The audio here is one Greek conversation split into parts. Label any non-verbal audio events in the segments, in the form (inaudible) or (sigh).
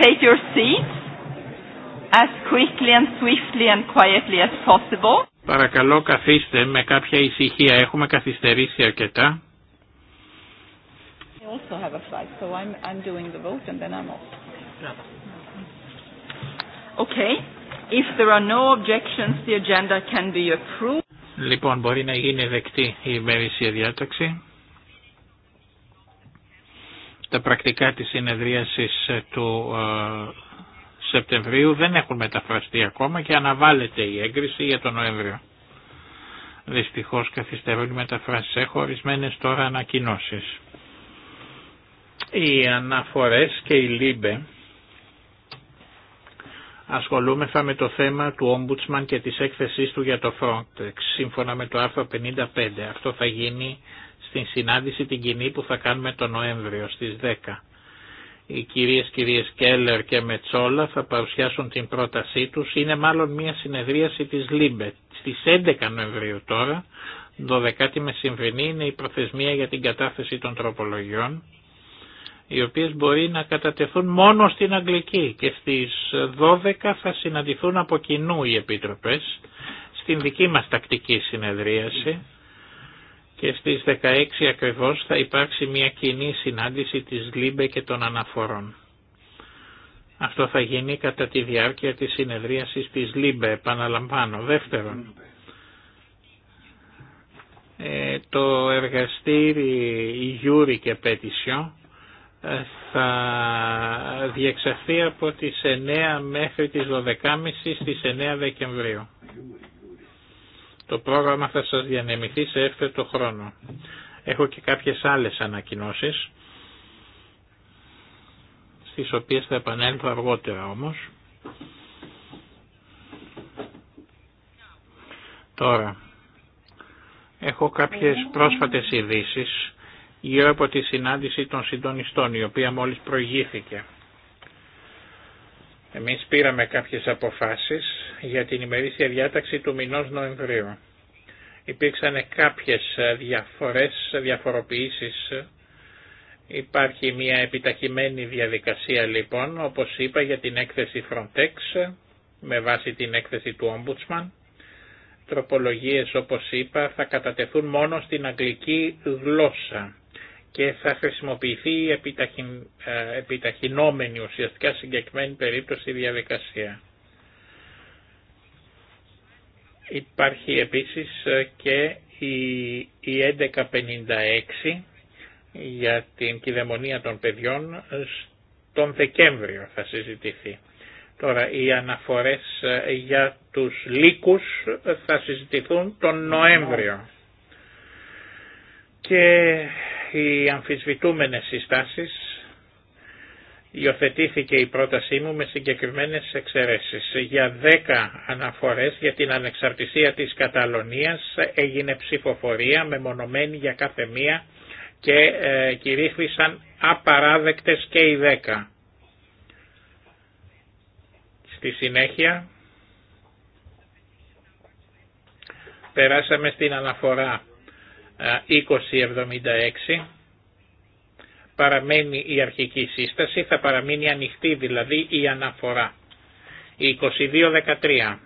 take your seats as quickly and swiftly and quietly as possible. Παρακαλώ καθίστε με κάποια ησυχία. Έχουμε καθυστερήσει αρκετά. I also have a flight, so I'm, I'm doing the vote and then I'm off. Okay. If there are no objections, the agenda can be approved. Λοιπόν, μπορεί να γίνει δεκτή η ημερήσια διάταξη. Τα πρακτικά της συνεδρίασης ε, του ε, Σεπτεμβρίου δεν έχουν μεταφραστεί ακόμα και αναβάλλεται η έγκριση για τον Νοέμβριο. Δυστυχώς καθυστερούν οι μεταφράσεις. Έχω ορισμένε τώρα ανακοινώσει. Οι αναφορές και η ΛΥΜΠΕ ασχολούμεθα με το θέμα του Ombudsman και της έκθεσής του για το Frontex, σύμφωνα με το άρθρο 55. Αυτό θα γίνει στην συνάντηση την κοινή που θα κάνουμε τον Νοέμβριο στις 10. Οι κυρίες κυρίες Κέλλερ και Μετσόλα θα παρουσιάσουν την πρότασή τους. Είναι μάλλον μια συνεδρίαση της ΛΥΜΠΕ. Στις 11 Νοεμβρίου τώρα, 12η μεσημβρινή είναι η προθεσμία για την κατάθεση των τροπολογιών οι οποίες μπορεί να κατατεθούν μόνο στην Αγγλική και στις 12 θα συναντηθούν από κοινού οι Επίτροπες στην δική μας τακτική συνεδρίαση και στις 16 ακριβώς θα υπάρξει μια κοινή συνάντηση της ΛΥΜΠΕ και των αναφορών. Αυτό θα γίνει κατά τη διάρκεια της συνεδρίασης της ΛΥΜΠΕ, επαναλαμβάνω. Δεύτερον, ε, το εργαστήρι Γιούρι και Πέτησιο ε, θα διεξαχθεί από τις 9 μέχρι τις 12.30 στις 9 Δεκεμβρίου. Το πρόγραμμα θα σας διανεμηθεί σε εύθετο χρόνο. Έχω και κάποιες άλλες ανακοινώσεις, στις οποίες θα επανέλθω αργότερα όμως. Τώρα, έχω κάποιες πρόσφατες ειδήσει γύρω από τη συνάντηση των συντονιστών, η οποία μόλις προηγήθηκε. Εμείς πήραμε κάποιες αποφάσεις για την ημερήσια διάταξη του μηνός Νοεμβρίου. Υπήρξαν κάποιες διαφορές, διαφοροποιήσεις. Υπάρχει μια επιταχυμένη διαδικασία λοιπόν, όπως είπα για την έκθεση Frontex, με βάση την έκθεση του Ombudsman. Τροπολογίες όπως είπα θα κατατεθούν μόνο στην αγγλική γλώσσα και θα χρησιμοποιηθεί η επιταχυν, ε, επιταχυνόμενη ουσιαστικά συγκεκριμένη περίπτωση διαδικασία. Υπάρχει επίσης ε, και η, η 1156 για την κυδαιμονία των παιδιών ε, τον Δεκέμβριο θα συζητηθεί. Τώρα οι αναφορές για τους λύκους θα συζητηθούν τον Νοέμβριο. Και οι αμφισβητούμενες συστάσεις υιοθετήθηκε η πρότασή μου με συγκεκριμένες εξαιρέσεις. Για δέκα αναφορές για την ανεξαρτησία της Καταλωνίας έγινε ψηφοφορία μεμονωμένη για κάθε μία και ε, κηρύχθησαν απαράδεκτες και οι δέκα. Στη συνέχεια περάσαμε στην αναφορά 2076 παραμένει η αρχική σύσταση, θα παραμείνει ανοιχτή δηλαδή η αναφορά. Η 2213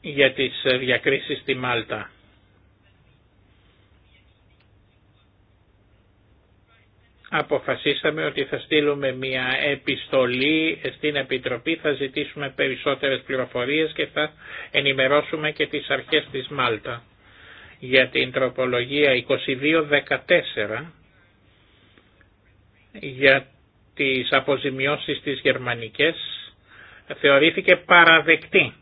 για τις διακρίσεις στη Μάλτα. αποφασίσαμε ότι θα στείλουμε μια επιστολή στην Επιτροπή, θα ζητήσουμε περισσότερες πληροφορίες και θα ενημερώσουμε και τις αρχές της Μάλτα για την τροπολογία 2214 για τις αποζημιώσεις της γερμανικές θεωρήθηκε παραδεκτή.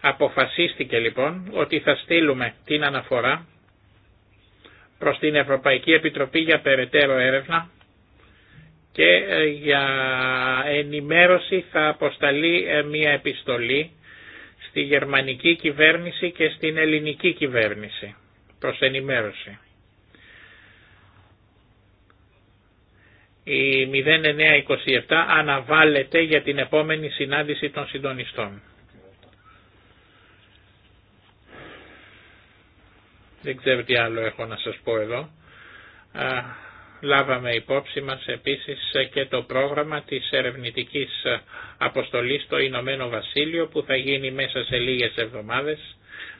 Αποφασίστηκε λοιπόν ότι θα στείλουμε την αναφορά προς την Ευρωπαϊκή Επιτροπή για περαιτέρω έρευνα και ε, για ενημέρωση θα αποσταλεί ε, μια επιστολή στη γερμανική κυβέρνηση και στην ελληνική κυβέρνηση προς ενημέρωση. Η 0927 αναβάλλεται για την επόμενη συνάντηση των συντονιστών. Δεν ξέρω τι άλλο έχω να σας πω εδώ. Λάβαμε υπόψη μας επίσης και το πρόγραμμα της ερευνητικής αποστολής στο Ηνωμένο Βασίλειο που θα γίνει μέσα σε λίγες εβδομάδες.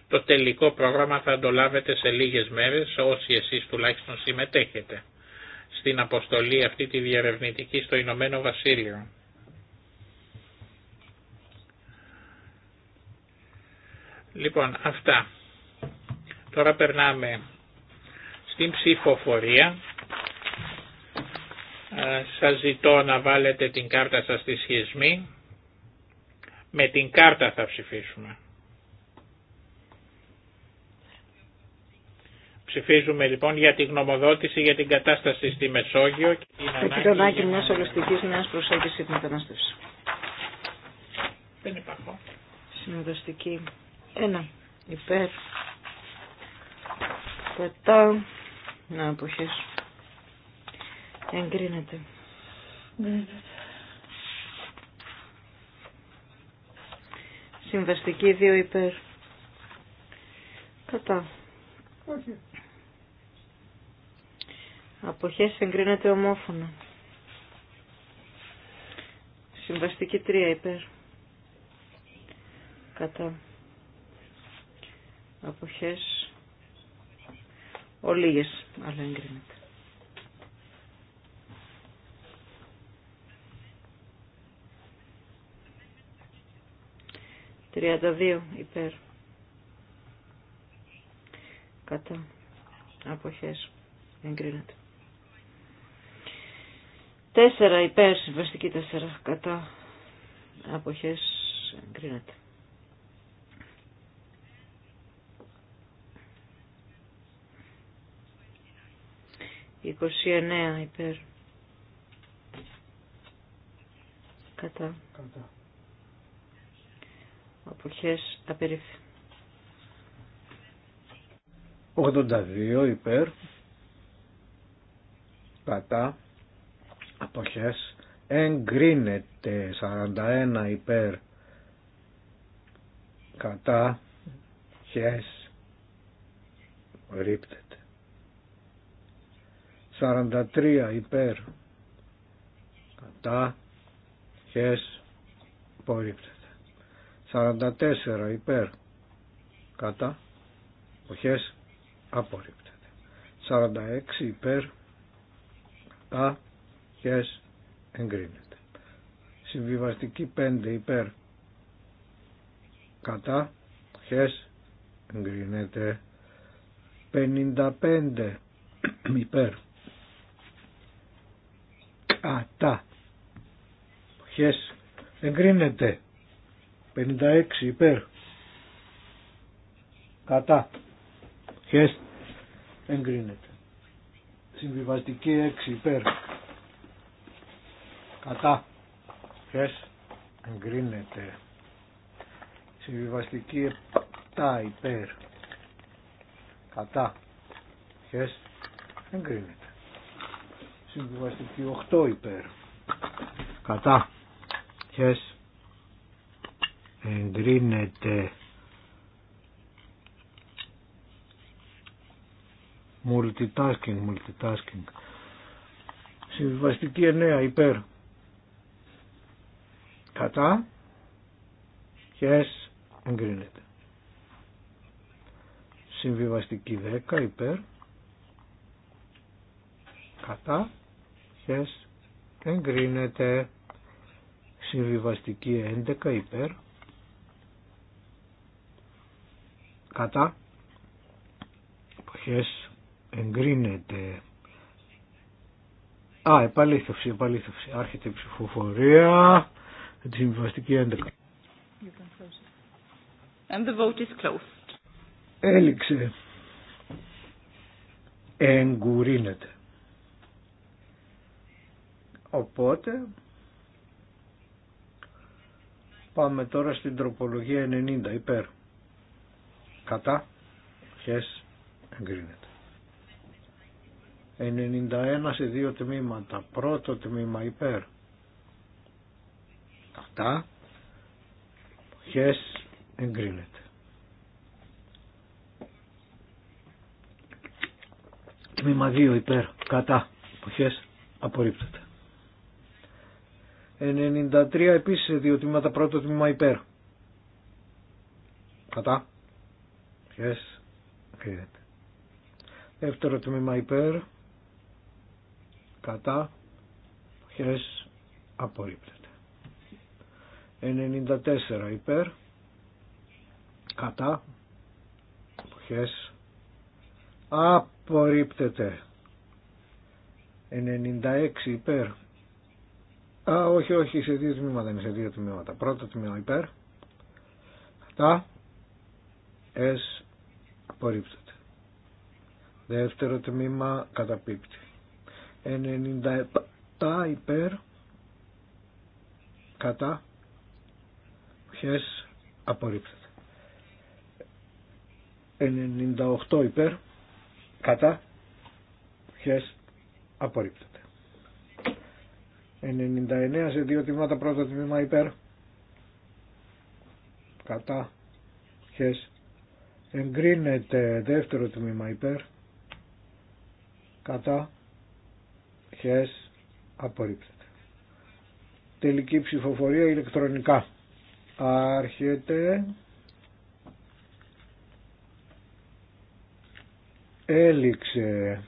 Το τελικό πρόγραμμα θα το λάβετε σε λίγες μέρες όσοι εσείς τουλάχιστον συμμετέχετε στην αποστολή αυτή τη διερευνητική στο Ηνωμένο Βασίλειο. Λοιπόν, αυτά. Τώρα περνάμε στην ψηφοφορία. Ε, σας ζητώ να βάλετε την κάρτα σας στη σχισμή. Με την κάρτα θα ψηφίσουμε. Ψηφίζουμε λοιπόν για τη γνωμοδότηση για την κατάσταση στη Μεσόγειο και την ανάγκη, ανάγκη μιας ολοστικής νέας προσέγγισης στην μετανάστευση. Δεν υπάρχω. Συνοδοστική. Ένα. Υπέρ. Κατά. Να αποχές. Εγκρίνεται. Συμβαστική δύο υπέρ. Κατά. Όχι. Αποχές εγκρίνεται ομόφωνα. Συμβαστική 3 υπέρ. Κατά. Αποχές Ολίγες, αλλά εγκρίνεται. Τριάντα δύο υπέρ. Κατά. Αποχές. Εγκρίνεται. Τέσσερα υπέρ, συμβαστική τέσσερα. Κατά. Αποχές. Εγκρίνεται. 29 υπέρ. Κατά. Κατά. Αποχές απερίφθη. 82 υπέρ. Κατά. Αποχές εγκρίνεται 41 υπέρ κατά χες ρίπτε 43 υπέρ κατά χες απορρίπτεται 44 υπέρ κατά χες απορρίπτεται 46 υπέρ κατά χες εγκρίνεται συμβιβαστική 5 υπέρ κατά χες εγκρίνεται 55 υπέρ κατά χες εγκρίνεται 56 υπέρ κατά χες εγκρίνεται συμβιβαστική 6 υπέρ κατά χες εγκρίνεται συμβιβαστική 7 υπέρ κατά χες εγκρίνεται Συμβιβαστική 8 υπέρ. Κατά. Χες. Εγκρίνεται. Multitasking, multitasking. Συμβιβαστική 9 υπέρ. Κατά. Χες. Εγκρίνεται. Συμβιβαστική 10 υπέρ. Κατά αρχές εγκρίνεται συμβιβαστική 11 υπέρ κατά αποχές εγκρίνεται Α, επαλήθευση, επαλήθευση. Άρχεται η ψηφοφορία. Τη συμβιβαστική 11. And the vote is closed. Έληξε. Εγκουρίνεται. Οπότε πάμε τώρα στην τροπολογία 90 υπέρ. Κατά. Χες εγκρίνεται. 91 σε δύο τμήματα. Πρώτο τμήμα υπέρ. Κατά. Χες εγκρίνεται. Τμήμα 2 υπέρ. Κατά. χες απορρίπτεται. 93 επίσης σε δύο τμήματα, πρώτο τμήμα υπέρ. Κατά. Yes. Okay. Δεύτερο τμήμα υπέρ. Κατά. Yes. Απορρίπτεται. 94 υπέρ. Κατά. Yes. Απορρίπτεται. 96 υπέρ Α, όχι, όχι, σε δύο τμήματα είναι, σε δύο τμήματα. Πρώτο τμήμα υπέρ. Κατά. Εσ. Απορρίπτεται. Δεύτερο τμήμα καταπίπτει. 97 υπέρ. Κατά. Χες. Απορρίπτεται. 98 υπέρ. Κατά. Χες. Απορρίπτεται. 99 σε δύο τμήματα πρώτο τμήμα υπέρ κατά χες εγκρίνεται δεύτερο τμήμα υπέρ κατά χες απορρίπτεται τελική ψηφοφορία ηλεκτρονικά άρχεται έληξε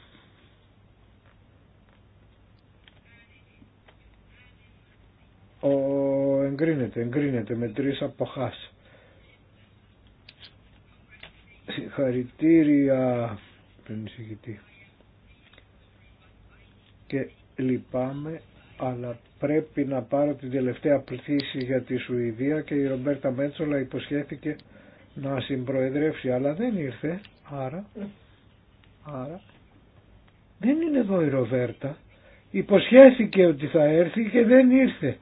Ο, εγκρίνεται, εγκρίνεται με τρεις αποχάς. Συγχαρητήρια τον Και λυπάμαι, αλλά πρέπει να πάρω την τελευταία πληθύση για τη Σουηδία και η Ρομπέρτα Μέτσολα υποσχέθηκε να συμπροεδρεύσει, αλλά δεν ήρθε, άρα, άρα, δεν είναι εδώ η Ρομπέρτα, Υποσχέθηκε ότι θα έρθει και δεν ήρθε.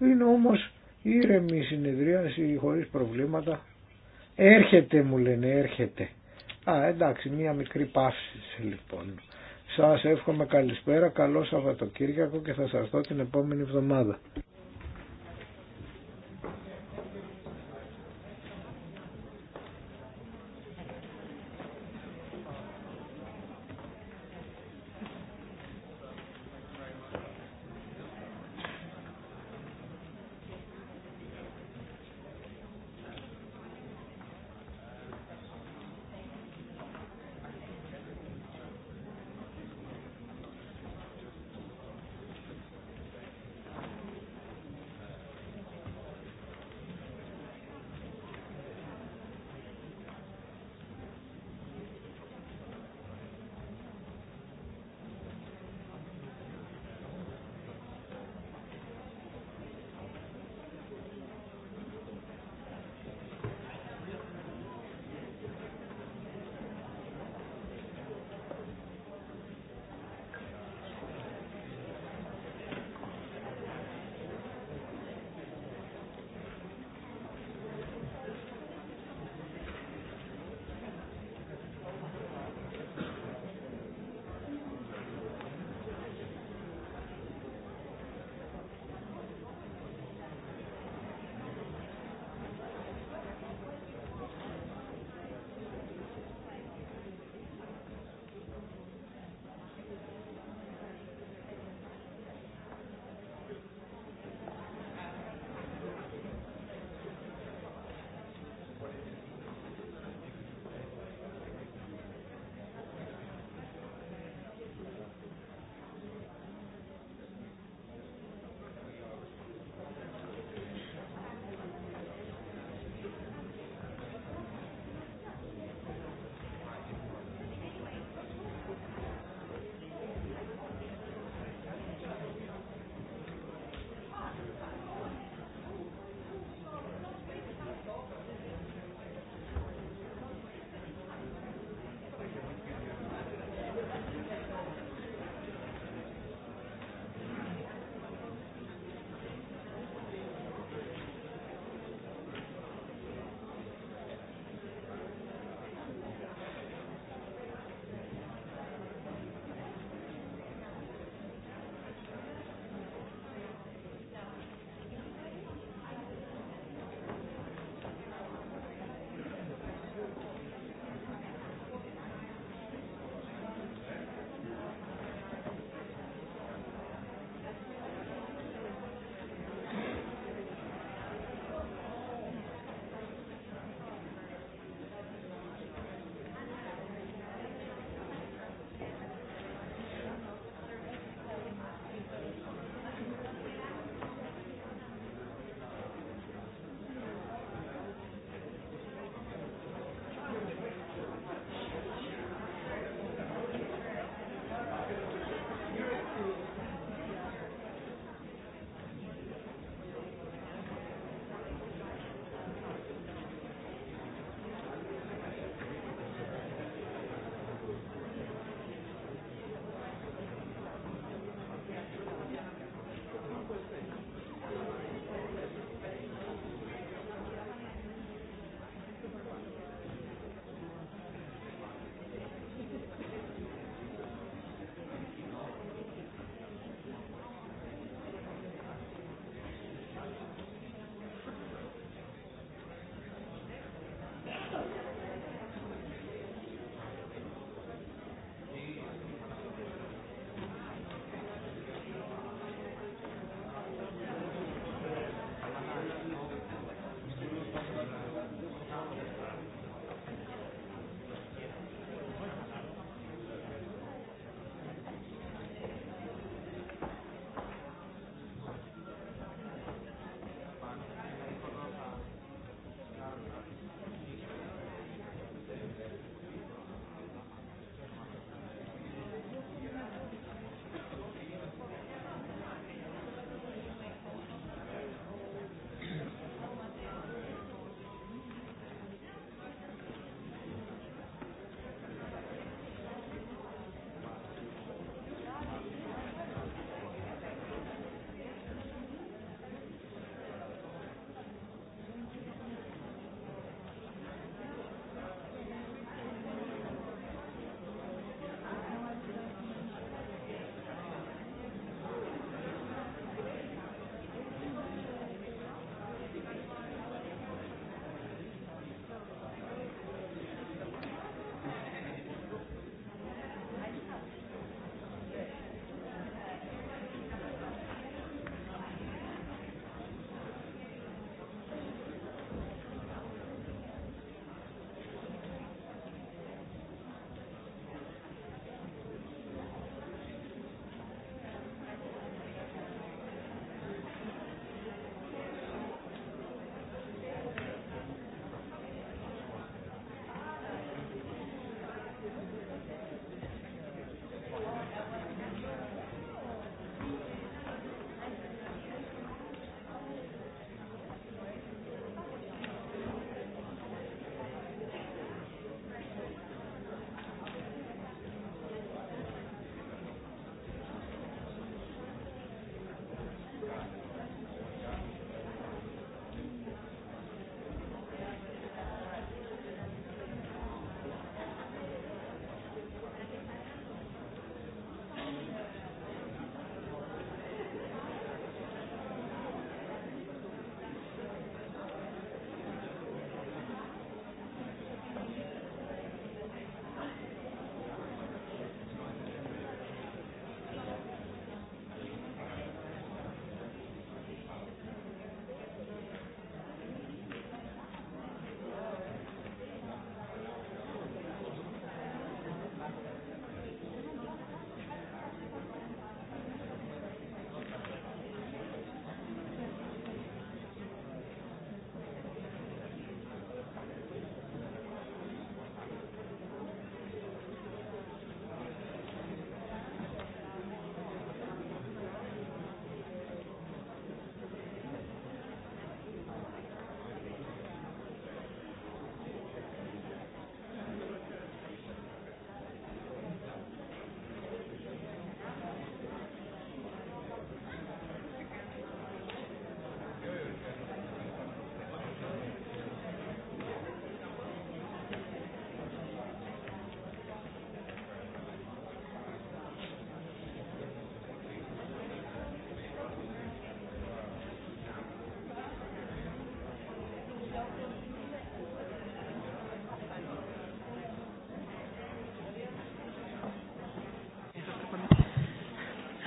Είναι όμως ήρεμη συνεδρίαση χωρίς προβλήματα. Έρχεται μου λένε, έρχεται. Α, εντάξει, μία μικρή παύση λοιπόν. Σας εύχομαι καλησπέρα, καλό Σαββατοκύριακο και θα σας δω την επόμενη εβδομάδα.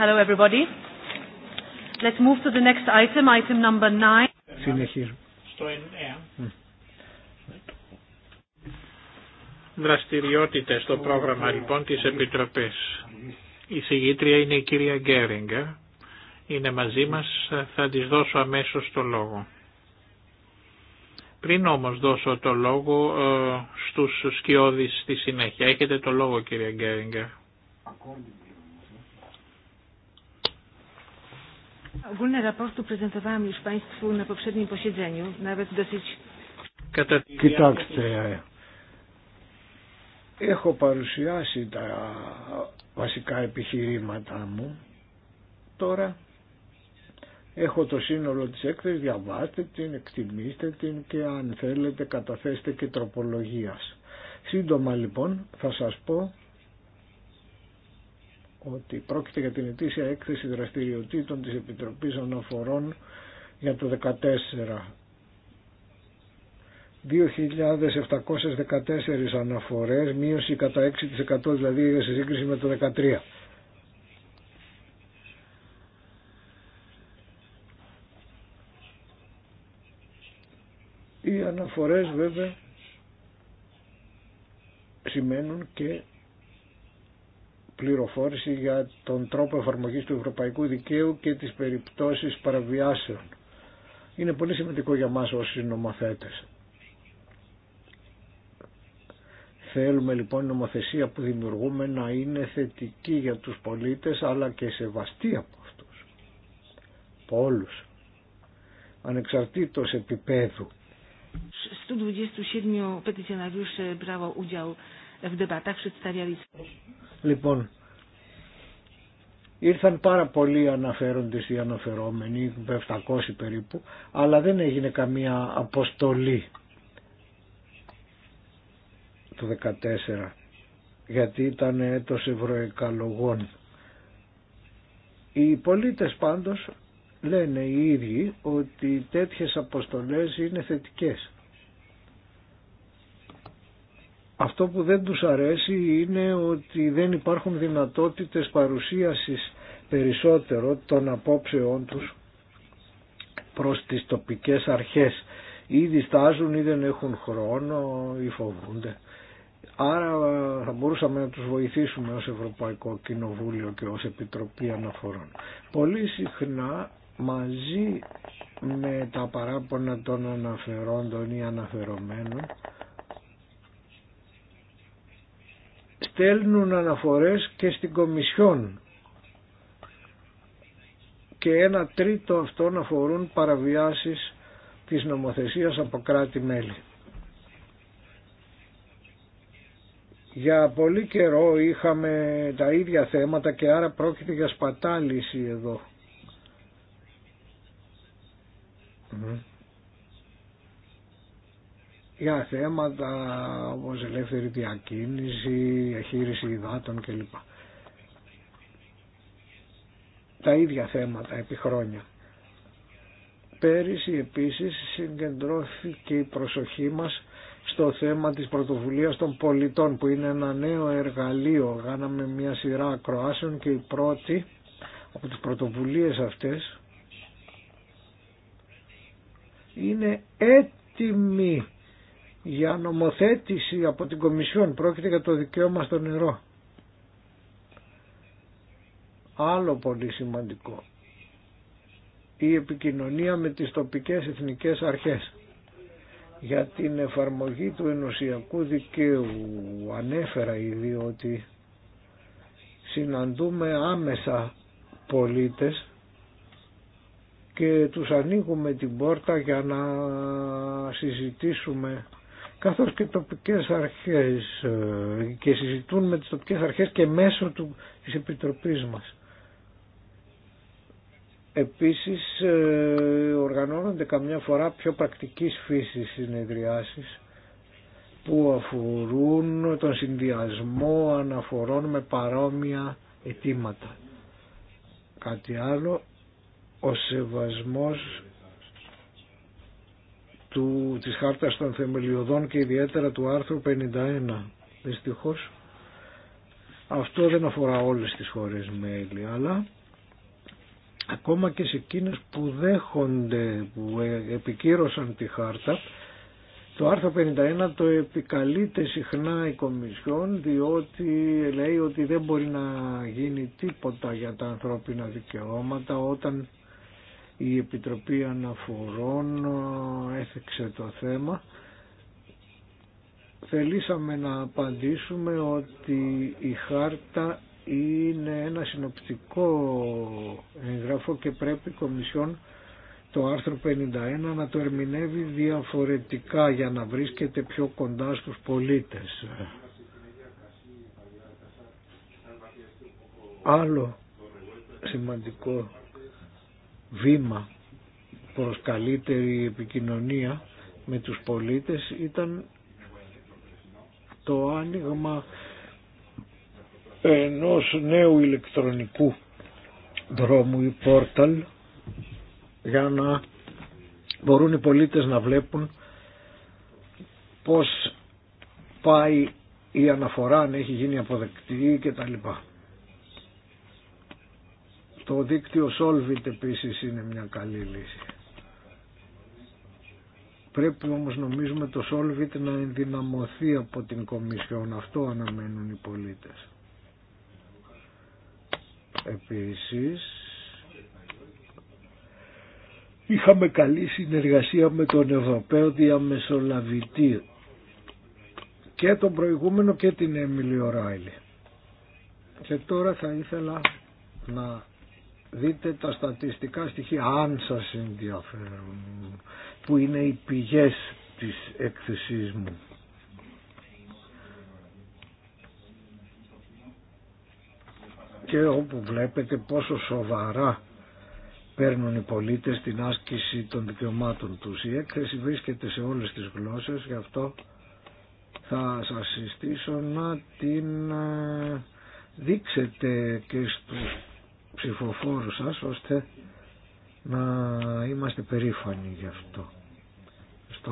Hello everybody. Let's move to the next item, item number 9. Συνεχίζουμε. Στο πρόγραμμα λοιπόν τη Επιτροπή. Η συγγήτρια είναι η κυρία Γκέριγκα. Είναι μαζί μας, θα της δώσω αμέσως το λόγο. Πριν όμως δώσω το λόγο ε, στους σκιώδεις στη συνέχεια. Έχετε το λόγο κυρία Γκέριγκερ. raportu prezentowałam już Państwu na poprzednim posiedzeniu, Κοιτάξτε, έχω παρουσιάσει τα βασικά επιχειρήματά μου. Τώρα έχω το σύνολο της έκθεσης, διαβάστε την, εκτιμήστε την και αν θέλετε καταθέστε και τροπολογίας. Σύντομα λοιπόν θα σας πω ότι πρόκειται για την ετήσια έκθεση δραστηριοτήτων της Επιτροπής Αναφορών για το 2014. 2.714 αναφορές, μείωση κατά 6% δηλαδή σε σύγκριση με το 13. Οι αναφορές βέβαια σημαίνουν και πληροφόρηση για τον τρόπο εφαρμογής του ευρωπαϊκού δικαίου και τις περιπτώσεις παραβιάσεων. Είναι πολύ σημαντικό για μας ως νομοθέτες. Θέλουμε λοιπόν η νομοθεσία που δημιουργούμε να είναι θετική για τους πολίτες αλλά και σεβαστή από αυτούς, από όλους, ανεξαρτήτως επίπεδου. 127 ε, Μπράβο udział w debatach Λοιπόν, ήρθαν πάρα πολλοί αναφέροντες ή αναφερόμενοι, 700 περίπου, αλλά δεν έγινε καμία αποστολή το 2014, γιατί ήταν έτος ευρωεκαλογών. Οι πολίτες πάντως λένε οι ίδιοι ότι τέτοιες αποστολές είναι θετικές αυτό που δεν τους αρέσει είναι ότι δεν υπάρχουν δυνατότητες παρουσίασης περισσότερο των απόψεών τους προς τις τοπικές αρχές. Ή διστάζουν ή δεν έχουν χρόνο ή φοβούνται. Άρα θα μπορούσαμε να τους βοηθήσουμε ως Ευρωπαϊκό Κοινοβούλιο και ως Επιτροπή Αναφορών. Πολύ συχνά μαζί με τα παράπονα των αναφερόντων ή αναφερομένων στέλνουν αναφορές και στην Κομισιόν και ένα τρίτο αυτών αφορούν παραβιάσεις της νομοθεσίας από κράτη-μέλη. Για πολύ καιρό είχαμε τα ίδια θέματα και άρα πρόκειται για σπατάληση εδώ για θέματα όπως ελεύθερη διακίνηση, διαχείριση υδάτων κλπ. Τα ίδια θέματα επί χρόνια. Πέρυσι επίσης συγκεντρώθηκε η προσοχή μας στο θέμα της πρωτοβουλίας των πολιτών που είναι ένα νέο εργαλείο. γάναμε μια σειρά ακροάσεων και η πρώτη από τις πρωτοβουλίες αυτές είναι έτοιμη για νομοθέτηση από την Κομισιόν. Πρόκειται για το δικαίωμα στο νερό. Άλλο πολύ σημαντικό. Η επικοινωνία με τις τοπικές εθνικές αρχές για την εφαρμογή του ενωσιακού δικαίου ανέφερα ήδη ότι συναντούμε άμεσα πολίτες και τους ανοίγουμε την πόρτα για να συζητήσουμε καθώς και τοπικές αρχές ε, και συζητούν με τις τοπικές αρχές και μέσω του, της Επιτροπής μας. Επίσης ε, οργανώνονται καμιά φορά πιο πρακτικής φύσης συνεδριάσεις που αφορούν τον συνδυασμό αναφορών με παρόμοια αιτήματα. Κάτι άλλο, ο σεβασμός του, της χάρτας των θεμελιωδών και ιδιαίτερα του άρθρου 51. Δυστυχώς αυτό δεν αφορά όλες τις χώρες μέλη, αλλά ακόμα και σε εκείνες που δέχονται, που ε, επικύρωσαν τη χάρτα, το άρθρο 51 το επικαλείται συχνά η Κομισιόν διότι λέει ότι δεν μπορεί να γίνει τίποτα για τα ανθρώπινα δικαιώματα όταν η Επιτροπή Αναφορών ε, έθεξε το θέμα. Θελήσαμε να απαντήσουμε ότι η χάρτα είναι ένα συνοπτικό εγγράφο και πρέπει η Κομισιόν το άρθρο 51 να το ερμηνεύει διαφορετικά για να βρίσκεται πιο κοντά στους πολίτες. Άλλο σημαντικό βήμα προς καλύτερη επικοινωνία με τους πολίτες ήταν το άνοιγμα ενός νέου ηλεκτρονικού δρόμου ή πόρταλ για να μπορούν οι πολίτες να βλέπουν πώς πάει η αναφορά αν έχει γίνει αποδεκτή και τα λοιπά. Το δίκτυο Solvit επίσης είναι μια καλή λύση. Πρέπει όμως νομίζουμε το Solvit να ενδυναμωθεί από την Κομισιόν. Αυτό αναμένουν οι πολίτες. Επίσης, είχαμε καλή συνεργασία με τον Ευρωπαίο Διαμεσολαβητή και τον προηγούμενο και την Έμιλι Ράιλι. Και τώρα θα ήθελα να δείτε τα στατιστικά στοιχεία αν σας ενδιαφέρουν που είναι οι πηγές της έκθεσής μου. και όπου βλέπετε πόσο σοβαρά παίρνουν οι πολίτες την άσκηση των δικαιωμάτων τους. Η έκθεση βρίσκεται σε όλες τις γλώσσες, γι' αυτό θα σας συστήσω να την ε, δείξετε και στους ψηφοφόρους σας ώστε να είμαστε περήφανοι γι' αυτό. Ευχαριστώ.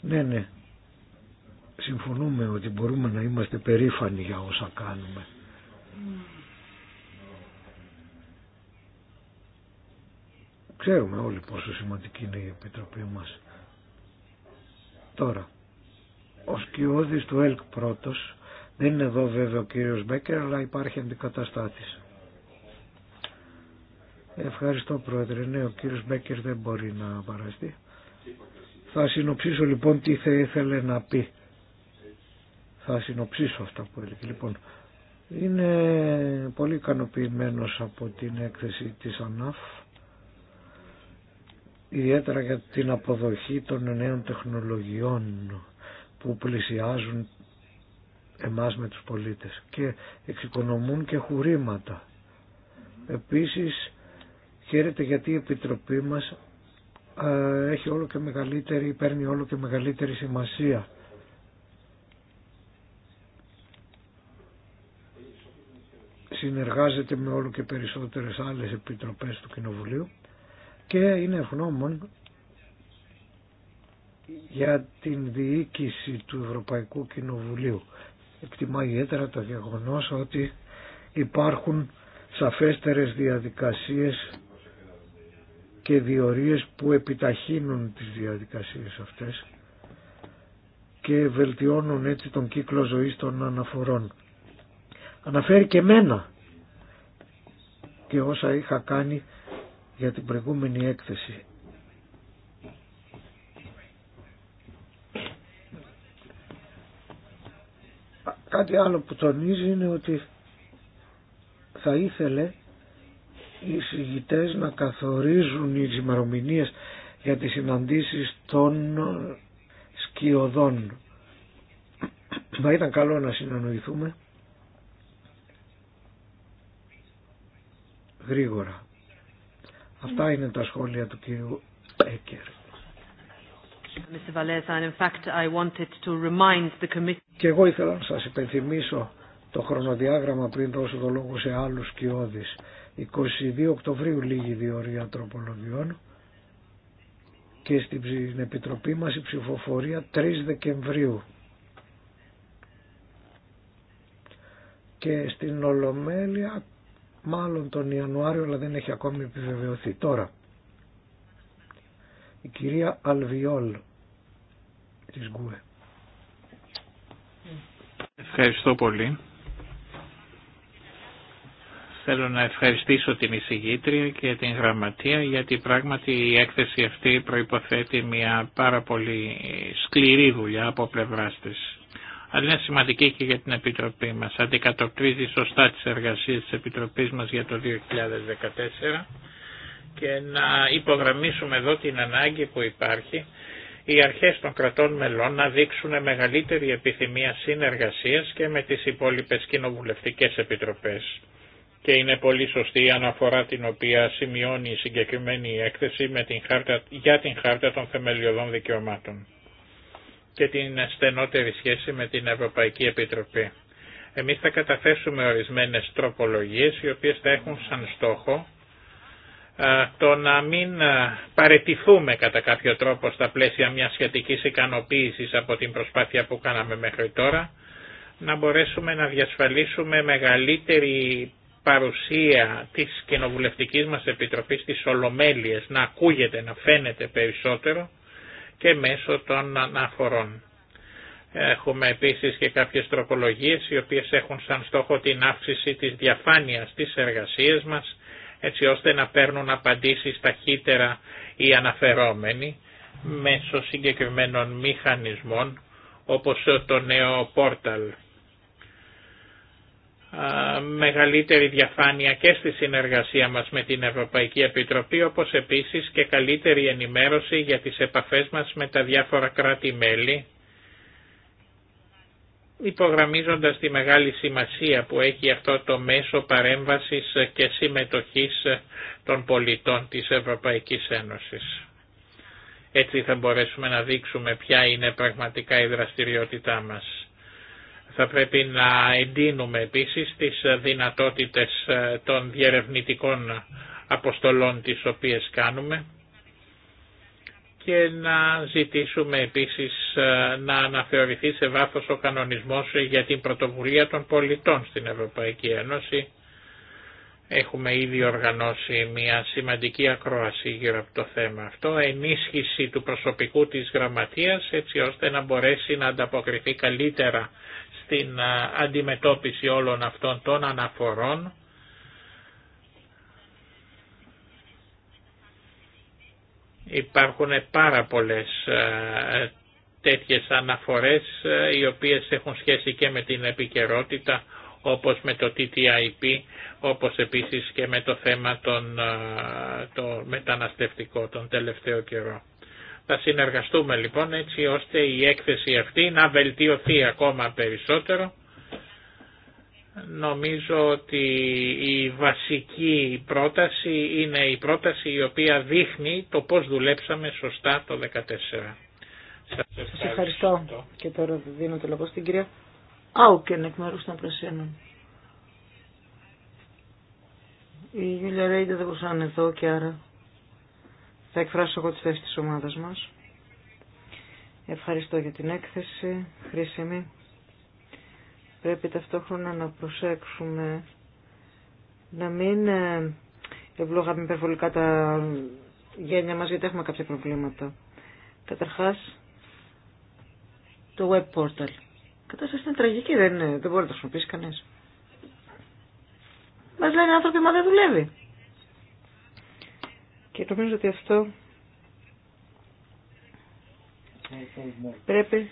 Ναι, ναι. Συμφωνούμε ότι μπορούμε να είμαστε περήφανοι για όσα κάνουμε. Ξέρουμε όλοι πόσο σημαντική είναι η Επιτροπή μας. Τώρα, ο Σκιώδης του ΕΛΚ πρώτος δεν είναι εδώ βέβαια ο κύριος Μπέκερ, αλλά υπάρχει αντικαταστάτης. Ευχαριστώ πρόεδρε. Ναι, ο κύριος Μπέκερ δεν μπορεί να παραστεί. Θα συνοψίσω λοιπόν τι θα ήθελε να πει. Θα συνοψίσω αυτά που έλεγε. Λοιπόν, είναι πολύ ικανοποιημένο από την έκθεση της ΑΝΑΦ ιδιαίτερα για την αποδοχή των νέων τεχνολογιών που πλησιάζουν εμάς με τους πολίτες και εξοικονομούν και χουρήματα. Επίσης χαίρεται γιατί η Επιτροπή μας ε, έχει όλο και μεγαλύτερη, παίρνει όλο και μεγαλύτερη σημασία. Συνεργάζεται με όλο και περισσότερες άλλες επιτροπές του Κοινοβουλίου και είναι ευγνώμων για την διοίκηση του Ευρωπαϊκού Κοινοβουλίου Εκτιμά ιδιαίτερα το γεγονός ότι υπάρχουν σαφέστερες διαδικασίες και διορίες που επιταχύνουν τις διαδικασίες αυτές και βελτιώνουν έτσι τον κύκλο ζωής των αναφορών. Αναφέρει και μένα και όσα είχα κάνει για την προηγούμενη έκθεση. Κάτι άλλο που τονίζει είναι ότι θα ήθελε οι συγητές να καθορίζουν οι ημερομηνίε για τις συναντήσεις των σκιωδών. Μα ήταν καλό να συνανοηθούμε γρήγορα. Αυτά είναι τα σχόλια του κύριου Έκερ. Και εγώ ήθελα να σας υπενθυμίσω το χρονοδιάγραμμα πριν δώσω το λόγο σε άλλους κοιόδης. 22 Οκτωβρίου λίγη διορία τροπολογιών και στην Επιτροπή μας η ψηφοφορία 3 Δεκεμβρίου. Και στην Ολομέλεια μάλλον τον Ιανουάριο αλλά δεν έχει ακόμη επιβεβαιωθεί. Τώρα η κυρία Αλβιόλ της Γκουέ. Ευχαριστώ πολύ. Θέλω να ευχαριστήσω την εισηγήτρια και την γραμματεία γιατί πράγματι η έκθεση αυτή προϋποθέτει μια πάρα πολύ σκληρή δουλειά από πλευράς της. Αλλά είναι σημαντική και για την Επιτροπή μας. Αντικατοπτρίζει σωστά τις εργασίες της Επιτροπής μας για το 2014 και να υπογραμμίσουμε εδώ την ανάγκη που υπάρχει οι αρχές των κρατών μελών να δείξουν μεγαλύτερη επιθυμία συνεργασίας και με τις υπόλοιπες κοινοβουλευτικές επιτροπές. Και είναι πολύ σωστή η αναφορά την οποία σημειώνει η συγκεκριμένη έκθεση με την χάρτα, για την Χάρτα των Θεμελιωδών Δικαιωμάτων και την στενότερη σχέση με την Ευρωπαϊκή Επιτροπή. Εμείς θα καταθέσουμε ορισμένες τροπολογίες οι οποίες θα έχουν σαν στόχο ε, το να μην ε, παρετηθούμε κατά κάποιο τρόπο στα πλαίσια μιας σχετικής ικανοποίησης από την προσπάθεια που κάναμε μέχρι τώρα, να μπορέσουμε να διασφαλίσουμε μεγαλύτερη παρουσία της κοινοβουλευτικής μας επιτροπής στις Ολομέλειες, να ακούγεται, να φαίνεται περισσότερο και μέσω των αναφορών. Έχουμε επίσης και κάποιες τροπολογίες οι οποίες έχουν σαν στόχο την αύξηση της διαφάνειας της εργασίας μας έτσι ώστε να παίρνουν απαντήσεις ταχύτερα οι αναφερόμενοι μέσω συγκεκριμένων μηχανισμών όπως το νέο πόρταλ. Μεγαλύτερη διαφάνεια και στη συνεργασία μας με την Ευρωπαϊκή Επιτροπή όπως επίσης και καλύτερη ενημέρωση για τις επαφές μας με τα διάφορα κράτη-μέλη υπογραμμίζοντας τη μεγάλη σημασία που έχει αυτό το μέσο παρέμβασης και συμμετοχής των πολιτών της Ευρωπαϊκής Ένωσης. Έτσι θα μπορέσουμε να δείξουμε ποια είναι πραγματικά η δραστηριότητά μας. Θα πρέπει να εντείνουμε επίσης τις δυνατότητες των διερευνητικών αποστολών τις οποίες κάνουμε και να ζητήσουμε επίσης ε, να αναθεωρηθεί σε βάθος ο κανονισμός για την πρωτοβουλία των πολιτών στην Ευρωπαϊκή Ένωση. Έχουμε ήδη οργανώσει μια σημαντική ακρόαση γύρω από το θέμα αυτό, ενίσχυση του προσωπικού της γραμματείας έτσι ώστε να μπορέσει να ανταποκριθεί καλύτερα στην ε, αντιμετώπιση όλων αυτών των αναφορών Υπάρχουν πάρα πολλές ε, τέτοιες αναφορές ε, οι οποίες έχουν σχέση και με την επικαιρότητα όπως με το TTIP, όπως επίσης και με το θέμα των, ε, το μεταναστευτικό τον τελευταίο καιρό. Θα συνεργαστούμε λοιπόν έτσι ώστε η έκθεση αυτή να βελτιωθεί ακόμα περισσότερο Νομίζω ότι η βασική πρόταση είναι η πρόταση η οποία δείχνει το πώς δουλέψαμε σωστά το 2014. Σας ευχαριστώ. Και τώρα δίνω το λόγο στην κυρία Άουκεν εκ μέρους των Η Γιούλια δεν μπορούσε να είναι εδώ και άρα θα εκφράσω εγώ τις θέση της ομάδας μας. Ευχαριστώ για την έκθεση, χρήσιμη πρέπει ταυτόχρονα να προσέξουμε να μην ε, ευλόγαμε υπερβολικά τα γένια μας γιατί έχουμε κάποια προβλήματα. Καταρχάς, το web portal. κατάσταση είναι τραγική, δεν, δεν μπορεί να το χρησιμοποιήσει κανείς. Μας λένε άνθρωποι, μα δεν δουλεύει. Και νομίζω ότι αυτό ε, ε, πρέπει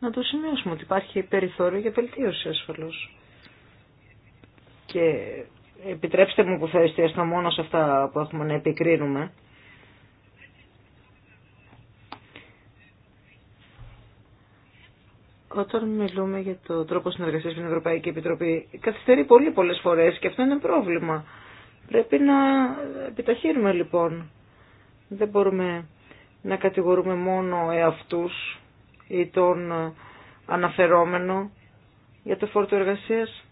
να το σημειώσουμε ότι υπάρχει περιθώριο για βελτίωση ασφαλώς. Και επιτρέψτε μου που θα εστιαστώ μόνο σε αυτά που έχουμε να επικρίνουμε. Όταν μιλούμε για το τρόπο συνεργασίας με την Ευρωπαϊκή Επιτροπή, καθυστερεί πολύ πολλές φορές και αυτό είναι πρόβλημα. Πρέπει να επιταχύνουμε λοιπόν. Δεν μπορούμε να κατηγορούμε μόνο εαυτούς ή τον αναφερόμενο για το φόρτο εργασίας.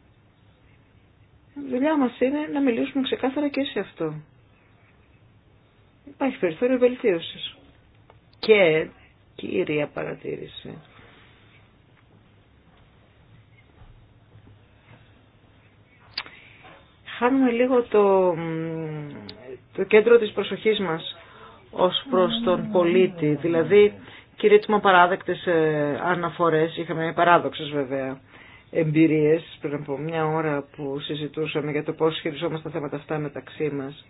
δουλειά μας είναι να μιλήσουμε ξεκάθαρα και σε αυτό. Υπάρχει περιθώριο βελτίωσης. Και κύρια παρατήρηση. Χάνουμε λίγο το, το κέντρο της προσοχής μας ως προς τον πολίτη. Δηλαδή κηρύττουμε παράδεκτες ε, αναφορές, είχαμε παράδοξες βέβαια εμπειρίες πριν από μια ώρα που συζητούσαμε για το πώς χειριζόμαστε τα θέματα αυτά μεταξύ μας.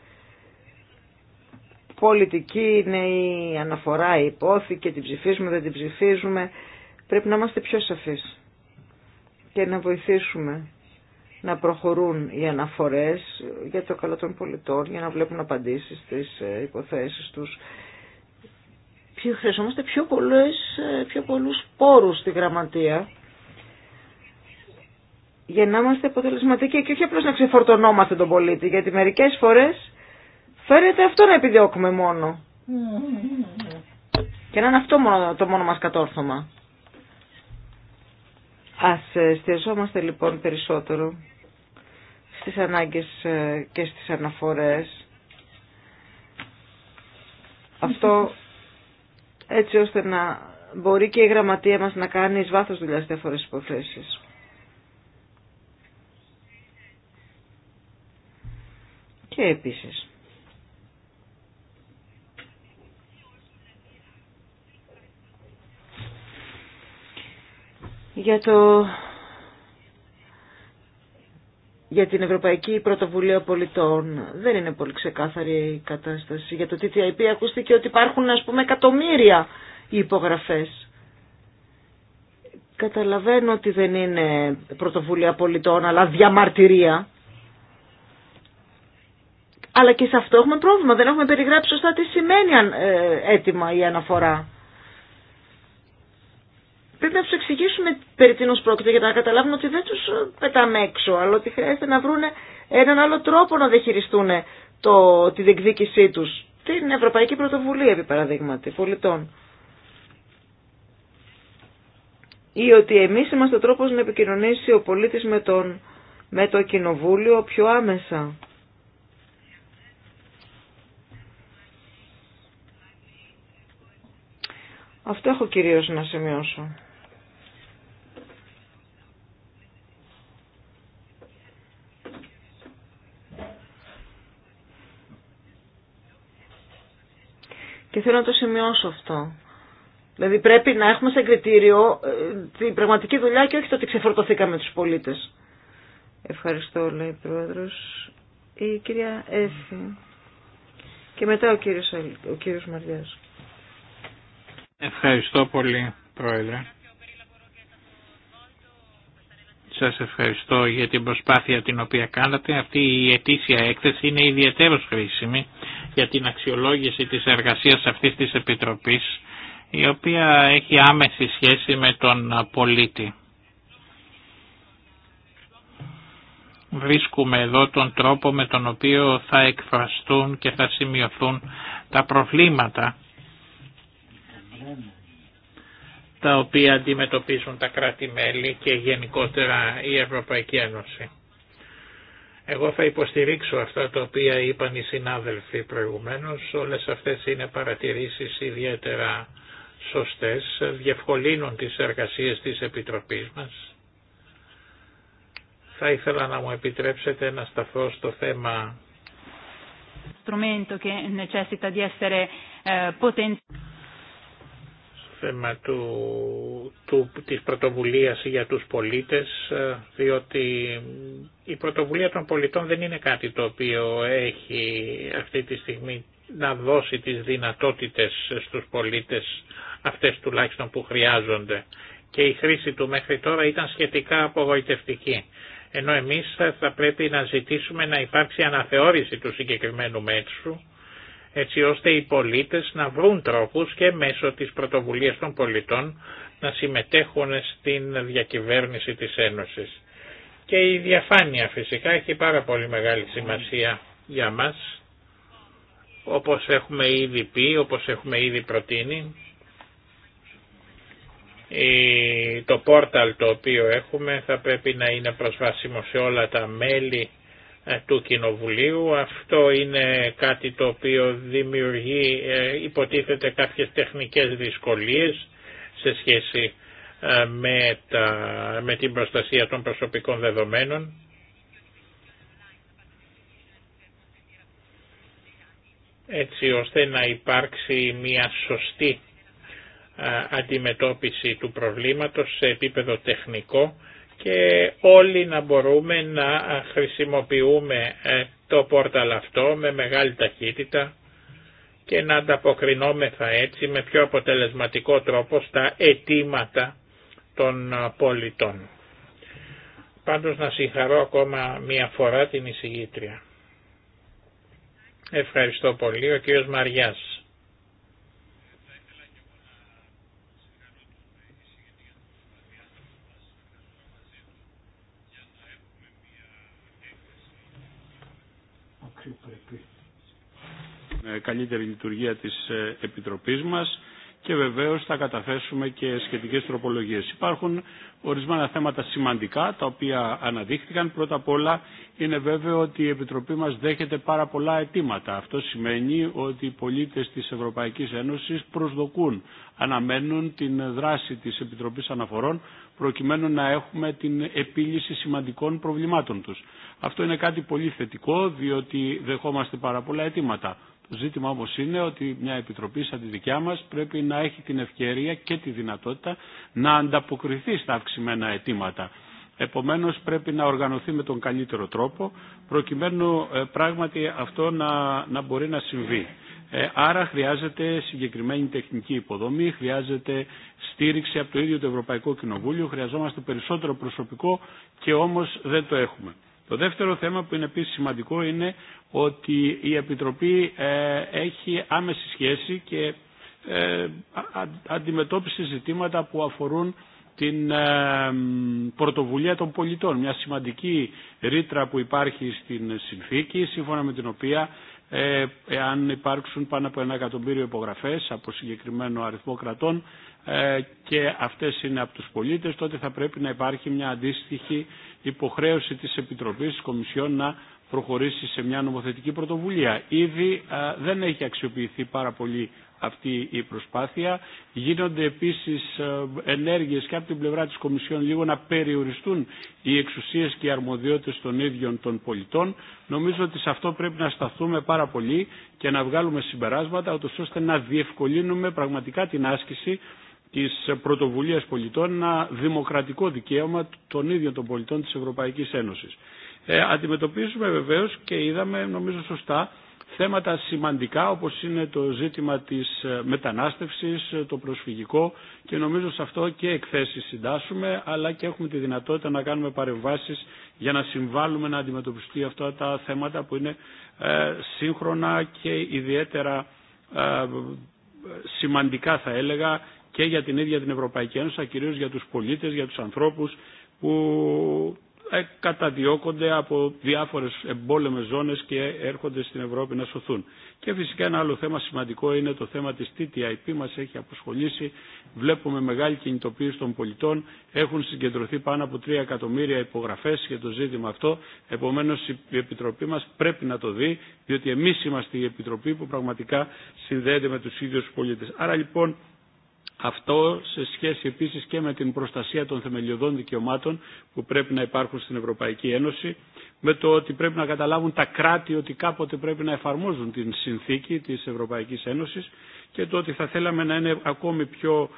Πολιτική είναι η αναφορά, η υπόθηκε, την ψηφίζουμε, δεν την ψηφίζουμε. Πρέπει να είμαστε πιο σαφείς και να βοηθήσουμε να προχωρούν οι αναφορές για το καλό των πολιτών, για να βλέπουν απαντήσεις στις ε, υποθέσεις τους χρειαζόμαστε πιο, πολλές, ε, πιο πολλούς πόρους στη γραμματεία για να είμαστε αποτελεσματικοί και όχι απλώς να ξεφορτωνόμαστε τον πολίτη, γιατί μερικές φορές φαίνεται αυτό να επιδιώκουμε μόνο. Και να είναι αυτό μόνο, το μόνο μας κατόρθωμα. Ας ε, εστιαζόμαστε λοιπόν περισσότερο στις ανάγκες ε, και στις αναφορές. Αυτό έτσι ώστε να μπορεί και η γραμματεία μας να κάνει εις βάθος δουλειά στις διάφορες υποθέσεις. Και επίσης. Για το για την Ευρωπαϊκή Πρωτοβουλία Πολιτών. Δεν είναι πολύ ξεκάθαρη η κατάσταση. Για το TTIP ακούστηκε ότι υπάρχουν ας πούμε εκατομμύρια υπογραφές. Καταλαβαίνω ότι δεν είναι πρωτοβουλία πολιτών αλλά διαμαρτυρία. Αλλά και σε αυτό έχουμε πρόβλημα. Δεν έχουμε περιγράψει σωστά τι σημαίνει ε, έτοιμα ή αναφορά πρέπει να του εξηγήσουμε περί τίνο πρόκειται για να καταλάβουν ότι δεν τους ε, πετάμε έξω, αλλά ότι χρειάζεται να βρουν έναν άλλο τρόπο να διαχειριστούν το, τη διεκδίκησή τους. Την Ευρωπαϊκή Πρωτοβουλία, επί παραδείγματι, πολιτών. Ή ότι εμείς είμαστε ο τρόπος να επικοινωνήσει ο πολίτη με, με το κοινοβούλιο πιο άμεσα. Αυτό έχω κυρίως να σημειώσω. Και θέλω να το σημειώσω αυτό. Δηλαδή πρέπει να έχουμε σε κριτήριο ε, την πραγματική δουλειά και όχι το ότι ξεφορτωθήκαμε τους πολίτες. Ευχαριστώ, λέει η Πρόεδρος. Η κυρία Έφη. Και μετά ο κύριος, ο κύριος Μαριάς. Ευχαριστώ πολύ, Πρόεδρε. Σας ευχαριστώ για την προσπάθεια την οποία κάνατε. Αυτή η ετήσια έκθεση είναι ιδιαίτερως χρήσιμη για την αξιολόγηση της εργασίας αυτής της Επιτροπής η οποία έχει άμεση σχέση με τον πολίτη. Βρίσκουμε εδώ τον τρόπο με τον οποίο θα εκφραστούν και θα σημειωθούν τα προβλήματα τα οποία αντιμετωπίζουν τα κράτη-μέλη και γενικότερα η Ευρωπαϊκή Ένωση. Εγώ θα υποστηρίξω αυτά τα οποία είπαν οι συνάδελφοι προηγουμένως. Όλες αυτές είναι παρατηρήσεις ιδιαίτερα σωστές, διευκολύνουν τις εργασίες της Επιτροπής μας. Θα ήθελα να μου επιτρέψετε να σταθώ στο θέμα ε, θέμα του, του, της πρωτοβουλίας για τους πολίτες, ε, διότι η πρωτοβουλία των πολιτών δεν είναι κάτι το οποίο έχει αυτή τη στιγμή να δώσει τις δυνατότητες στους πολίτες, αυτές τουλάχιστον που χρειάζονται. Και η χρήση του μέχρι τώρα ήταν σχετικά απογοητευτική. Ενώ εμείς θα πρέπει να ζητήσουμε να υπάρξει αναθεώρηση του συγκεκριμένου μέτρου έτσι ώστε οι πολίτες να βρουν τρόπους και μέσω της πρωτοβουλίας των πολιτών να συμμετέχουν στην διακυβέρνηση της Ένωσης. Και η διαφάνεια φυσικά έχει πάρα πολύ μεγάλη σημασία για μας, όπως έχουμε ήδη πει, όπως έχουμε ήδη προτείνει. Το πόρταλ το οποίο έχουμε θα πρέπει να είναι προσβάσιμο σε όλα τα μέλη ε, του Κοινοβουλίου. Αυτό είναι κάτι το οποίο δημιουργεί ε, υποτίθεται κάποιες τεχνικές δυσκολίες σε σχέση ε, με, με την προστασία των προσωπικών δεδομένων. έτσι ώστε να υπάρξει μια σωστή αντιμετώπιση του προβλήματος σε επίπεδο τεχνικό και όλοι να μπορούμε να χρησιμοποιούμε ε, το πόρταλ αυτό με μεγάλη ταχύτητα και να ανταποκρινόμεθα έτσι με πιο αποτελεσματικό τρόπο στα αιτήματα των ε, πολιτών. Πάντως να συγχαρώ ακόμα μία φορά την εισηγήτρια. Ευχαριστώ πολύ. Ο κύριος Μαριάς. Ε, καλύτερη λειτουργία της ε, Επιτροπής μας και βεβαίως θα καταθέσουμε και σχετικές τροπολογίες. Υπάρχουν ορισμένα θέματα σημαντικά τα οποία αναδείχθηκαν. Πρώτα απ' όλα είναι βέβαιο ότι η Επιτροπή μας δέχεται πάρα πολλά αιτήματα. Αυτό σημαίνει ότι οι πολίτες της Ευρωπαϊκής Ένωσης προσδοκούν, αναμένουν την δράση της Επιτροπής Αναφορών προκειμένου να έχουμε την επίλυση σημαντικών προβλημάτων τους. Αυτό είναι κάτι πολύ θετικό διότι δεχόμαστε πάρα πολλά αιτήματα. Το ζήτημα όμως είναι ότι μια επιτροπή σαν τη δικιά μας πρέπει να έχει την ευκαιρία και τη δυνατότητα να ανταποκριθεί στα αυξημένα αιτήματα. Επομένως πρέπει να οργανωθεί με τον καλύτερο τρόπο προκειμένου ε, πράγματι αυτό να, μπορεί να συμβεί. Ε, άρα χρειάζεται συγκεκριμένη τεχνική υποδομή, χρειάζεται στήριξη από το ίδιο το Ευρωπαϊκό Κοινοβούλιο, χρειαζόμαστε περισσότερο προσωπικό και όμως δεν το έχουμε. Το δεύτερο θέμα που είναι επίσης σημαντικό είναι ότι η Επιτροπή ε, έχει άμεση σχέση και ε, αντιμετώπιση ζητήματα που αφορούν την ε, πρωτοβουλία των πολιτών. Μια σημαντική ρήτρα που υπάρχει στην συνθήκη, σύμφωνα με την οποία ε, εάν υπάρξουν πάνω από ένα εκατομμύριο υπογραφές από συγκεκριμένο αριθμό κρατών και αυτές είναι από τους πολίτες, τότε θα πρέπει να υπάρχει μια αντίστοιχη υποχρέωση της Επιτροπής της Κομισιόν να προχωρήσει σε μια νομοθετική πρωτοβουλία. Ήδη δεν έχει αξιοποιηθεί πάρα πολύ αυτή η προσπάθεια. Γίνονται επίσης ενέργειες και από την πλευρά της Κομισιόν λίγο να περιοριστούν οι εξουσίες και οι αρμοδιότητες των ίδιων των πολιτών. Νομίζω ότι σε αυτό πρέπει να σταθούμε πάρα πολύ και να βγάλουμε συμπεράσματα, ώστε να διευκολύνουμε πραγματικά την άσκηση της πρωτοβουλίας πολιτών ένα δημοκρατικό δικαίωμα των ίδιων των πολιτών της Ευρωπαϊκής Ένωσης. Ε, αντιμετωπίζουμε βεβαίως και είδαμε νομίζω σωστά θέματα σημαντικά όπως είναι το ζήτημα της ε, μετανάστευσης, ε, το προσφυγικό και νομίζω σε αυτό και εκθέσεις συντάσσουμε αλλά και έχουμε τη δυνατότητα να κάνουμε παρεμβάσεις για να συμβάλλουμε να αντιμετωπιστεί αυτά τα θέματα που είναι ε, σύγχρονα και ιδιαίτερα σημαντικά θα έλεγα και για την ίδια την Ευρωπαϊκή Ένωση, αλλά κυρίως για τους πολίτες, για τους ανθρώπους που ε, καταδιώκονται από διάφορες εμπόλεμες ζώνες και έρχονται στην Ευρώπη να σωθούν. Και φυσικά ένα άλλο θέμα σημαντικό είναι το θέμα της TTIP, μας έχει αποσχολήσει, βλέπουμε μεγάλη κινητοποίηση των πολιτών, έχουν συγκεντρωθεί πάνω από 3 εκατομμύρια υπογραφές για το ζήτημα αυτό, επομένως η Επιτροπή μας πρέπει να το δει, διότι εμείς είμαστε η Επιτροπή που πραγματικά συνδέεται με τους ίδιους πολίτες. Άρα λοιπόν αυτό σε σχέση επίσης και με την προστασία των θεμελιωδών δικαιωμάτων που πρέπει να υπάρχουν στην Ευρωπαϊκή Ένωση, με το ότι πρέπει να καταλάβουν τα κράτη ότι κάποτε πρέπει να εφαρμόζουν την συνθήκη της Ευρωπαϊκής Ένωσης και το ότι θα θέλαμε να είναι ακόμη πιο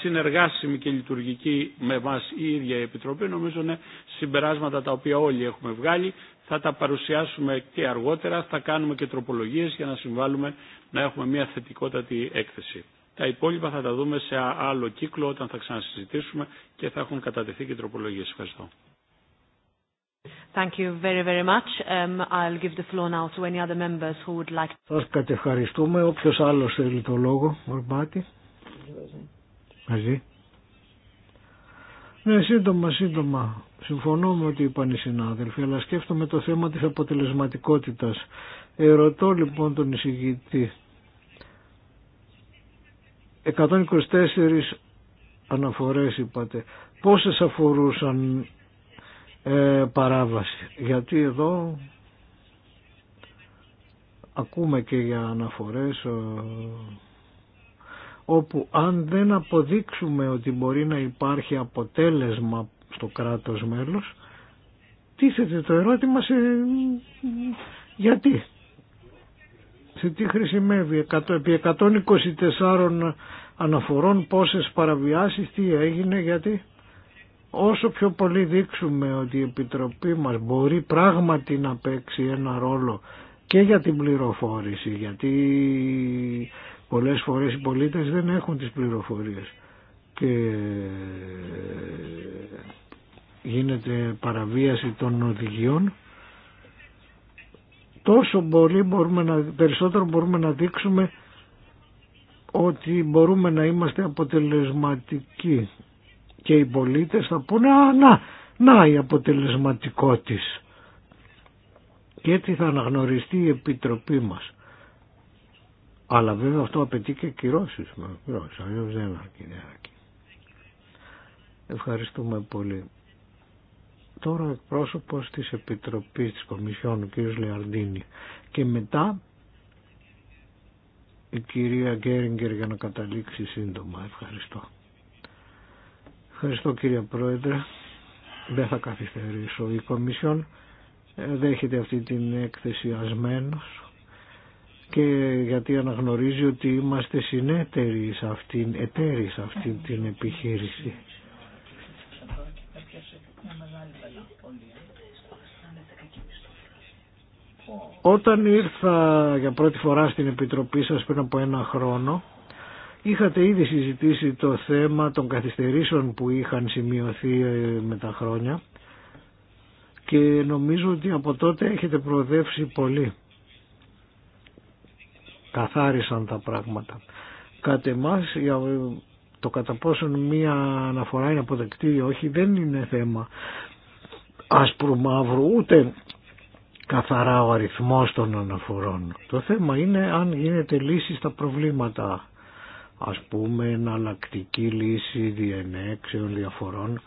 συνεργάσιμη και λειτουργική με εμά η ίδια η Επιτροπή. Νομίζω είναι συμπεράσματα τα οποία όλοι έχουμε βγάλει. Θα τα παρουσιάσουμε και αργότερα, θα κάνουμε και τροπολογίες για να συμβάλλουμε να έχουμε μια θετικότατη έκθεση. Τα υπόλοιπα θα τα δούμε σε άλλο κύκλο όταν θα ξανασυζητήσουμε και θα έχουν κατατεθεί και τροπολογίες. Ευχαριστώ. Thank you very, very much. Um, I'll give the floor now to any other members who would like Σας κατευχαριστούμε. Όποιος άλλος θέλει το λόγο. Μορμπάτη. Μαζί. Ναι, σύντομα, σύντομα. Συμφωνώ με ό,τι είπαν οι συνάδελφοι, αλλά σκέφτομαι το θέμα της αποτελεσματικότητας. Ερωτώ λοιπόν τον εισηγητή 124 αναφορές είπατε. Πόσες αφορούσαν ε, παράβαση. Γιατί εδώ ακούμε και για αναφορές ε, όπου αν δεν αποδείξουμε ότι μπορεί να υπάρχει αποτέλεσμα στο κράτος μέλος τίθεται το ερώτημα σε... Ε, γιατί σε τι χρησιμεύει επί 124 αναφορών πόσες παραβιάσεις τι έγινε γιατί όσο πιο πολύ δείξουμε ότι η Επιτροπή μας μπορεί πράγματι να παίξει ένα ρόλο και για την πληροφόρηση γιατί πολλές φορές οι πολίτες δεν έχουν τις πληροφορίες και γίνεται παραβίαση των οδηγιών τόσο πολύ μπορούμε να, περισσότερο μπορούμε να δείξουμε ότι μπορούμε να είμαστε αποτελεσματικοί. Και οι πολίτες θα πούνε, α, να, να η αποτελεσματικότης. Και έτσι θα αναγνωριστεί η Επιτροπή μας. Αλλά βέβαια αυτό απαιτεί και κυρώσεις. με κυρώσεις, αλλιώς δεν αρκεί. Ευχαριστούμε πολύ τώρα ο της Επιτροπής της Κομισιόν, ο κ. Λεαρντίνη και μετά η κυρία Γκέριγκερ για να καταλήξει σύντομα. Ευχαριστώ. Ευχαριστώ κύριε Πρόεδρε. Δεν θα καθυστερήσω. Η Κομισιόν ε, δέχεται αυτή την έκθεση ασμένος και γιατί αναγνωρίζει ότι είμαστε συνέτεροι σε αυτήν, εταίροι σε αυτήν την επιχείρηση. Όταν ήρθα για πρώτη φορά στην Επιτροπή σας πριν από ένα χρόνο, είχατε ήδη συζητήσει το θέμα των καθυστερήσεων που είχαν σημειωθεί ε, με τα χρόνια και νομίζω ότι από τότε έχετε προοδεύσει πολύ. Καθάρισαν τα πράγματα. Κατ' εμάς, ε, το κατά πόσον μία αναφορά είναι αποδεκτή ή όχι δεν είναι θέμα άσπρου μαύρου ούτε καθαρά ο αριθμός των αναφορών. Το θέμα είναι αν γίνεται λύση στα προβλήματα. Ας πούμε εναλλακτική λύση διενέξεων διαφορών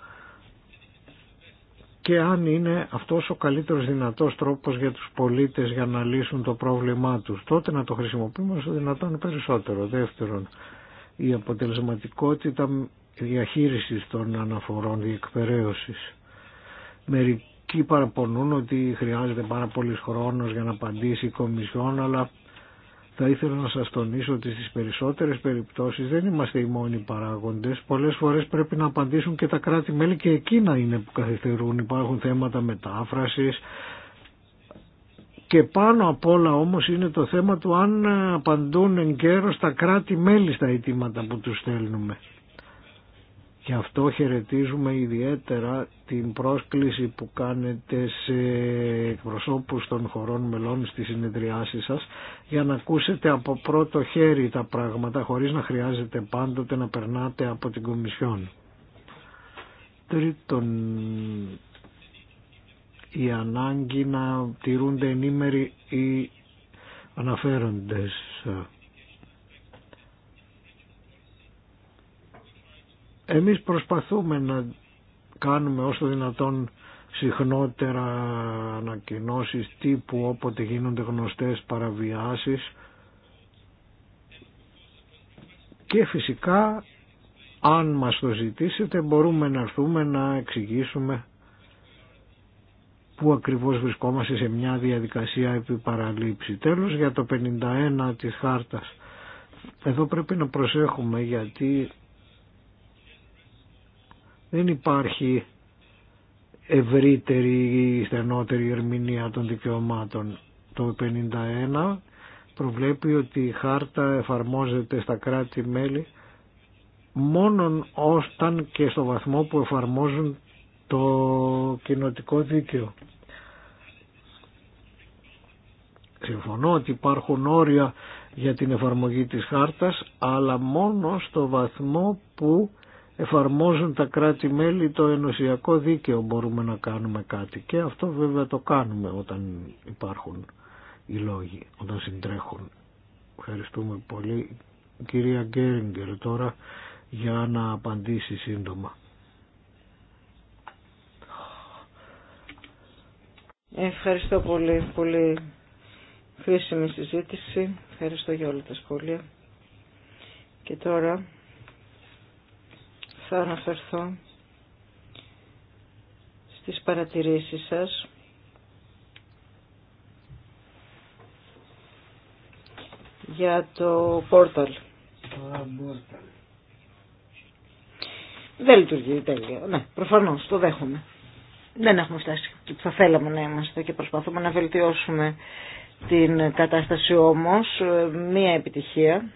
και αν είναι αυτός ο καλύτερος δυνατός τρόπος για τους πολίτες για να λύσουν το πρόβλημά τους. Τότε να το χρησιμοποιούμε όσο δυνατόν περισσότερο. Δεύτερον, η αποτελεσματικότητα διαχείρισης των αναφορών διεκπαιρέωσης. Εκεί παραπονούν ότι χρειάζεται πάρα πολύ χρόνος για να απαντήσει η Κομισιόν, αλλά θα ήθελα να σας τονίσω ότι στις περισσότερες περιπτώσεις δεν είμαστε οι μόνοι παράγοντες. Πολλές φορές πρέπει να απαντήσουν και τα κράτη-μέλη και εκείνα είναι που καθυστερούν. Υπάρχουν θέματα μετάφρασης και πάνω απ' όλα όμως είναι το θέμα του αν απαντούν εν καιρό στα κράτη-μέλη στα αιτήματα που τους στέλνουμε. Γι' αυτό χαιρετίζουμε ιδιαίτερα την πρόσκληση που κάνετε σε εκπροσώπους των χωρών μελών στις συνεδριάσεις σας για να ακούσετε από πρώτο χέρι τα πράγματα χωρίς να χρειάζεται πάντοτε να περνάτε από την Κομισιόν. Τρίτον, η ανάγκη να τηρούνται ενήμεροι οι αναφέροντες. Εμείς προσπαθούμε να κάνουμε όσο δυνατόν συχνότερα ανακοινώσεις τύπου όποτε γίνονται γνωστές παραβιάσεις και φυσικά αν μας το ζητήσετε μπορούμε να έρθουμε να εξηγήσουμε που ακριβώς βρισκόμαστε σε μια διαδικασία επί παραλήψη. Τέλος για το 51 της χάρτας. Εδώ πρέπει να προσέχουμε γιατί δεν υπάρχει ευρύτερη ή στενότερη ερμηνεία των δικαιωμάτων. Το 51 προβλέπει ότι η χάρτα εφαρμόζεται στα κράτη-μέλη μόνον όσταν και στο βαθμό που εφαρμόζουν το κοινοτικό δίκαιο. Συμφωνώ ότι υπάρχουν όρια για την εφαρμογή της χάρτας, αλλά μόνο στο βαθμό που εφαρμόζουν τα κράτη-μέλη το ενωσιακό δίκαιο μπορούμε να κάνουμε κάτι και αυτό βέβαια το κάνουμε όταν υπάρχουν οι λόγοι, όταν συντρέχουν. Ευχαριστούμε πολύ. Κυρία Γκέριγκερ τώρα για να απαντήσει σύντομα. Ευχαριστώ πολύ, πολύ χρήσιμη συζήτηση. Ευχαριστώ για όλα τα σχόλια. Και τώρα θα αναφερθώ στις παρατηρήσεις σας. για το πόρταλ. Δεν λειτουργεί τέλεια. Ναι, προφανώς, το δέχομαι. Δεν έχουμε φτάσει που θα θέλαμε να είμαστε και προσπαθούμε να βελτιώσουμε την κατάσταση όμως. Μία επιτυχία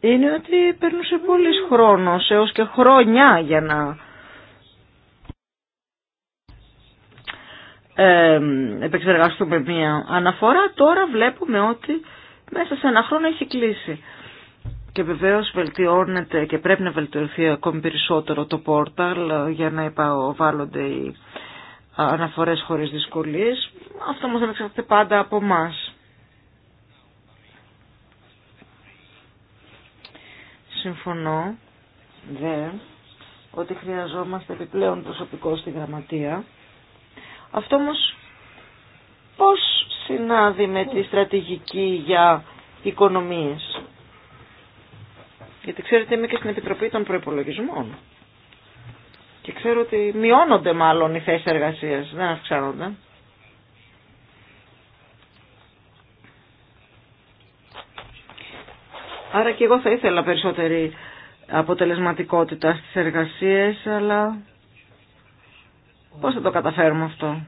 είναι ότι περνούσε πολλής χρόνο έω και χρόνια για να ε, επεξεργαστούμε μία αναφορά. Τώρα βλέπουμε ότι μέσα σε ένα χρόνο έχει κλείσει. Και βεβαίως βελτιώνεται και πρέπει να βελτιωθεί ακόμη περισσότερο το πόρταλ ε, για να υποβάλλονται οι αναφορές χωρίς δυσκολίες. Αυτό όμως δεν εξαρτάται πάντα από μας. συμφωνώ δε ότι χρειαζόμαστε επιπλέον προσωπικό στη γραμματεία. Αυτό όμω πώς συνάδει με τη στρατηγική για οικονομίες. Γιατί ξέρετε είμαι και στην Επιτροπή των Προϋπολογισμών. Και ξέρω ότι μειώνονται μάλλον οι θέσεις εργασίας, δεν αυξάνονται. Άρα και εγώ θα ήθελα περισσότερη αποτελεσματικότητα στις εργασίες, αλλά πώς θα το καταφέρουμε αυτό.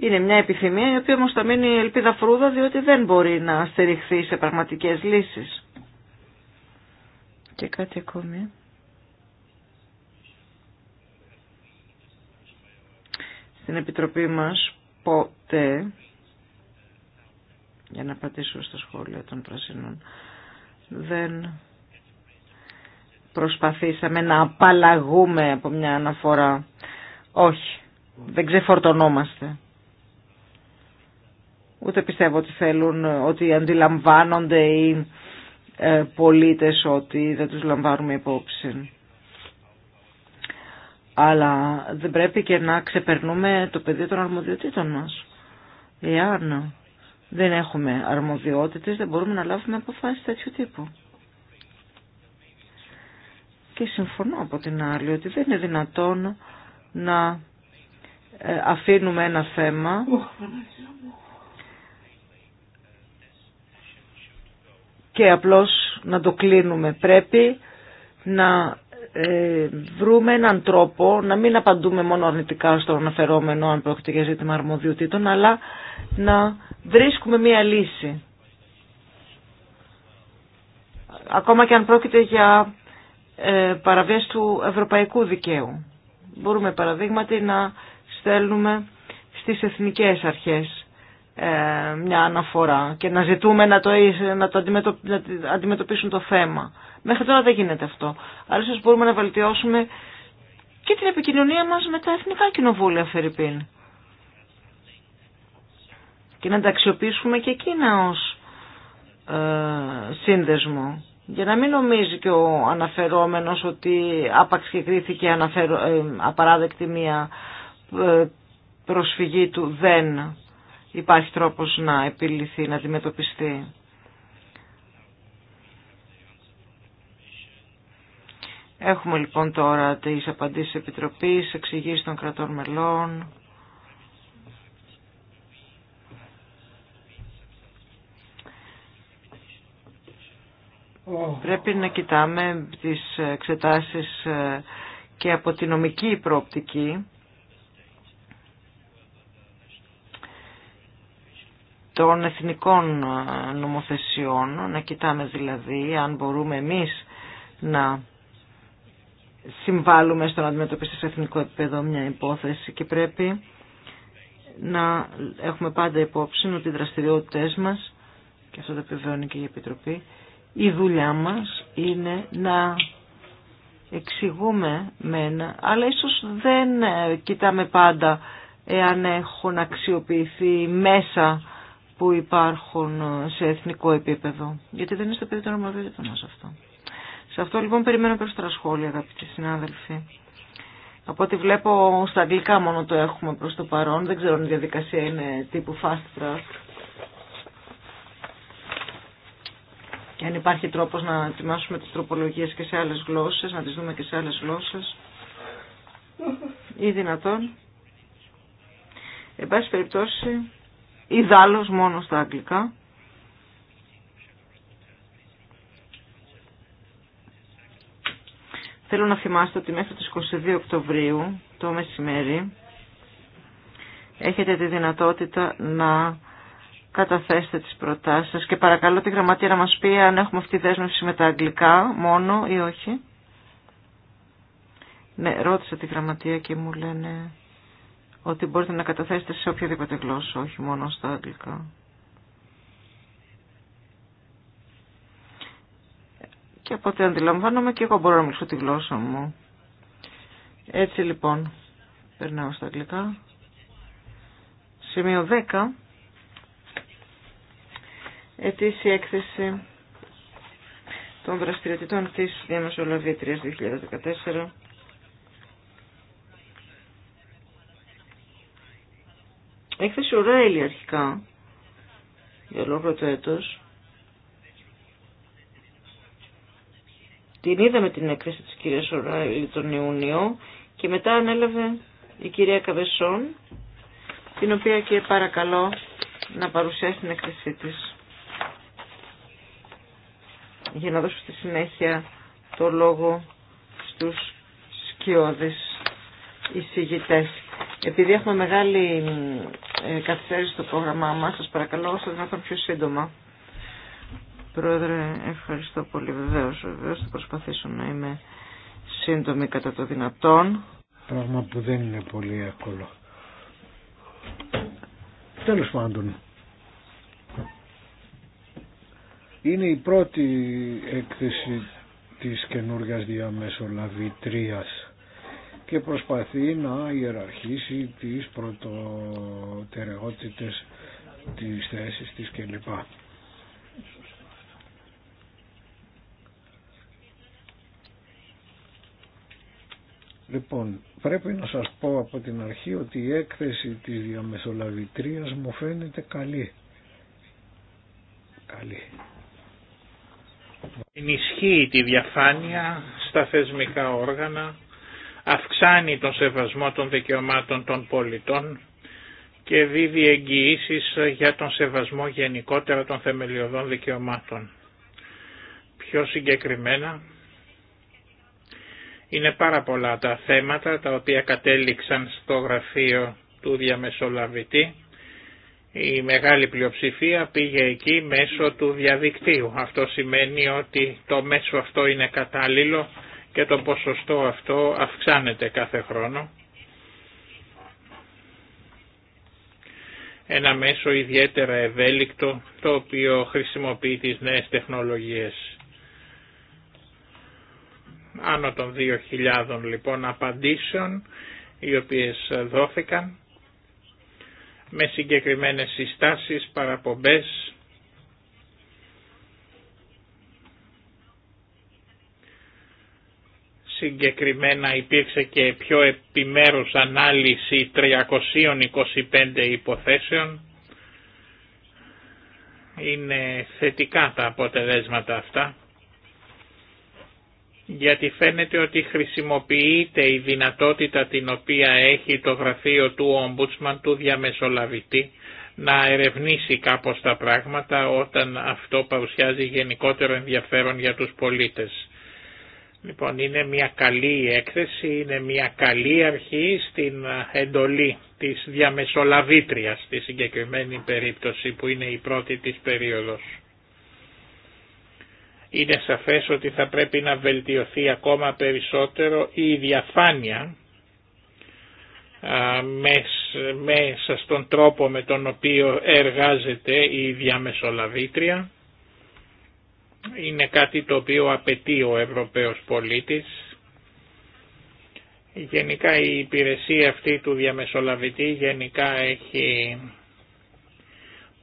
Είναι μια επιθυμία η οποία όμως θα μείνει ελπίδα φρούδα διότι δεν μπορεί να στηριχθεί σε πραγματικές λύσεις. Και κάτι ακόμη. Στην Επιτροπή μας ποτέ για να απαντήσω στο σχόλιο των πρασινών. Δεν προσπαθήσαμε να απαλλαγούμε από μια αναφορά. Όχι, δεν ξεφορτωνόμαστε. Ούτε πιστεύω ότι θέλουν, ότι αντιλαμβάνονται οι ε, πολίτες ότι δεν τους λαμβάνουμε υπόψη. Αλλά δεν πρέπει και να ξεπερνούμε το πεδίο των αρμοδιοτήτων μας. Εάν δεν έχουμε αρμοδιότητες, δεν μπορούμε να λάβουμε αποφάσεις τέτοιου τύπου. Και συμφωνώ από την άλλη ότι δεν είναι δυνατόν να ε, αφήνουμε ένα θέμα και απλώς να το κλείνουμε. Πρέπει να ε, βρούμε έναν τρόπο να μην απαντούμε μόνο αρνητικά στον αναφερόμενο αν πρόκειται για ζήτημα αρμοδιοτήτων, αλλά να βρίσκουμε μία λύση. Ακόμα και αν πρόκειται για ε, του ευρωπαϊκού δικαίου. Μπορούμε παραδείγματι να στέλνουμε στις εθνικές αρχές ε, μια αναφορά και να ζητούμε να το, να αντιμετωπίσουν το θέμα. Μέχρι τώρα δεν γίνεται αυτό. Άρα μπορούμε να βελτιώσουμε και την επικοινωνία μας με τα εθνικά κοινοβούλια Φερρυπίν. Και να τα αξιοποιήσουμε και εκείνα ως ε, σύνδεσμο. Για να μην νομίζει και ο αναφερόμενος ότι άπαξ και κρίθηκε αναφερο, απαράδεκτη μία ε, προσφυγή του δεν υπάρχει τρόπος να επιληθεί, να αντιμετωπιστεί. Έχουμε λοιπόν τώρα τις απαντήσεις της Επιτροπής, εξηγήσεις των κρατών μελών. Πρέπει να κοιτάμε τις εξετάσεις ε, και από τη νομική προοπτική των εθνικών ε, νομοθεσιών, να κοιτάμε δηλαδή αν μπορούμε εμείς να συμβάλλουμε στο να αντιμετωπίσει σε εθνικό επίπεδο μια υπόθεση και πρέπει να έχουμε πάντα υπόψη ότι οι δραστηριότητες μας, και αυτό το επιβεβαιώνει και η Επιτροπή, η δουλειά μας είναι να εξηγούμε μένα, αλλά ίσως δεν ε, κοιτάμε πάντα εάν έχουν αξιοποιηθεί μέσα που υπάρχουν σε εθνικό επίπεδο. Γιατί δεν είστε παιδί των αυτό. Σε αυτό λοιπόν περιμένω περισσότερα σχόλια αγαπητοί συνάδελφοι. Από ό,τι βλέπω στα αγγλικά μόνο το έχουμε προς το παρόν. Δεν ξέρω αν η διαδικασία είναι τύπου fast track. Και αν υπάρχει τρόπος να ετοιμάσουμε τις τροπολογίες και σε άλλες γλώσσε, να τις δούμε και σε άλλες γλώσσε. Ή δυνατόν. Εν πάση περιπτώσει, ή δάλος μόνο στα αγγλικά. Θέλω να θυμάστε ότι μέχρι τις 22 Οκτωβρίου το μεσημέρι έχετε τη δυνατότητα να καταθέσετε τις προτάσεις σας και παρακαλώ τη γραμματεία να μας πει αν έχουμε αυτή τη δέσμευση με τα αγγλικά μόνο ή όχι. Ναι, ρώτησα τη γραμματεία και μου λένε ότι μπορείτε να καταθέσετε σε οποιαδήποτε γλώσσα, όχι μόνο στα αγγλικά. Και από ό,τι αντιλαμβάνομαι και εγώ μπορώ να μιλήσω τη γλώσσα μου. Έτσι λοιπόν, περνάω στα αγγλικά. Σημείο 10. Ετήσια έκθεση των δραστηριοτήτων της Διαμεσολαβήτριας 2014. έκθεση Ρέιλι αρχικά για ολόκληρο το έτος. Την είδαμε την έκθεση της κυρίας Ρέιλι τον Ιούνιο και μετά ανέλαβε η κυρία Καβεσόν την οποία και παρακαλώ να παρουσιάσει την έκθεσή της για να δώσω στη συνέχεια το λόγο στους σκιώδεις εισηγητές. Επειδή έχουμε μεγάλη ε, καθυστέρηση στο πρόγραμμά μας. Σας παρακαλώ όσο δυνατόν πιο σύντομα. Πρόεδρε, ευχαριστώ πολύ. Βεβαίως, βεβαίως θα προσπαθήσω να είμαι σύντομη κατά το δυνατόν. Πράγμα που δεν είναι πολύ εύκολο. Τέλος πάντων. Είναι η πρώτη έκθεση της καινούργιας διαμεσολαβητρίας και προσπαθεί να ιεραρχήσει τις πρωτοτεραιότητες της θέσης της κλπ. Λοιπόν, πρέπει να σας πω από την αρχή ότι η έκθεση της διαμεσολαβητρίας μου φαίνεται καλή. Καλή. Ενισχύει τη διαφάνεια στα θεσμικά όργανα αυξάνει τον σεβασμό των δικαιωμάτων των πολιτών και δίδει εγγυήσει για τον σεβασμό γενικότερα των θεμελιωδών δικαιωμάτων. Πιο συγκεκριμένα, είναι πάρα πολλά τα θέματα τα οποία κατέληξαν στο γραφείο του διαμεσολαβητή. Η μεγάλη πλειοψηφία πήγε εκεί μέσω του διαδικτύου. Αυτό σημαίνει ότι το μέσο αυτό είναι κατάλληλο και το ποσοστό αυτό αυξάνεται κάθε χρόνο. Ένα μέσο ιδιαίτερα ευέλικτο το οποίο χρησιμοποιεί τις νέες τεχνολογίες. Άνω των 2.000 λοιπόν απαντήσεων οι οποίες δόθηκαν με συγκεκριμένες συστάσεις, παραπομπές, Συγκεκριμένα υπήρξε και πιο επιμέρους ανάλυση 325 υποθέσεων. Είναι θετικά τα αποτελέσματα αυτά γιατί φαίνεται ότι χρησιμοποιείται η δυνατότητα την οποία έχει το γραφείο του Ομπούτσμαν του διαμεσολαβητή να ερευνήσει κάπως τα πράγματα όταν αυτό παρουσιάζει γενικότερο ενδιαφέρον για τους πολίτες. Λοιπόν, είναι μια καλή έκθεση, είναι μια καλή αρχή στην εντολή της διαμεσολαβήτριας στη συγκεκριμένη περίπτωση που είναι η πρώτη της περίοδος. Είναι σαφές ότι θα πρέπει να βελτιωθεί ακόμα περισσότερο η διαφάνεια μέσα στον τρόπο με τον οποίο εργάζεται η διαμεσολαβήτρια είναι κάτι το οποίο απαιτεί ο Ευρωπαίος πολίτης. Γενικά η υπηρεσία αυτή του διαμεσολαβητή γενικά έχει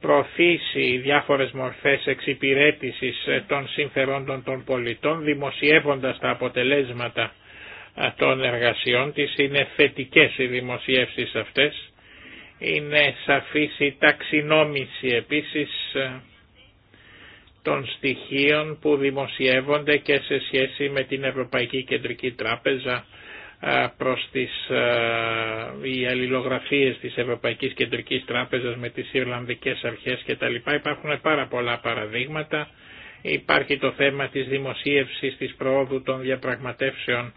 προωθήσει διάφορες μορφές εξυπηρέτησης των συμφερόντων των πολιτών, δημοσιεύοντας τα αποτελέσματα των εργασιών της. Είναι θετικές οι δημοσιεύσεις αυτές. Είναι σαφής η ταξινόμηση επίσης των στοιχείων που δημοσιεύονται και σε σχέση με την Ευρωπαϊκή Κεντρική Τράπεζα ε, προς τις ε, οι αλληλογραφίες της Ευρωπαϊκής Κεντρικής Τράπεζας με τις Ιρλανδικές Αρχές κτλ. Υπάρχουν πάρα πολλά παραδείγματα. Υπάρχει το θέμα της δημοσίευσης της προόδου των διαπραγματεύσεων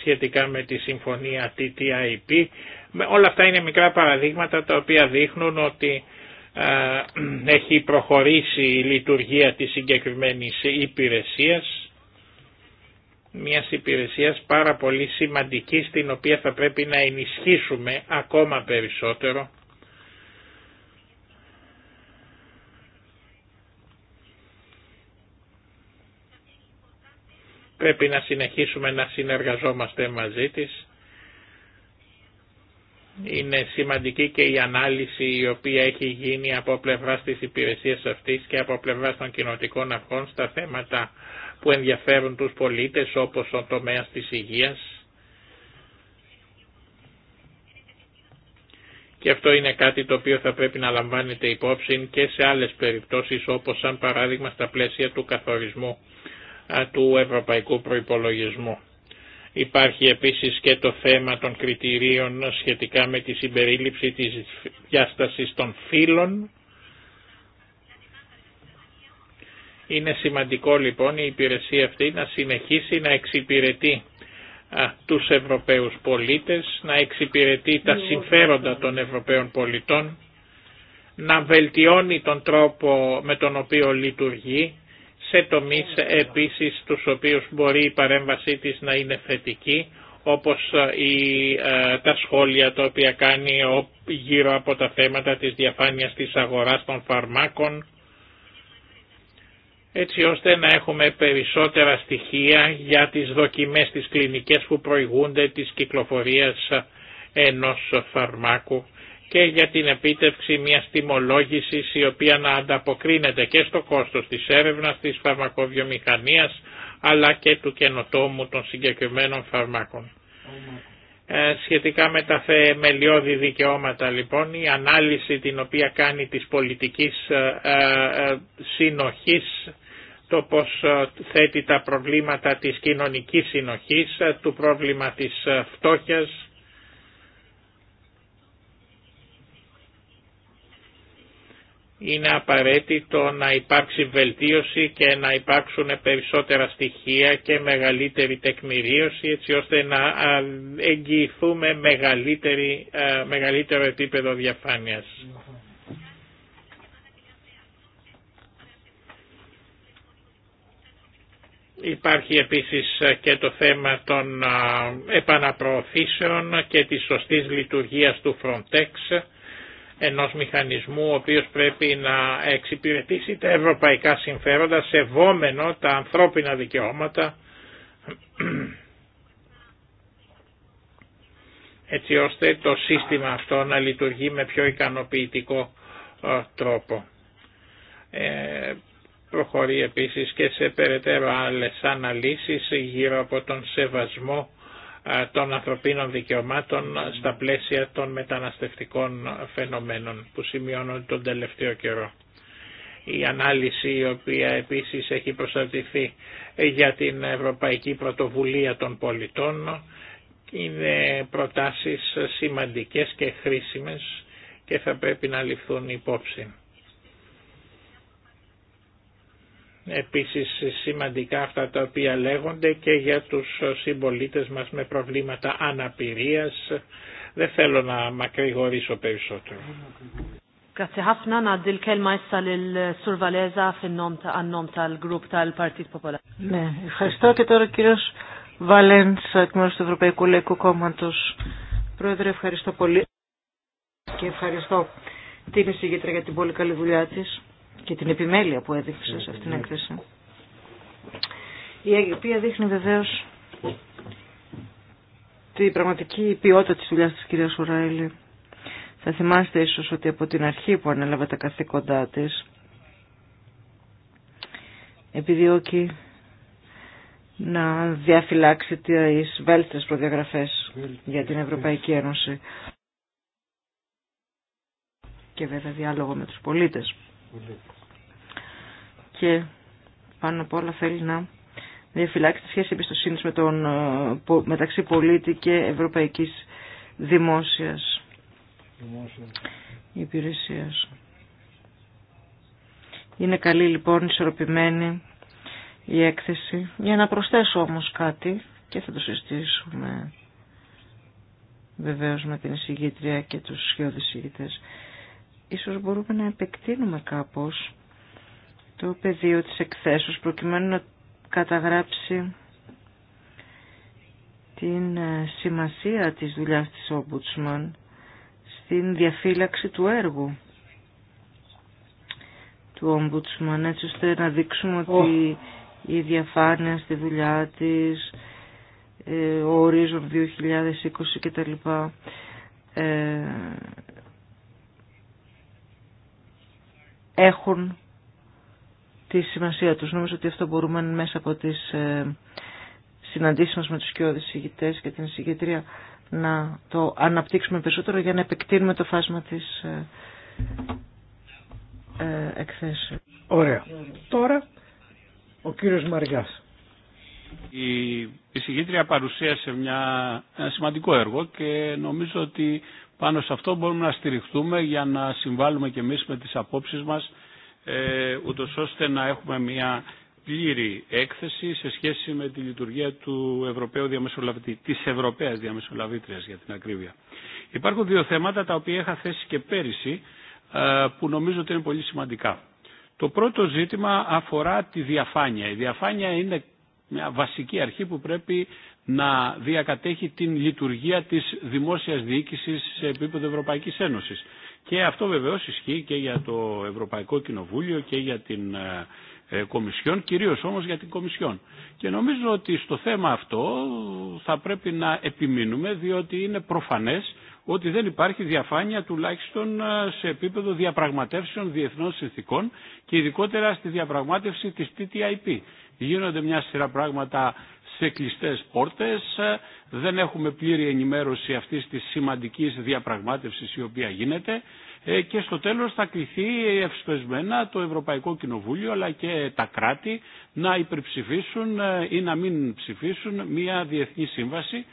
σχετικά με τη συμφωνία TTIP. Όλα αυτά είναι μικρά παραδείγματα τα οποία δείχνουν ότι ε, έχει προχωρήσει η λειτουργία της συγκεκριμένης υπηρεσίας, μιας υπηρεσίας πάρα πολύ σημαντικής την οποία θα πρέπει να ενισχύσουμε ακόμα περισσότερο Πρέπει να συνεχίσουμε να συνεργαζόμαστε μαζί της είναι σημαντική και η ανάλυση η οποία έχει γίνει από πλευρά της υπηρεσίας αυτής και από πλευρά των κοινοτικών αρχών στα θέματα που ενδιαφέρουν τους πολίτες όπως ο τομέας της υγείας. Και αυτό είναι κάτι το οποίο θα πρέπει να λαμβάνετε υπόψη και σε άλλες περιπτώσεις όπως σαν παράδειγμα στα πλαίσια του καθορισμού του ευρωπαϊκού προϋπολογισμού. Υπάρχει επίσης και το θέμα των κριτηρίων σχετικά με τη συμπερίληψη της διάστασης των φύλων. Είναι σημαντικό λοιπόν η υπηρεσία αυτή να συνεχίσει να εξυπηρετεί τους Ευρωπαίους πολίτες, να εξυπηρετεί τα συμφέροντα των Ευρωπαίων πολιτών, να βελτιώνει τον τρόπο με τον οποίο λειτουργεί σε τομείς ε, επίσης τους οποίους μπορεί η παρέμβασή της να είναι θετική όπως ε, η, ε, τα σχόλια τα οποία κάνει γύρω από τα θέματα της διαφάνειας της αγοράς των φαρμάκων έτσι ώστε να έχουμε περισσότερα στοιχεία για τις δοκιμές τις κλινικές που προηγούνται της κυκλοφορίας ενός φαρμάκου και για την επίτευξη μιας τιμολόγησης η οποία να ανταποκρίνεται και στο κόστος της έρευνας, της φαρμακοβιομηχανίας αλλά και του καινοτόμου των συγκεκριμένων φαρμάκων. Ε, σχετικά με τα θεμελιώδη δικαιώματα λοιπόν, η ανάλυση την οποία κάνει της πολιτικής ε, ε, ε συνοχής, το πως ε, θέτει τα προβλήματα της κοινωνικής συνοχής, του πρόβλημα της φτώχειας, είναι απαραίτητο να υπάρξει βελτίωση και να υπάρξουν περισσότερα στοιχεία και μεγαλύτερη τεκμηρίωση έτσι ώστε να εγγυηθούμε μεγαλύτερη, μεγαλύτερο επίπεδο διαφάνειας. Υπάρχει επίσης και το θέμα των επαναπροωθήσεων και της σωστής λειτουργίας του Frontex ενός μηχανισμού ο οποίος πρέπει να εξυπηρετήσει τα ευρωπαϊκά συμφέροντα σεβόμενο τα ανθρώπινα δικαιώματα έτσι ώστε το σύστημα αυτό να λειτουργεί με πιο ικανοποιητικό ε, τρόπο. Ε, προχωρεί επίσης και σε περαιτέρω άλλες αναλύσεις γύρω από τον σεβασμό των ανθρωπίνων δικαιωμάτων στα πλαίσια των μεταναστευτικών φαινομένων που σημειώνονται τον τελευταίο καιρό. Η ανάλυση η οποία επίσης έχει προστατηθεί για την Ευρωπαϊκή Πρωτοβουλία των Πολιτών είναι προτάσεις σημαντικές και χρήσιμες και θα πρέπει να ληφθούν υπόψη. επίσης σημαντικά αυτά τα οποία λέγονται και για τους συμπολίτες μας με προβλήματα αναπηρίας. Δεν θέλω να μακρηγορήσω περισσότερο. Ναι, ευχαριστώ και τώρα ο κύριος Βαλέντς, εκ μέρους του Ευρωπαϊκού Λαϊκού Κόμματος. Πρόεδρε, ευχαριστώ πολύ και ευχαριστώ την εισηγήτρια για την πολύ καλή δουλειά της και την επιμέλεια που έδειξε σε αυτήν την ναι. έκθεση. Η οποία δείχνει βεβαίω τη πραγματική ποιότητα της δουλειά της κυρίας Ουράιλη. Θα θυμάστε ίσω ότι από την αρχή που ανέλαβε τα καθήκοντά τη, επιδιώκει να διαφυλάξει τις βέλτιστε προδιαγραφές για την Ευρωπαϊκή Ένωση και βέβαια διάλογο με τους πολίτες. Και πάνω απ' όλα θέλει να διαφυλάξει τη σχέση εμπιστοσύνη με τον, ε, μεταξύ πολίτη και ευρωπαϊκής δημόσιας, υπηρεσία. υπηρεσίας. Είναι καλή λοιπόν ισορροπημένη η έκθεση. Για να προσθέσω όμως κάτι και θα το συζητήσουμε βεβαίως με την εισηγήτρια και τους σχεδόν ίσως μπορούμε να επεκτείνουμε κάπως το πεδίο της εκθέσεως προκειμένου να καταγράψει την ε, σημασία της δουλειάς της Ομπούτσμαν στην διαφύλαξη του έργου του Ομπούτσμαν. έτσι ώστε να δείξουμε ότι η διαφάνεια στη δουλειά της ε, ο ορίζον 2020 κτλ ε, έχουν τη σημασία τους. Νομίζω ότι αυτό μπορούμε μέσα από τις ε, συναντήσεις μας με τους κοιόδης και την συγκεκριά να το αναπτύξουμε περισσότερο για να επεκτείνουμε το φάσμα της ε, ε, εκθέσεως. Ωραία. Τώρα ο κύριος Μαριάς. Η εισηγήτρια παρουσίασε μια, ένα σημαντικό έργο και νομίζω ότι πάνω σε αυτό μπορούμε να στηριχτούμε για να συμβάλλουμε και εμείς με τις απόψεις μας ε, ούτως ώστε να έχουμε μια πλήρη έκθεση σε σχέση με τη λειτουργία του Ευρωπαίου Διαμεσολαβητή, της Ευρωπαίας Διαμεσολαβήτριας για την ακρίβεια. Υπάρχουν δύο θέματα τα οποία είχα θέσει και πέρυσι ε, που νομίζω ότι είναι πολύ σημαντικά. Το πρώτο ζήτημα αφορά τη διαφάνεια. Η διαφάνεια είναι μια βασική αρχή που πρέπει να διακατέχει την λειτουργία της δημόσιας διοίκησης σε επίπεδο Ευρωπαϊκής Ένωσης. Και αυτό βεβαίως ισχύει και για το Ευρωπαϊκό Κοινοβούλιο και για την ε, ε, Κομισιόν, κυρίως όμως για την Κομισιόν. Και νομίζω ότι στο θέμα αυτό θα πρέπει να επιμείνουμε διότι είναι προφανές ότι δεν υπάρχει διαφάνεια τουλάχιστον ε, σε επίπεδο διαπραγματεύσεων διεθνών συνθήκων και ειδικότερα στη διαπραγμάτευση της TTIP. Γίνονται μια σειρά πράγματα σε κλειστές πόρτες. Ε, δεν έχουμε πλήρη ενημέρωση αυτή της σημαντικής διαπραγμάτευσης η οποία γίνεται ε, και στο τέλος θα κληθεί ευσπεσμένα το Ευρωπαϊκό Κοινοβούλιο αλλά και τα κράτη να υπερψηφίσουν ε, ή να μην ψηφίσουν μια διεθνή σύμβαση.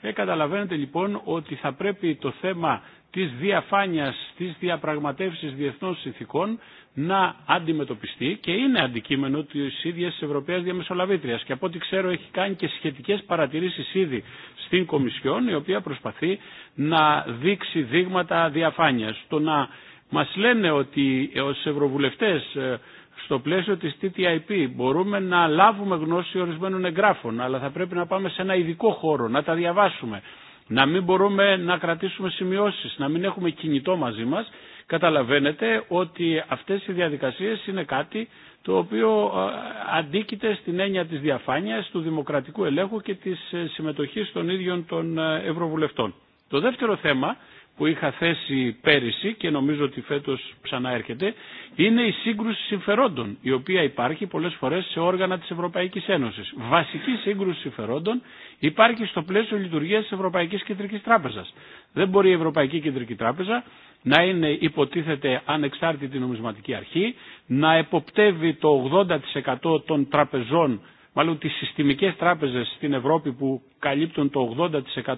Ε, καταλαβαίνετε λοιπόν ότι θα πρέπει το θέμα της διαφάνειας της διαπραγματεύσεις διεθνών συνθηκών να αντιμετωπιστεί και είναι αντικείμενο της ίδιας της Ευρωπαίας Διαμεσολαβήτριας και από ό,τι ξέρω έχει κάνει και σχετικές παρατηρήσεις ήδη στην Κομισιόν η οποία προσπαθεί να δείξει δείγματα διαφάνειας. Το να μας λένε ότι ως Ευρωβουλευτές ε, στο πλαίσιο της TTIP μπορούμε να λάβουμε γνώση ορισμένων εγγράφων αλλά θα πρέπει να πάμε σε ένα ειδικό χώρο, να τα διαβάσουμε να μην μπορούμε να κρατήσουμε σημειώσεις, να μην έχουμε κινητό μαζί μας, καταλαβαίνετε ότι αυτές οι διαδικασίες είναι κάτι το οποίο ε, αντίκειται στην έννοια της διαφάνειας, του δημοκρατικού ελέγχου και της ε, συμμετοχής των ίδιων των ε, Ευρωβουλευτών. Το δεύτερο θέμα που είχα θέσει πέρυσι και νομίζω ότι φέτος ξανά έρχεται είναι η σύγκρουση συμφερόντων η οποία υπάρχει πολλές φορές σε όργανα της Ευρωπαϊκής Ένωσης. Βασική σύγκρουση συμφερόντων υπάρχει στο πλαίσιο λειτουργίας της Ευρωπαϊκής Κεντρικής Τράπεζας. Δεν μπορεί η Ευρωπαϊκή Κεντρική Τράπεζα να είναι υποτίθεται ανεξάρτητη νομισματική αρχή, να εποπτεύει το 80% των τραπεζών μάλλον τις συστημικές τράπεζες στην Ευρώπη που καλύπτουν το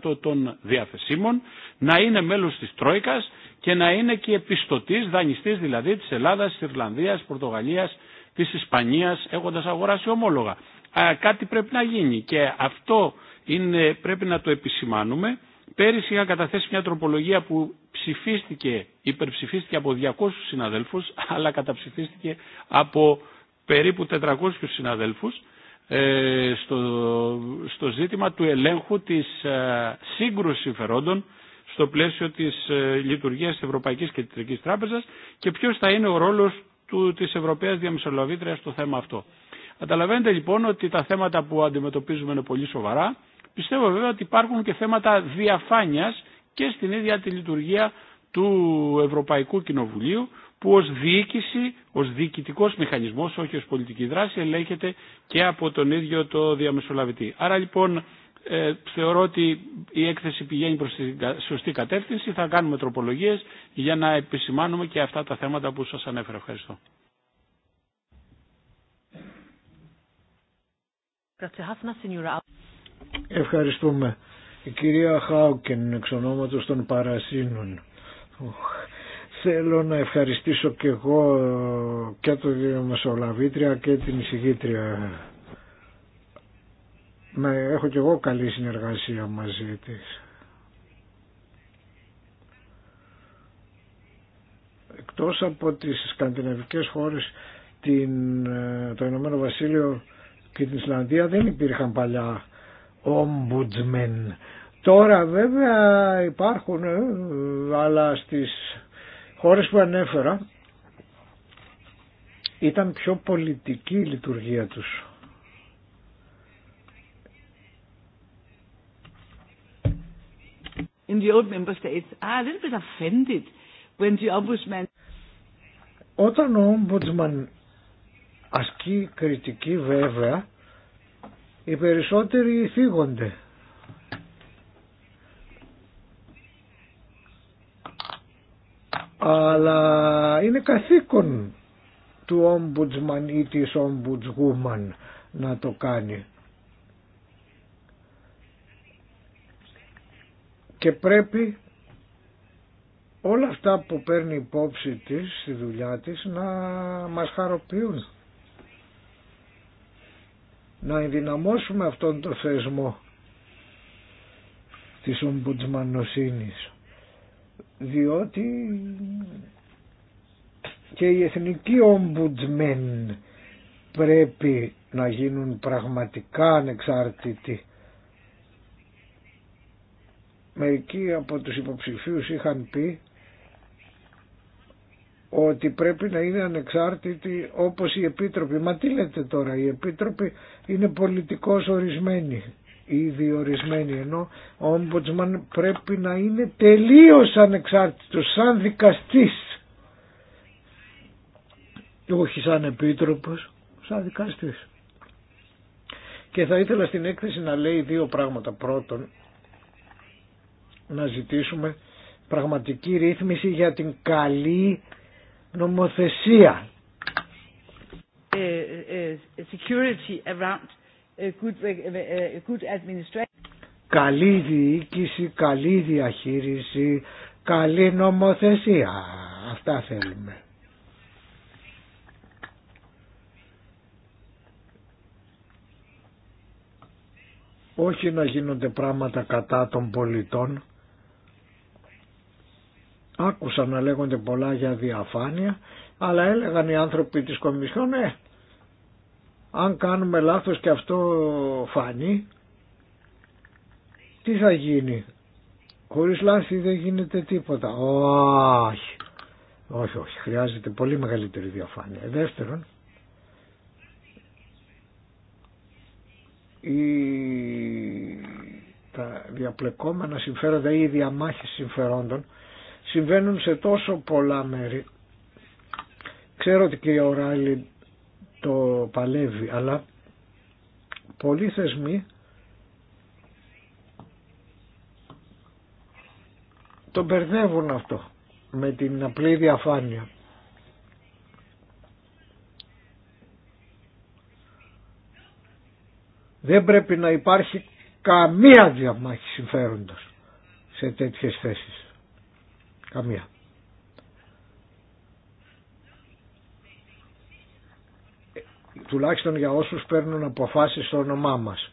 80% των διαθεσίμων, να είναι μέλος της Τρόικας και να είναι και επιστοτής, δανειστής δηλαδή της Ελλάδας, της Ιρλανδίας, της Πορτογαλίας, της Ισπανίας έχοντας αγοράσει ομόλογα. Α, κάτι πρέπει να γίνει και αυτό είναι, πρέπει να το επισημάνουμε. Πέρυσι είχα καταθέσει μια τροπολογία που ψηφίστηκε, υπερψηφίστηκε από 200 συναδέλφους (laughs) αλλά καταψηφίστηκε από περίπου 400 συναδέλφους ε, στο, στο ζήτημα του ελέγχου της ε, σύγκρουσης συμφερόντων στο πλαίσιο της ε, λειτουργίας της Ευρωπαϊκής Κεντρικής Τράπεζας και ποιος θα είναι ο ρόλος του, της Ευρωπαίας Διαμεσολαβήτριας στο θέμα αυτό. Καταλαβαίνετε λοιπόν ότι τα θέματα που αντιμετωπίζουμε είναι πολύ σοβαρά. Πιστεύω βέβαια ότι υπάρχουν και θέματα διαφάνειας και στην ίδια τη λειτουργία του Ευρωπαϊκού Κοινοβουλίου που ως διοίκηση, ως διοικητικός μηχανισμός, όχι ως πολιτική δράση, ελέγχεται και από τον ίδιο το διαμεσολαβητή. Άρα λοιπόν ε, θεωρώ ότι η έκθεση πηγαίνει προς τη σωστή κατεύθυνση, θα κάνουμε τροπολογίες για να επισημάνουμε και αυτά τα θέματα που σας ανέφερα. Ευχαριστώ. Ευχαριστούμε. Η κυρία Χάουκεν εξ ονόματος των Παρασίνων. Θέλω να ευχαριστήσω και εγώ και το Μεσολαβήτρια και την εισηγήτρια. Να έχω και εγώ καλή συνεργασία μαζί της. Εκτός από τις σκανδιναβικές χώρες, την, ε, το Ηνωμένο Βασίλειο και την Ισλανδία δεν υπήρχαν παλιά ombudsmen. Τώρα βέβαια υπάρχουν, ε, αλλά στις χώρες που ανέφερα ήταν πιο πολιτική η λειτουργία τους. In the old member states are ah, a little bit offended when the ombudsman... Όταν ο Ombudsman ασκεί κριτική βέβαια, οι περισσότεροι θίγονται. αλλά είναι καθήκον του ομπούτσμαν ή της ομπούτσγουμαν να το κάνει. Και πρέπει όλα αυτά που παίρνει υπόψη της στη δουλειά της να μας χαροποιούν. Να ενδυναμώσουμε αυτόν τον θεσμό της ομπουτσμανοσύνης διότι και οι εθνικοί ομπουτσμέν πρέπει να γίνουν πραγματικά ανεξάρτητοι. Μερικοί από τους υποψηφίους είχαν πει ότι πρέπει να είναι ανεξάρτητοι όπως οι επίτροποι. Μα τι λέτε τώρα, οι επίτροπη; είναι πολιτικός ορισμένη ή διορισμένοι ενώ ο Ομποτσμάν πρέπει να είναι τελείως ανεξάρτητος σαν δικαστής όχι σαν επίτροπος σαν δικαστής και θα ήθελα στην έκθεση να λέει δύο πράγματα πρώτον να ζητήσουμε πραγματική ρύθμιση για την καλή νομοθεσία ε, ε, ε, security around Καλή διοίκηση, καλή διαχείριση, καλή νομοθεσία. Αυτά θέλουμε. όχι να γίνονται πράγματα κατά των πολιτών. Άκουσα να λέγονται πολλά για διαφάνεια, αλλά έλεγαν οι άνθρωποι της Κομισιόν, ε, αν κάνουμε λάθος και αυτό φάνει, τι θα γίνει. Χωρίς λάθη δεν γίνεται τίποτα. Όχι. Όχι, όχι. Χρειάζεται πολύ μεγαλύτερη διαφάνεια. Δεύτερον, η... τα διαπλεκόμενα συμφέροντα ή οι διαμάχες συμφερόντων συμβαίνουν σε τόσο πολλά μέρη. Ξέρω ότι κυρία Οράλη το παλεύει, αλλά πολλοί θεσμοί το μπερδεύουν αυτό με την απλή διαφάνεια. Δεν πρέπει να υπάρχει καμία διαμάχη συμφέροντος σε τέτοιες θέσεις. Καμία. τουλάχιστον για όσους παίρνουν αποφάσεις στο όνομά μας.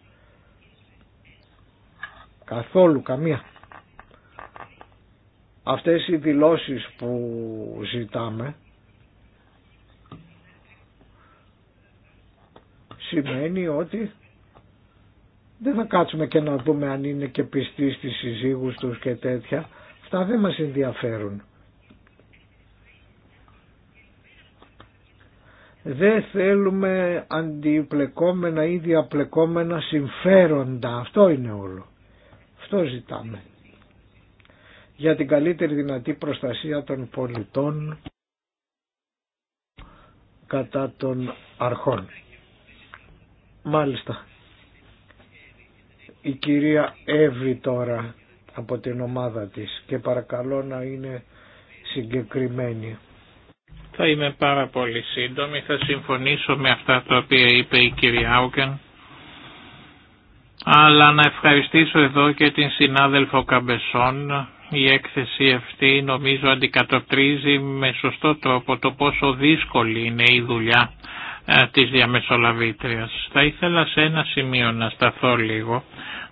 Καθόλου καμία. Αυτές οι δηλώσεις που ζητάμε σημαίνει ότι δεν θα κάτσουμε και να δούμε αν είναι και πιστοί στις συζύγους τους και τέτοια. Αυτά δεν μας ενδιαφέρουν. δεν θέλουμε αντιπλεκόμενα ή διαπλεκόμενα συμφέροντα. Αυτό είναι όλο. Αυτό ζητάμε. Για την καλύτερη δυνατή προστασία των πολιτών κατά των αρχών. Μάλιστα. Η κυρία Εύη τώρα από την ομάδα της και παρακαλώ να είναι συγκεκριμένη. Θα είμαι πάρα πολύ σύντομη, θα συμφωνήσω με αυτά τα οποία είπε η κυρία Άουκεν, αλλά να ευχαριστήσω εδώ και την συνάδελφο Καμπεσόν. Η έκθεση αυτή νομίζω αντικατοπτρίζει με σωστό τρόπο το πόσο δύσκολη είναι η δουλειά ε, της διαμεσολαβήτριας. Θα ήθελα σε ένα σημείο να σταθώ λίγο.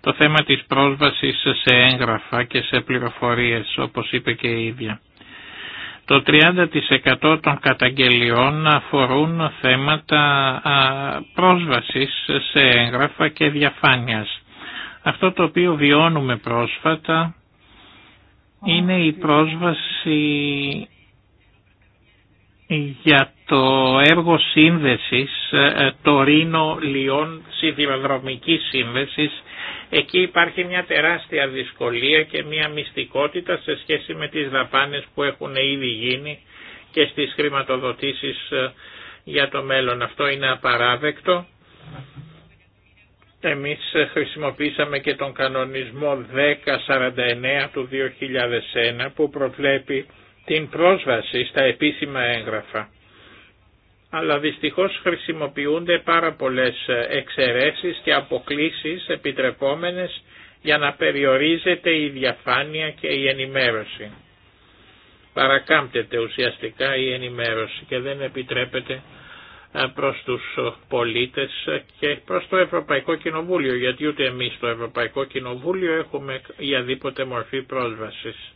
Το θέμα της πρόσβασης σε έγγραφα και σε πληροφορίες, όπως είπε και η ίδια. Το 30% των καταγγελιών αφορούν θέματα πρόσβασης σε έγγραφα και διαφάνειας. Αυτό το οποίο βιώνουμε πρόσφατα είναι η πρόσβαση για το έργο σύνδεσης ε, ε, το Ρήνο Λιών Σιδηροδρομικής Σύνδεσης Εκεί υπάρχει μια τεράστια δυσκολία και μια μυστικότητα σε σχέση με τις δαπάνες που έχουν ήδη γίνει και στις χρηματοδοτήσεις ε, για το μέλλον. Αυτό είναι απαράδεκτο. Εμείς ε, χρησιμοποίησαμε και τον κανονισμό 1049 του 2001 που προβλέπει την πρόσβαση στα επίσημα έγγραφα αλλά δυστυχώς χρησιμοποιούνται πάρα πολλές εξαιρέσεις και αποκλήσεις επιτρεπόμενες για να περιορίζεται η διαφάνεια και η ενημέρωση. Παρακάμπτεται ουσιαστικά η ενημέρωση και δεν επιτρέπεται ε, προς τους πολίτες και προς το Ευρωπαϊκό Κοινοβούλιο, γιατί ούτε εμείς στο Ευρωπαϊκό Κοινοβούλιο έχουμε για δίποτε μορφή πρόσβασης.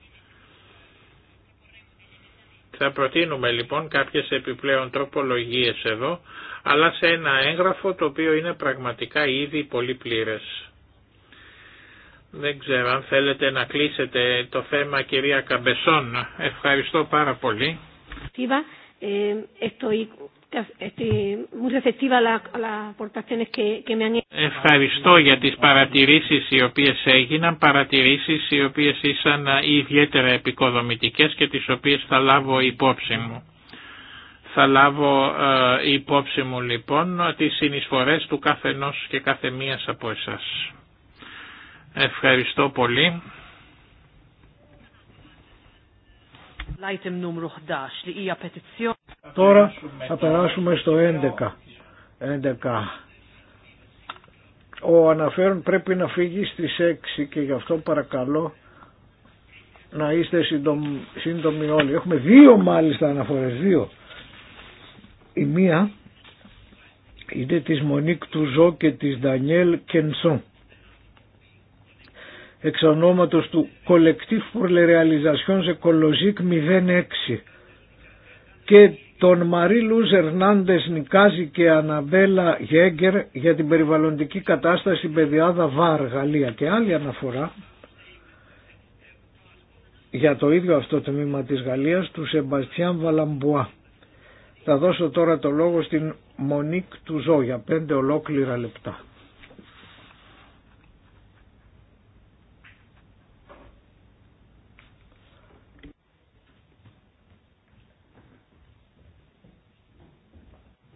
Θα προτείνουμε λοιπόν κάποιες επιπλέον τροπολογίες εδώ, αλλά σε ένα έγγραφο το οποίο είναι πραγματικά ήδη πολύ πλήρες. Δεν ξέρω αν θέλετε να κλείσετε το θέμα κυρία Καμπεσόν. Ευχαριστώ πάρα πολύ. Ε, Ευχαριστώ για τις παρατηρήσεις οι οποίες έγιναν, παρατηρήσεις οι οποίες ήσαν ιδιαίτερα επικοδομητικές και τις οποίες θα λάβω υπόψη μου. Θα λάβω υπόψη μου λοιπόν τις συνεισφορές του καθενός και κάθε από εσάς. Ευχαριστώ πολύ. Λάιτεμ νούμερο Τώρα θα περάσουμε στο 11. 11. Ο αναφέρον πρέπει να φύγει στις 6 και γι' αυτό παρακαλώ να είστε σύντομοι όλοι. Έχουμε δύο μάλιστα αναφορές, δύο. Η μία είναι της Μονίκ Τουζό και της Ντανιέλ Κενσόν. Εξ ονόματος του Collective pour les Realisations Ecologiques 06 και τον Μαρί Λούζ Ερνάντες Νικάζη και Αναμπέλα Γέγκερ για την περιβαλλοντική κατάσταση Παιδιάδα Βάρ Γαλλία και άλλη αναφορά για το ίδιο αυτό το τμήμα της Γαλλίας του Σεμπαστιάν Βαλαμπουά. Θα δώσω τώρα το λόγο στην Μονίκ Τουζό για πέντε ολόκληρα λεπτά.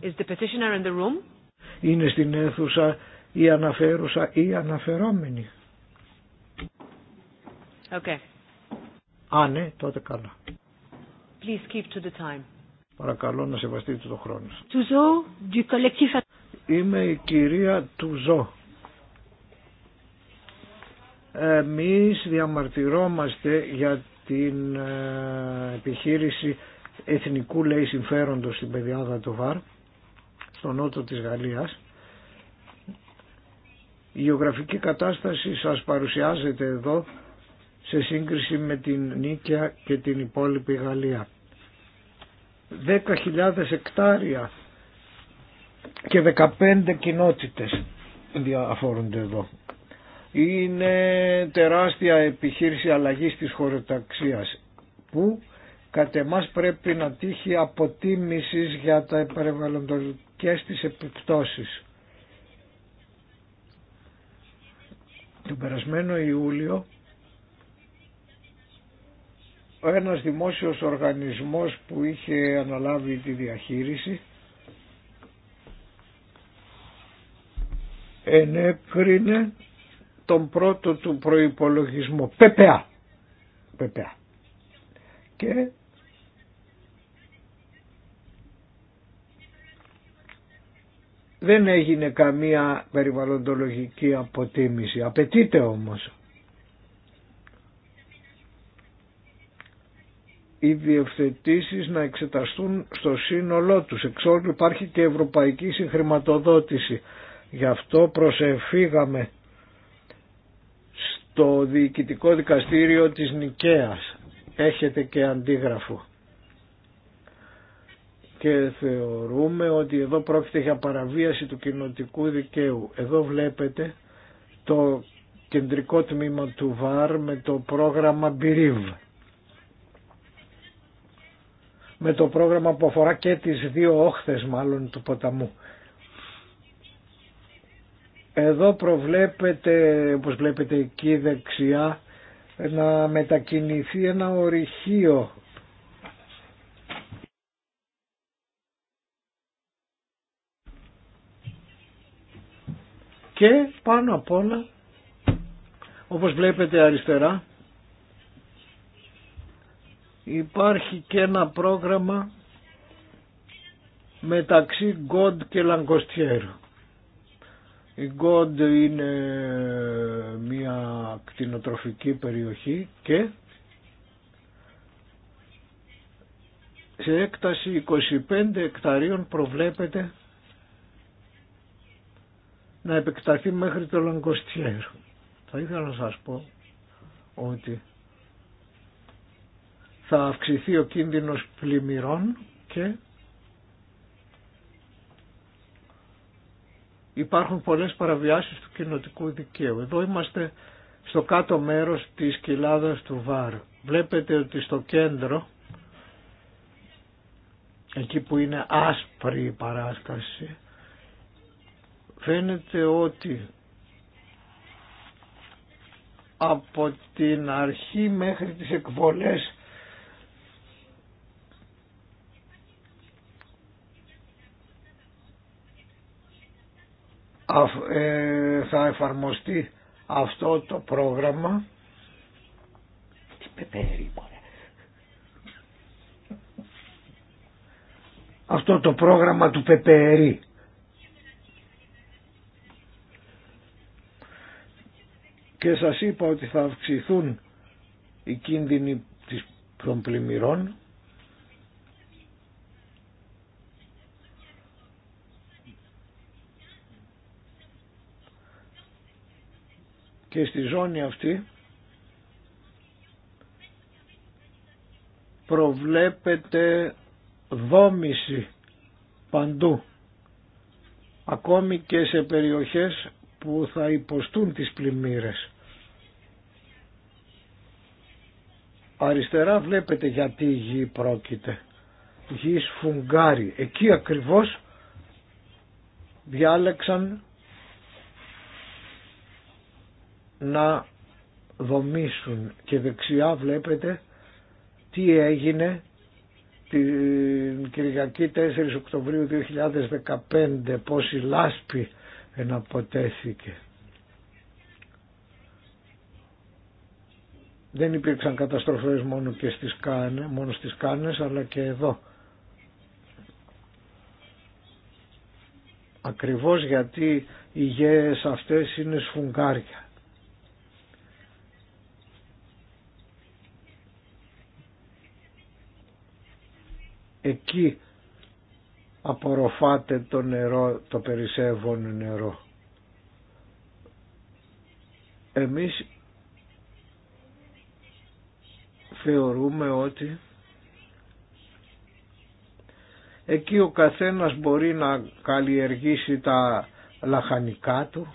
Is the petitioner in the room? Είναι στην αίθουσα η αναφέρουσα ή αναφερόμενη. Okay. Α, ναι, τότε καλά. Please keep to the time. Παρακαλώ να σεβαστείτε το χρόνο Είμαι η κυρία Τουζό. Εμείς διαμαρτυρόμαστε για την ε, επιχείρηση εθνικού λέει συμφέροντος στην πεδιάδα του ΒΑΡ στο νότο της Γαλλίας. Η γεωγραφική κατάσταση σας παρουσιάζεται εδώ σε σύγκριση με την Νίκαια και την υπόλοιπη Γαλλία. 10.000 εκτάρια και 15 κοινότητες διαφορούνται εδώ. Είναι τεράστια επιχείρηση αλλαγής της χωροταξίας που κατ' πρέπει να τύχει αποτίμησης για τα και στις επιπτώσεις. Τον περασμένο Ιούλιο ένας δημόσιος οργανισμός που είχε αναλάβει τη διαχείριση ενέκρινε τον πρώτο του προϋπολογισμό ΠΠΑ, ΠΠΑ. και δεν έγινε καμία περιβαλλοντολογική αποτίμηση. Απαιτείται όμως. Οι διευθετήσεις να εξεταστούν στο σύνολό τους. εξόλου υπάρχει και ευρωπαϊκή συγχρηματοδότηση. Γι' αυτό προσεφήγαμε στο Διοικητικό Δικαστήριο της Νικαίας. Έχετε και αντίγραφο και θεωρούμε ότι εδώ πρόκειται για παραβίαση του κοινοτικού δικαίου. Εδώ βλέπετε το κεντρικό τμήμα του ΒΑΡ με το πρόγραμμα BRIV. Με το πρόγραμμα που αφορά και τις δύο όχθες μάλλον του ποταμού. Εδώ προβλέπετε, όπως βλέπετε εκεί δεξιά, να μετακινηθεί ένα ορυχείο και πάνω απ' όλα όπως βλέπετε αριστερά υπάρχει και ένα πρόγραμμα μεταξύ God και Λαγκοστιέρο. Η God είναι μια κτηνοτροφική περιοχή και σε έκταση 25 εκταρίων προβλέπεται να επεκταθεί μέχρι το Λαγκοστιέρ. Θα ήθελα να σας πω ότι θα αυξηθεί ο κίνδυνος πλημμυρών και υπάρχουν πολλές παραβιάσεις του κοινοτικού δικαίου. Εδώ είμαστε στο κάτω μέρος της κοιλάδας του Βάρ. Βλέπετε ότι στο κέντρο, εκεί που είναι άσπρη η παράσταση, φαίνεται ότι από την αρχή μέχρι τις εκβολές ε, θα εφαρμοστεί αυτό το πρόγραμμα αυτό το πρόγραμμα του πεπερι και σας είπα ότι θα αυξηθούν οι κίνδυνοι των πλημμυρών και στη ζώνη αυτή προβλέπεται δόμηση παντού ακόμη και σε περιοχές που θα υποστούν τις πλημμύρες. Αριστερά βλέπετε γιατί η γη πρόκειται. Γη σφουγγάρι. Εκεί ακριβώς διάλεξαν να δομήσουν και δεξιά βλέπετε τι έγινε την Κυριακή 4 Οκτωβρίου 2015 η λάσπη εναποτέθηκε. Δεν υπήρξαν καταστροφές μόνο, και στις κάνε, μόνο στις Κάνες αλλά και εδώ. Ακριβώς γιατί οι γέες αυτές είναι σφουγγάρια. Εκεί απορροφάτε το νερό, το περισσεύον νερό. Εμείς θεωρούμε ότι εκεί ο καθένας μπορεί να καλλιεργήσει τα λαχανικά του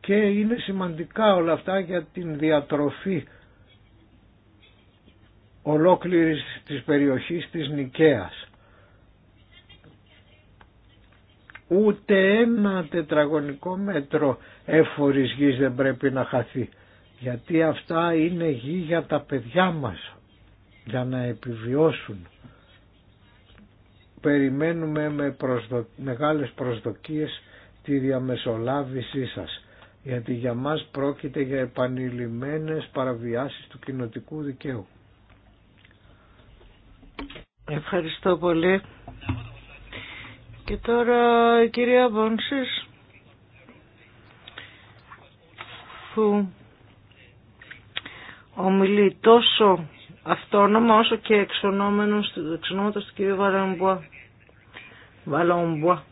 και είναι σημαντικά όλα αυτά για την διατροφή ολόκληρης της περιοχής της Νικαίας. Ούτε ένα τετραγωνικό μέτρο έφορης γης δεν πρέπει να χαθεί. Γιατί αυτά είναι γη για τα παιδιά μας, για να επιβιώσουν. Περιμένουμε με προσδο... μεγάλες προσδοκίες τη διαμεσολάβησή σας γιατί για μας πρόκειται για επανειλημμένες παραβιάσεις του κοινοτικού δικαίου. Ευχαριστώ πολύ. Και τώρα η κυρία Βόνσης που ομιλεί τόσο αυτόνομα όσο και εξονόμενος εξονόματος του κυρίου Βαλαμπουά. Βαλαμπουά.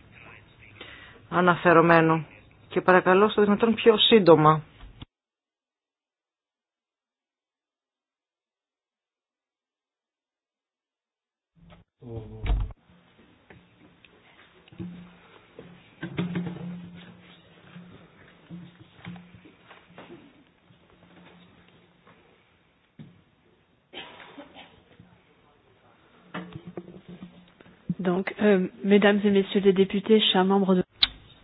Αναφερομένο. Και παρακαλώ στο δυνατόν πιο σύντομα. Donc, euh, mesdames et messieurs les députés, chers membres de...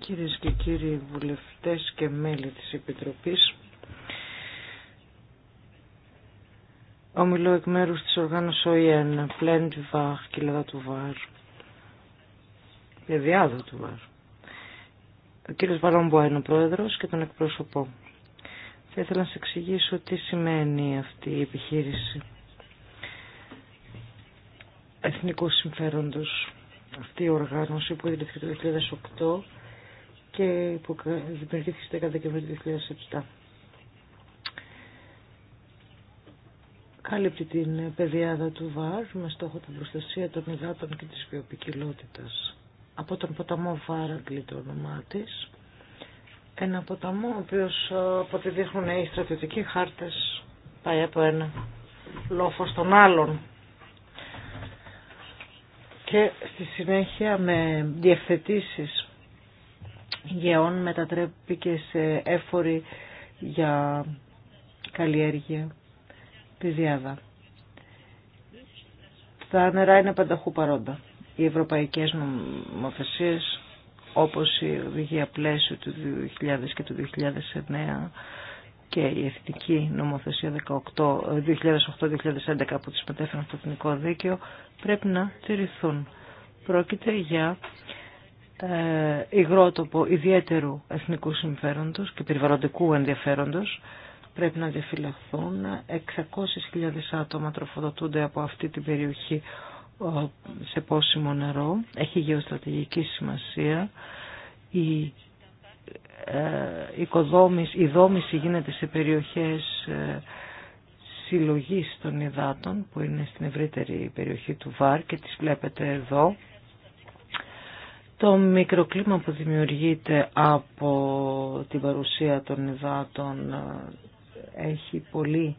Κυρίες και κύριοι βουλευτές και μέλη της Επιτροπής, Ομιλώ εκ μέρου τη οργάνωση ΟΗΕΝ, Πλέν του Βαχ, Κιλαδά του Βαρ. Διαδιάδο του Βαρ. Ο κύριο Βαρόμπο είναι ο πρόεδρο και τον εκπροσωπώ. Θα ήθελα να σα εξηγήσω τι σημαίνει αυτή η επιχείρηση εθνικού συμφέροντο. αυτή η οργάνωση που ιδρύθηκε το 2008 και που δημιουργήθηκε στις 10 Δεκεμβρίου 2007. κάλυπτε την πεδιάδα του ΒΑΡ με στόχο την προστασία των υδάτων και της βιοπικιλότητας. Από τον ποταμό Βάραγκλη το όνομά τη. Ένα ποταμό ο οποίος ε, από ό,τι δείχνουν οι στρατιωτικοί χάρτες πάει από ένα λόφο στον άλλον. Και στη συνέχεια με διευθετήσεις γεών μετατρέπει και σε έφορη για καλλιέργεια Διάδα. Τα νερά είναι πανταχού παρόντα. Οι ευρωπαϊκές νομοθεσίες όπως η οδηγία πλαίσιο του 2000 και του 2009 και η εθνική νομοθεσία 2008-2011 που τις μετέφεραν στο εθνικό δίκαιο πρέπει να τηρηθούν. Πρόκειται για ε, υγρότοπο ιδιαίτερου εθνικού συμφέροντος και περιβαλλοντικού ενδιαφέροντος πρέπει να διαφυλαχθούν. 600.000 άτομα τροφοδοτούνται από αυτή την περιοχή ε, σε πόσιμο νερό. Έχει γεωστρατηγική σημασία. Η ε, η δόμηση γίνεται σε περιοχές ε, συλλογής των υδάτων που είναι στην ευρύτερη περιοχή του ΒΑΡ και τις βλέπετε εδώ. Το μικροκλίμα που δημιουργείται από την παρουσία των υδάτων έχει πολύ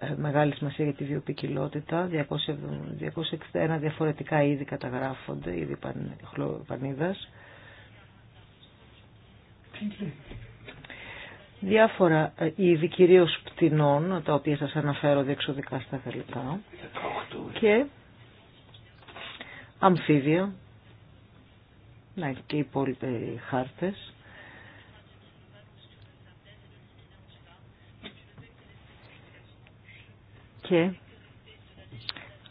ε, μεγάλη σημασία για τη βιοπικιλότητα. 261 διαφορετικά είδη καταγράφονται, είδη πανίδας. Διάφορα ε, είδη κυρίως πτηνών, τα οποία σας αναφέρω διεξοδικά στα θελικά. Και αμφίβια, να και οι υπόλοιποι χάρτες. και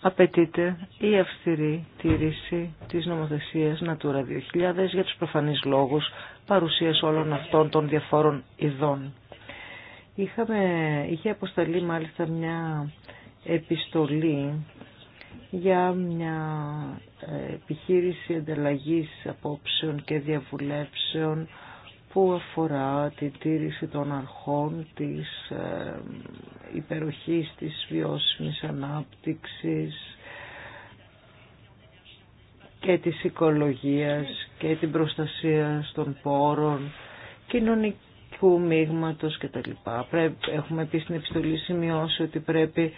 απαιτείται η αυστηρή τήρηση της νομοθεσίας Natura 2000 για τους προφανείς λόγους παρουσίας όλων αυτών των διαφόρων ειδών. Είχαμε, είχε αποσταλεί μάλιστα μια επιστολή για μια ε, επιχείρηση ανταλλαγής απόψεων και διαβουλεύσεων που αφορά τη τήρηση των αρχών της ε, υπεροχής της βιώσιμης ανάπτυξης και της οικολογίας και την προστασία των πόρων, κοινωνικού μείγματος κτλ. έχουμε πει στην επιστολή σημειώσει ότι πρέπει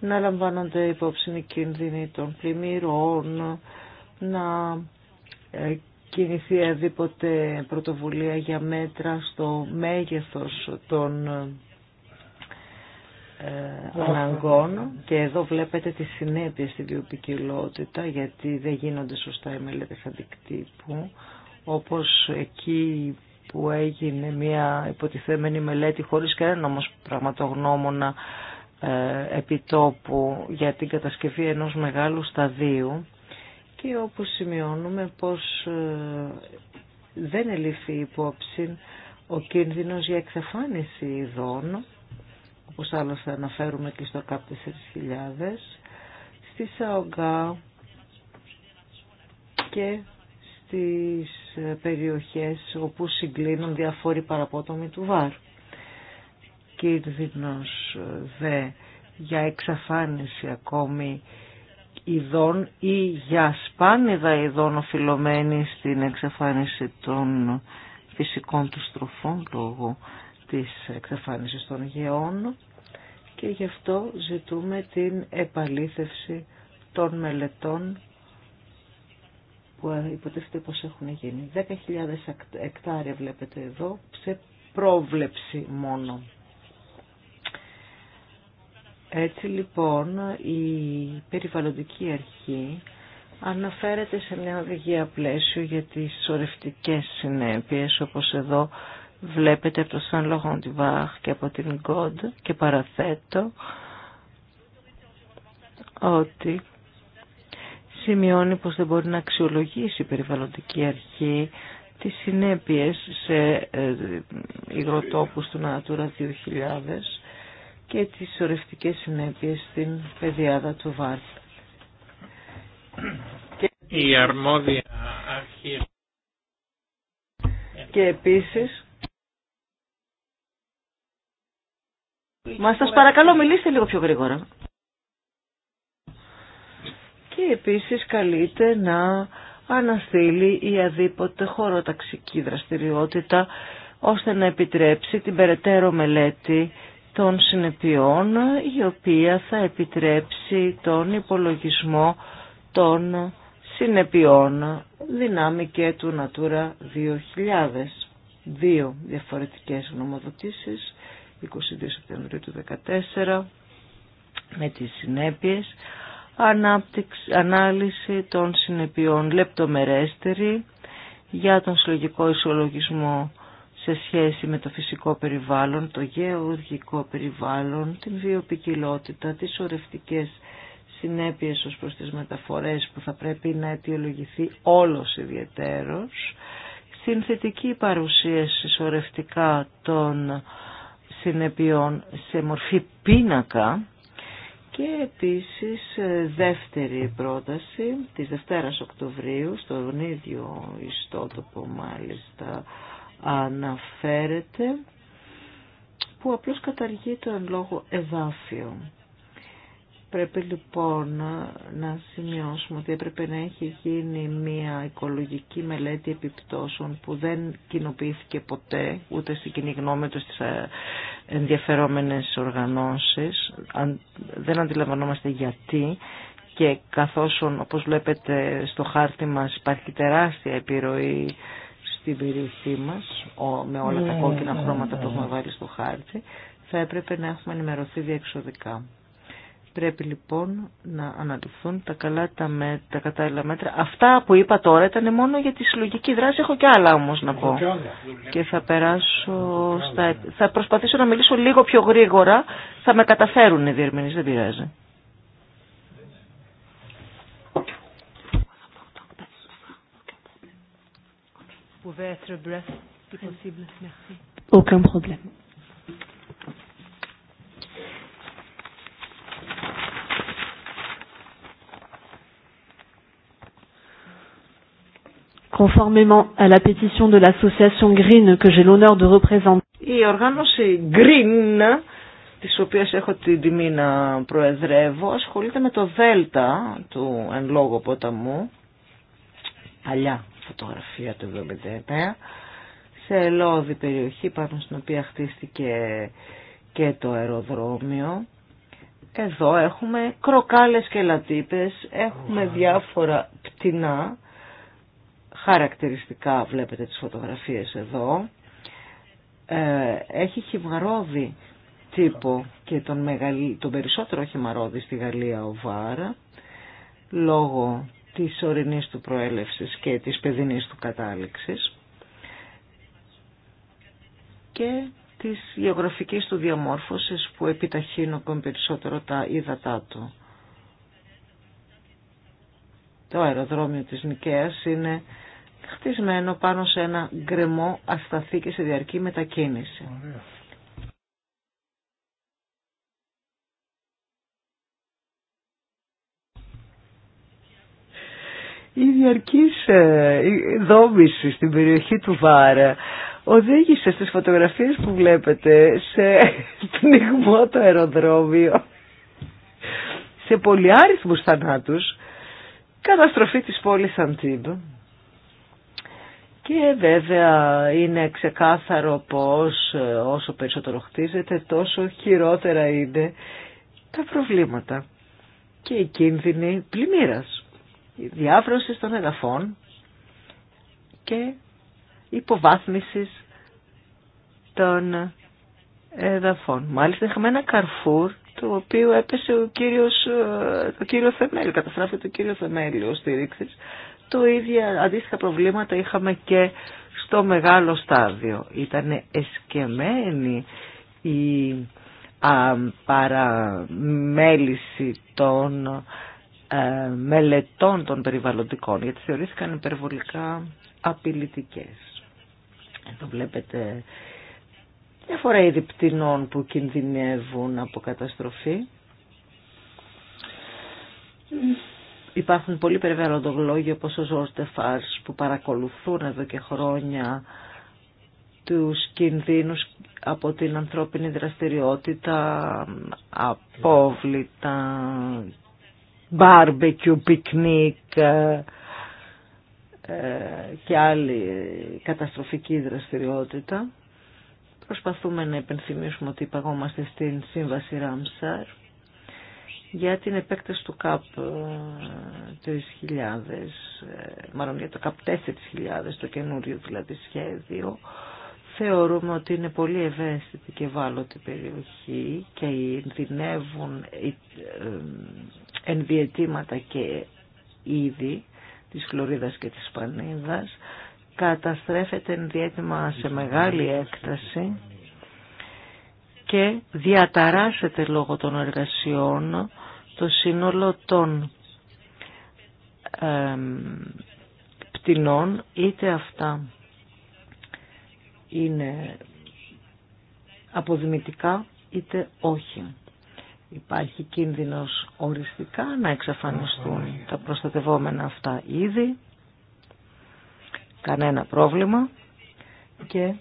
να λαμβάνονται υπόψη οι κίνδυνοι των πλημμυρών, να ε, κινηθεί αδίποτε πρωτοβουλία για μέτρα στο μέγεθος των ε, αναγκών και εδώ βλέπετε τη συνέπεια στη βιοπικιλότητα γιατί δεν γίνονται σωστά οι μελέτες αντικτύπου όπως εκεί που έγινε μια υποτιθέμενη μελέτη χωρίς κανένα όμως πραγματογνώμονα ε, επιτόπου για την κατασκευή ενός μεγάλου σταδίου και όπου σημειώνουμε πως ε, δεν ελήφθη υπόψη ο κίνδυνος για εξαφάνιση ειδών, όπως άλλωστε αναφέρουμε και στο ΚΑΠ 4000, στη ΣΑΟΓΑ και στις ε, περιοχές όπου συγκλίνουν διαφόροι παραπότομοι του ΒΑΡ. Κίνδυνος ε, δε για εξαφάνιση ακόμη ειδών ή για σπάνιδα ειδών οφειλωμένη στην εξαφάνιση των φυσικών του στροφών λόγω της εξαφάνισης των γεών και γι' αυτό ζητούμε την επαλήθευση των μελετών που υποτίθεται πως έχουν γίνει. 10.000 εκτάρια βλέπετε εδώ, σε πρόβλεψη μόνο. Έτσι λοιπόν η περιβαλλοντική αρχή αναφέρεται σε μια οδηγία πλαίσιο για τις σωρευτικές συνέπειες όπως εδώ βλέπετε από το Σαν Βάχ και από την Γκόντ και παραθέτω ότι σημειώνει πως δεν μπορεί να αξιολογήσει η περιβαλλοντική αρχή τις συνέπειες σε ε, ε, υγροτόπους του Natura 2000 και τις σωρευτικές συνέπειες στην παιδιάδα του ΒΑΡΤ. Η αρμόδια αρχή. Και επίσης, Μα σας παρακαλώ μιλήστε λίγο πιο γρήγορα. Και επίσης καλείται να αναστείλει η αδίποτε χωροταξική δραστηριότητα ώστε να επιτρέψει την περαιτέρω μελέτη των συνεπειών η οποία θα επιτρέψει τον υπολογισμό των συνεπειών δυνάμει και του Natura 2000. Δύο διαφορετικές γνωμοδοτήσεις, 22 Σεπτεμβρίου του 2014, με τις συνέπειες, ανάπτυξη, ανάλυση των συνεπειών λεπτομερέστερη για τον συλλογικό ισολογισμό σε σχέση με το φυσικό περιβάλλον, το γεωργικό περιβάλλον, την βιοπικιλότητα, τις ορευτικές συνέπειες ως προς τις μεταφορές που θα πρέπει να αιτιολογηθεί όλος ιδιαιτέρως, συνθετική παρουσίαση ορευτικά των συνεπειών σε μορφή πίνακα και επίσης δεύτερη πρόταση της Δευτέρας Οκτωβρίου στον ίδιο ιστότοπο μάλιστα αναφέρεται που απλώς καταργεί το εν λόγω εδάφιο. Πρέπει λοιπόν να σημειώσουμε ότι έπρεπε να έχει γίνει μια οικολογική μελέτη επιπτώσεων που δεν κοινοποιήθηκε ποτέ ούτε στην κοινή γνώμη του στις ε, ενδιαφερόμενες οργανώσεις. Δεν αντιλαμβανόμαστε γιατί και καθώς όπως βλέπετε στο χάρτη μας υπάρχει τεράστια επιρροή στην περιοχή μας, με όλα τα ναι, κόκκινα ναι, χρώματα που ναι. έχουμε βάλει στο χάρτη, θα έπρεπε να έχουμε ενημερωθεί διεξοδικά. Πρέπει λοιπόν να αναλυθούν τα, καλά, τα, με, τα κατάλληλα μέτρα. Αυτά που είπα τώρα ήταν μόνο για τη συλλογική δράση. Έχω και άλλα όμως να πω. Και θα περάσω στα... Θα προσπαθήσω να μιλήσω λίγο πιο γρήγορα. Θα με καταφέρουν οι διερμηνείς, δεν πειράζει. pouvez être bref si possible. Merci. Aucun problème. Conformément à la pétition de l'association Green que j'ai l'honneur de représenter. Η οργάνωση Green, της οποίας έχω την τιμή να προεδρεύω, ασχολείται με το δέλτα του εν λόγω ποταμού, παλιά φωτογραφία του 1979 σε ελώδη περιοχή πάνω στην οποία χτίστηκε και το αεροδρόμιο. Εδώ έχουμε κροκάλες και λατίπες έχουμε διάφορα πτηνά, χαρακτηριστικά βλέπετε τις φωτογραφίες εδώ. Ε, έχει χυμαρόδι τύπο και τον, μεγαλύ, τον περισσότερο χυμαρόδι στη Γαλλία ο Βάρα, λόγω της ορεινής του προέλευσης και της παιδινής του κατάληξης και της γεωγραφικής του διαμόρφωσης που επιταχύνει ακόμη περισσότερο τα ύδατά του. Το αεροδρόμιο της Νικαίας είναι χτισμένο πάνω σε ένα γκρεμό ασταθή και σε διαρκή μετακίνηση. η διαρκής ε, δόμηση στην περιοχή του Βάρα οδήγησε στις φωτογραφίες που βλέπετε σε (laughs) πνιγμό το αεροδρόμιο, σε πολυάριθμους θανάτους, καταστροφή της πόλης Αντίμπ. Και βέβαια είναι ξεκάθαρο πως ε, όσο περισσότερο χτίζεται τόσο χειρότερα είναι τα προβλήματα και οι κίνδυνοι πλημμύρας διάβρωσης των εδαφών και υποβάθμισης των εδαφών. Μάλιστα είχαμε ένα καρφούρ το οποίο έπεσε ο κύριος, το κύριο Θεμέλιο, καταστράφηκε το κύριο Θεμέλιο στήριξη. Το ίδιο αντίστοιχα προβλήματα είχαμε και στο μεγάλο στάδιο. Ήταν εσκεμμένη η α, παραμέληση των ε, μελετών των περιβαλλοντικών, γιατί θεωρήθηκαν υπερβολικά απειλητικές. Εδώ βλέπετε διάφορα είδη πτηνών που κινδυνεύουν από καταστροφή. Υπάρχουν πολλοί περιβαλλοντολόγοι όπως ο Ζόρς Τεφάρς που παρακολουθούν εδώ και χρόνια τους κινδύνους από την ανθρώπινη δραστηριότητα, απόβλητα μπάρμπεκιου, πικνίκ ε, και άλλη καταστροφική δραστηριότητα. Προσπαθούμε να υπενθυμίσουμε ότι υπαγόμαστε στην σύμβαση Ράμσαρ για την επέκταση του ΚΑΠ 3.000, ε, ε, μάλλον για το ΚΑΠ 4.000, το καινούριο δηλαδή σχέδιο, θεωρούμε ότι είναι πολύ ευαίσθητη και ευάλωτη περιοχή και ενδυνεύουν ε, ε, ενδιαιτήματα και είδη της Φλωρίδας και της Πανίδας καταστρέφεται ενδιαίτημα σε μεγάλη έκταση και διαταράσσεται λόγω των εργασιών το σύνολο των ε, πτηνών είτε αυτά είναι αποδημητικά είτε όχι. Υπάρχει κίνδυνος οριστικά να εξαφανιστούν τα προστατευόμενα αυτά είδη, κανένα πρόβλημα και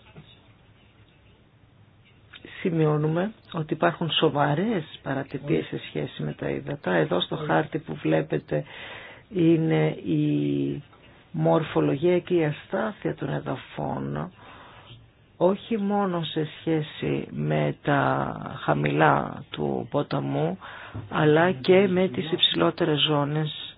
σημειώνουμε ότι υπάρχουν σοβαρές παρατηρήσεις σε σχέση με τα ύδατα. Εδώ στο χάρτη που βλέπετε είναι η μορφολογία και η αστάθεια των εδαφών όχι μόνο σε σχέση με τα χαμηλά του ποταμού, αλλά και με τις υψηλότερες ζώνες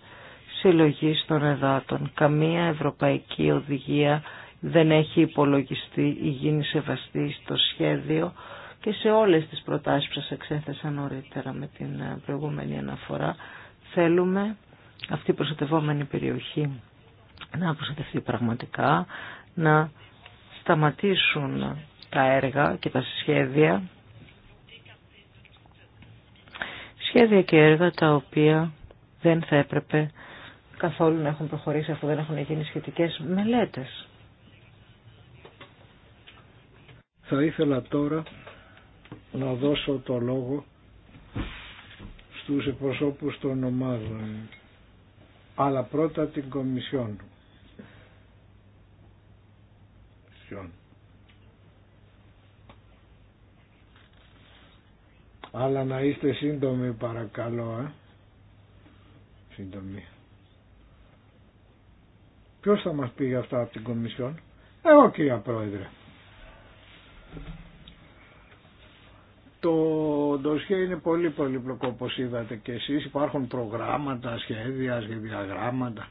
συλλογής των εδάτων. Καμία ευρωπαϊκή οδηγία δεν έχει υπολογιστεί ή γίνει σεβαστή στο σχέδιο και σε όλες τις προτάσεις που σας εξέθεσα νωρίτερα με την προηγούμενη αναφορά θέλουμε αυτή η προστατευόμενη περιοχή να προστατευτεί πραγματικά, να σταματήσουν τα έργα και τα σχέδια, σχέδια και έργα τα οποία δεν θα έπρεπε καθόλου να έχουν προχωρήσει αφού δεν έχουν γίνει σχετικές μελέτες. Θα ήθελα τώρα να δώσω το λόγο στους εκπροσώπους των ομάδων, αλλά πρώτα την Κομισιόν. Αλλά να είστε σύντομοι παρακαλώ, ε. Σύντομοι. Ποιος θα μας πει για αυτά από την Κομισιόν. Εγώ κυρία Πρόεδρε. Το ντοσχέ είναι πολύ πολύπλοκο όπως είδατε και εσείς. Υπάρχουν προγράμματα, σχέδια, σχεδιαγράμματα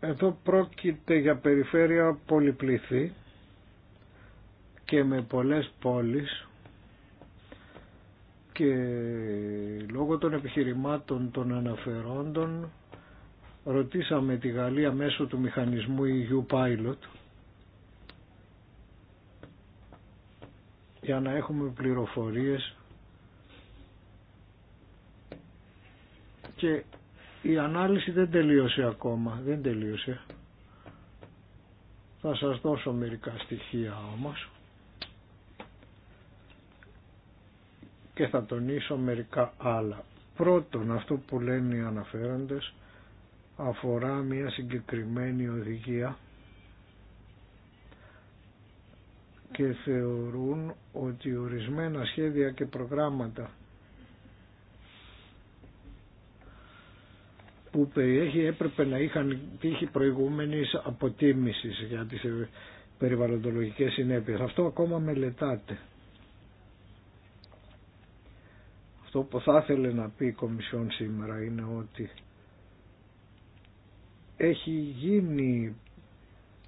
Εδώ πρόκειται για περιφέρεια πολυπληθή και με πολλές πόλεις και λόγω των επιχειρημάτων των αναφερόντων ρωτήσαμε τη Γαλλία μέσω του μηχανισμού EU Pilot για να έχουμε πληροφορίες και η ανάλυση δεν τελείωσε ακόμα, δεν τελείωσε. Θα σας δώσω μερικά στοιχεία όμως και θα τονίσω μερικά άλλα. Πρώτον, αυτό που λένε οι αναφέροντες αφορά μια συγκεκριμένη οδηγία και θεωρούν ότι ορισμένα σχέδια και προγράμματα που περιέχει έπρεπε να είχαν τύχει προηγούμενης αποτίμηση για τις ε, περιβαλλοντολογικές συνέπειες. Αυτό ακόμα μελετάτε. Αυτό που θα ήθελε να πει η Κομισιόν σήμερα είναι ότι έχει γίνει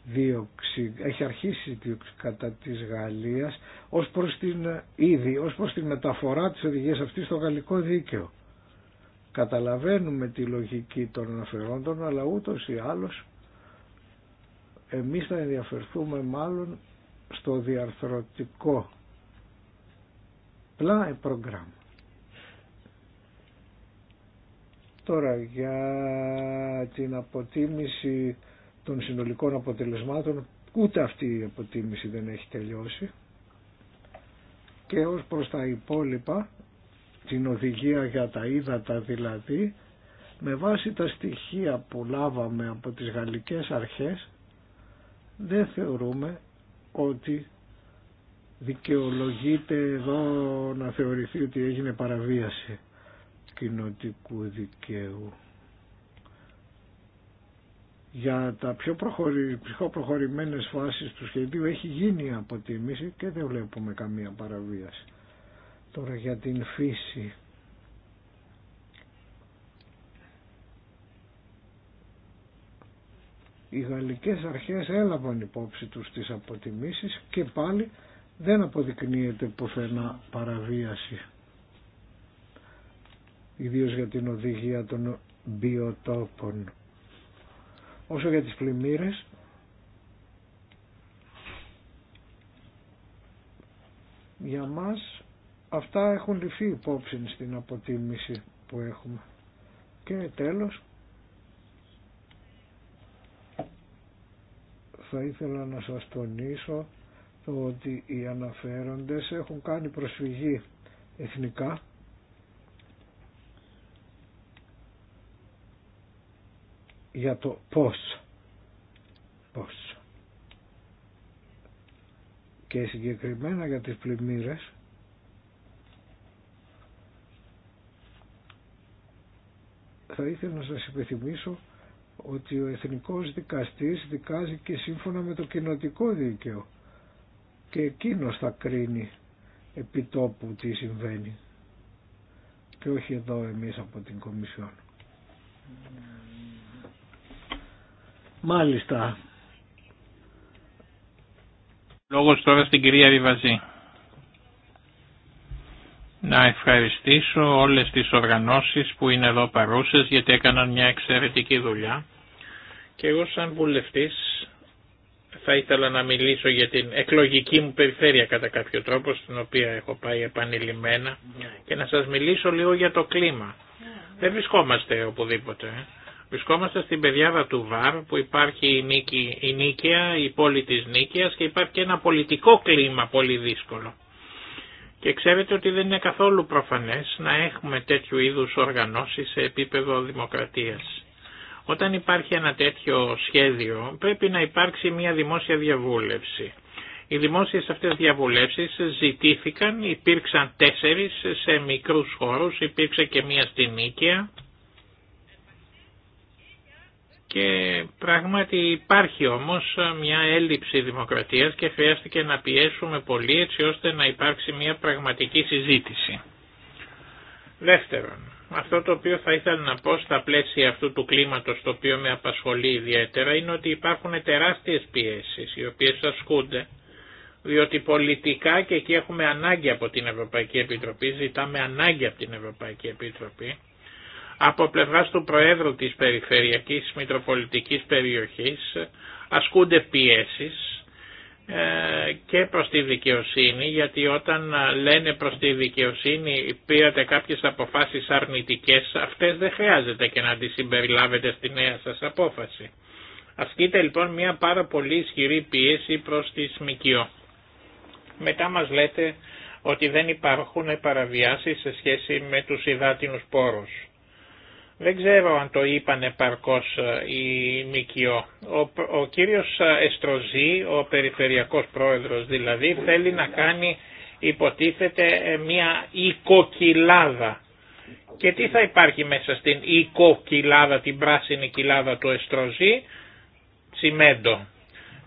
δίωξη, έχει αρχίσει δίωξη κατά της Γαλλίας ως προς την, ε, ήδη ως προς την μεταφορά της οδηγίας αυτής στο γαλλικό δίκαιο. Καταλαβαίνουμε τη λογική των αναφερόντων, αλλά ούτως ή άλλως εμείς θα ενδιαφερθούμε μάλλον στο διαρθρωτικό πλάι πρόγραμμα. Τώρα για την αποτίμηση των συνολικών αποτελεσμάτων ούτε αυτή η αποτίμηση δεν έχει τελειώσει και ως προς τα υπόλοιπα την οδηγία για τα ύδατα δηλαδή, με βάση τα στοιχεία που λάβαμε από τις γαλλικές αρχές, δεν θεωρούμε ότι δικαιολογείται εδώ να θεωρηθεί ότι έγινε παραβίαση κοινοτικού δικαίου. Για τα πιο, προχωρη, πιο προχωρημένες φάσεις του σχεδίου έχει γίνει αποτίμηση και δεν βλέπουμε καμία παραβίαση. Τώρα για την φύση. Οι γαλλικές αρχές έλαβαν υπόψη τους τις αποτιμήσεις και πάλι δεν αποδεικνύεται πουθενά παραβίαση. Ιδίως για την οδηγία των βιοτόπων. Όσο για τις πλημμύρες, για μας Αυτά έχουν ληφθεί υπόψη στην αποτίμηση που έχουμε. Και τέλος, θα ήθελα να σας τονίσω το ότι οι αναφέροντες έχουν κάνει προσφυγή εθνικά για το πώς. Πώς. Και συγκεκριμένα για τις πλημμύρες θα ήθελα να σας υπενθυμίσω ότι ο εθνικός δικαστής δικάζει και σύμφωνα με το κοινοτικό δίκαιο και εκείνος θα κρίνει επί τόπου τι συμβαίνει και όχι εδώ εμείς από την Κομισιόν. Μάλιστα. Λόγος τώρα στην κυρία Ριβαζή να ευχαριστήσω όλες τις οργανώσεις που είναι εδώ παρούσες γιατί έκαναν μια εξαιρετική δουλειά και εγώ σαν βουλευτής θα ήθελα να μιλήσω για την εκλογική μου περιφέρεια κατά κάποιο τρόπο στην οποία έχω πάει επανειλημμένα και να σας μιλήσω λίγο για το κλίμα. Δεν βρισκόμαστε οπουδήποτε. Ε. Βρισκόμαστε στην πεδιάδα του ΒΑΡ που υπάρχει η, νίκη, η Νίκαια, η πόλη της Νίκαιας και υπάρχει και ένα πολιτικό κλίμα πολύ δύσκολο. Και ξέρετε ότι δεν είναι καθόλου προφανές να έχουμε τέτοιου είδους οργανώσεις σε επίπεδο δημοκρατίας. Όταν υπάρχει ένα τέτοιο σχέδιο πρέπει να υπάρξει μια δημόσια διαβούλευση. Οι δημόσιες αυτές διαβουλεύσεις ζητήθηκαν, υπήρξαν τέσσερις σε μικρούς χώρους, υπήρξε και μία στην Νίκαια. Και πράγματι υπάρχει όμως μια έλλειψη δημοκρατίας και χρειάστηκε να πιέσουμε πολύ έτσι ώστε να υπάρξει μια πραγματική συζήτηση. Δεύτερον, αυτό το οποίο θα ήθελα να πω στα πλαίσια αυτού του κλίματος το οποίο με απασχολεί ιδιαίτερα είναι ότι υπάρχουν τεράστιες πιέσεις οι οποίες ασκούνται διότι πολιτικά και εκεί έχουμε ανάγκη από την Ευρωπαϊκή Επιτροπή, ζητάμε ανάγκη από την Ευρωπαϊκή Επιτροπή από πλευρά του Προέδρου της Περιφερειακής Μητροπολιτικής Περιοχής ασκούνται πιέσεις ε, και προς τη δικαιοσύνη γιατί όταν ε, λένε προς τη δικαιοσύνη πήρατε κάποιες αποφάσεις αρνητικές αυτές δεν χρειάζεται και να τις συμπεριλάβετε στη νέα σας απόφαση. Ασκείται λοιπόν μια πάρα πολύ ισχυρή πίεση προς τη ΣΜΚΙΟ. Μετά μας λέτε ότι δεν υπάρχουν παραβιάσεις σε σχέση με τους υδάτινους πόρους. Δεν ξέρω αν το είπανε επαρκώς ε, η ΜΚΟ. Ο, ο κύριος ε, Εστροζή, ο περιφερειακός πρόεδρος δηλαδή, θέλει να κάνει υποτίθεται ε, μια οικοκυλάδα. Και τι θα υπάρχει μέσα στην οικοκυλάδα, την πράσινη κοιλάδα του Εστροζή, τσιμέντο.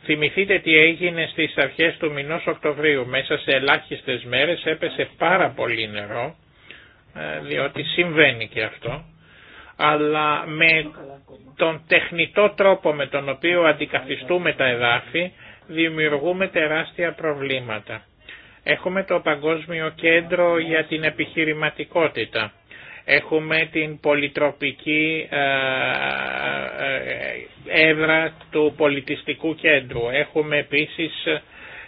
Θυμηθείτε τι έγινε στις αρχές του μηνός Οκτωβρίου. Μέσα σε ελάχιστες μέρες έπεσε πάρα πολύ νερό, διότι συμβαίνει και αυτό αλλά με τον τεχνητό τρόπο με τον οποίο αντικαθιστούμε τα εδάφη δημιουργούμε τεράστια προβλήματα. Έχουμε το Παγκόσμιο Κέντρο για την Επιχειρηματικότητα. Έχουμε την πολυτροπική ε, ε, ε, έδρα του πολιτιστικού κέντρου. Έχουμε επίσης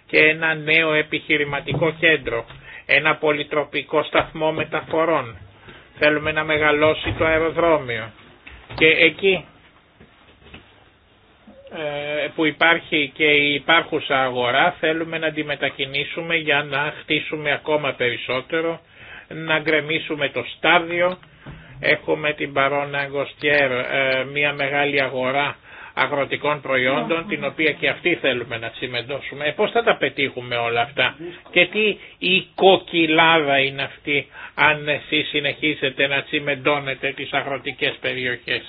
και ένα νέο επιχειρηματικό κέντρο, ένα πολυτροπικό σταθμό μεταφορών θέλουμε να μεγαλώσει το αεροδρόμιο. Και εκεί ε, που υπάρχει και η υπάρχουσα αγορά θέλουμε να τη μετακινήσουμε για να χτίσουμε ακόμα περισσότερο, να γκρεμίσουμε το στάδιο. Έχουμε την παρόν Αγκοστιέρ, ε, μια μεγάλη αγορά αγροτικών προϊόντων, την οποία και αυτή θέλουμε να συμμετώσουμε. Ε, πώς θα τα πετύχουμε όλα αυτά και τι η κοκκιλάδα είναι αυτή αν εσείς συνεχίσετε να τσιμεντώνετε τις αγροτικές περιοχές.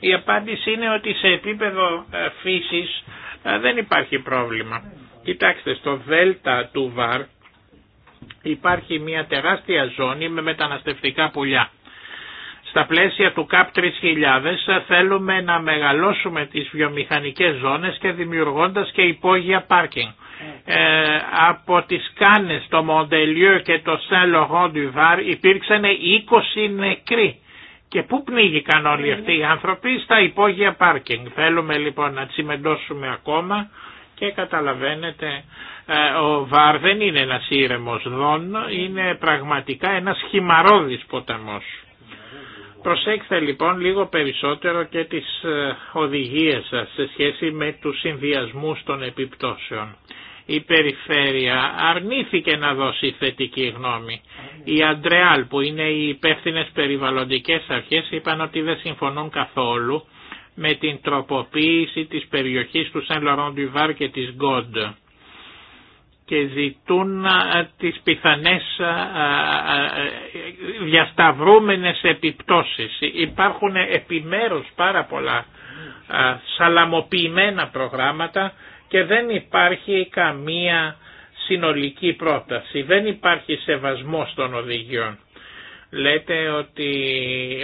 Η απάντηση είναι ότι σε επίπεδο ε, φύσης ε, δεν υπάρχει πρόβλημα. Κοιτάξτε, στο δέλτα του Βαρ υπάρχει μια τεράστια ζώνη με μεταναστευτικά πουλιά. Στα πλαίσια του ΚΑΠ 3000 θέλουμε να μεγαλώσουμε τις βιομηχανικές ζώνες και δημιουργώντας και υπόγεια πάρκινγκ. Ε, από τις Κάνες, το Μοντελιό και το Σαν του Βάρ υπήρξαν 20 νεκροί. Και πού πνίγηκαν όλοι αυτοί οι άνθρωποι στα υπόγεια πάρκινγκ. Θέλουμε λοιπόν να τσιμεντώσουμε ακόμα και καταλαβαίνετε ε, ο Βάρ δεν είναι ένας ήρεμος δόν, είναι πραγματικά ένας χυμαρόδης ποταμός. Προσέξτε λοιπόν λίγο περισσότερο και τις ε, οδηγίες σας σε σχέση με τους συνδυασμούς των επιπτώσεων. Η περιφέρεια αρνήθηκε να δώσει θετική γνώμη. Η Αντρεάλ που είναι οι υπεύθυνε περιβαλλοντικές αρχές είπαν ότι δεν συμφωνούν καθόλου με την τροποποίηση της περιοχής του Σεν Λορόντιβάρ και της Γκόντ και ζητούν τις πιθανές διασταυρούμενες επιπτώσεις. Υπάρχουν επιμέρους πάρα πολλά σαλαμοποιημένα προγράμματα και δεν υπάρχει καμία συνολική πρόταση. Δεν υπάρχει σεβασμός των οδηγιών. Λέτε ότι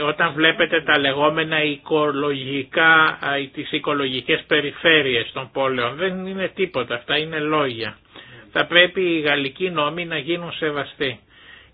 όταν βλέπετε τα λεγόμενα οικολογικά, ή τις οικολογικές περιφέρειες των πόλεων, δεν είναι τίποτα, αυτά είναι λόγια θα πρέπει οι γαλλικοί νόμοι να γίνουν σεβαστοί.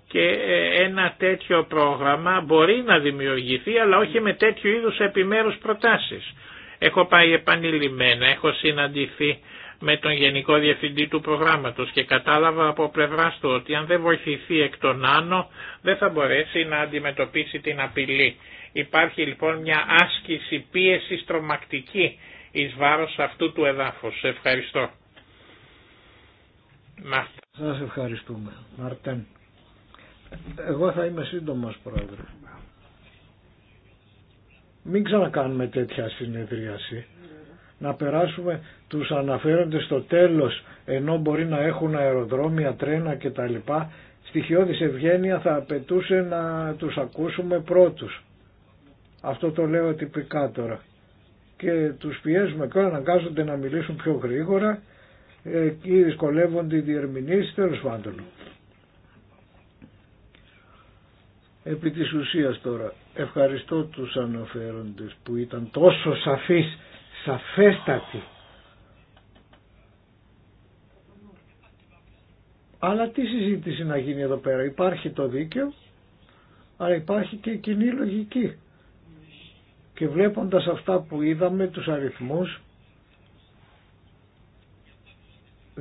Και ε, ένα τέτοιο πρόγραμμα μπορεί να δημιουργηθεί αλλά όχι με τέτοιου είδους επιμέρους προτάσεις. Έχω πάει επανειλημμένα, έχω συναντηθεί με τον Γενικό Διευθυντή του προγράμματος και κατάλαβα από πλευρά του ότι αν δεν βοηθηθεί εκ των άνω δεν θα μπορέσει να αντιμετωπίσει την απειλή. Υπάρχει λοιπόν μια άσκηση πίεση τρομακτική εις βάρος αυτού του εδάφους. Ευχαριστώ. Σα Σας ευχαριστούμε. Μάρτεν. Εγώ θα είμαι σύντομος πρόεδρε. Μην ξανακάνουμε τέτοια συνεδρίαση. Να περάσουμε τους αναφέροντες στο τέλος ενώ μπορεί να έχουν αεροδρόμια, τρένα κτλ. Στοιχειώδης ευγένεια θα απαιτούσε να τους ακούσουμε πρώτους. Αυτό το λέω τυπικά τώρα. Και τους πιέζουμε και αναγκάζονται να μιλήσουν πιο γρήγορα εκεί δυσκολεύονται οι διερμηνείς τέλο πάντων. Επί της ουσίας τώρα, ευχαριστώ τους αναφέροντες που ήταν τόσο σαφείς, σαφέστατοι. Αλλά τι συζήτηση να γίνει εδώ πέρα, υπάρχει το δίκαιο, αλλά υπάρχει και η κοινή λογική. Και βλέποντας αυτά που είδαμε, τους αριθμούς,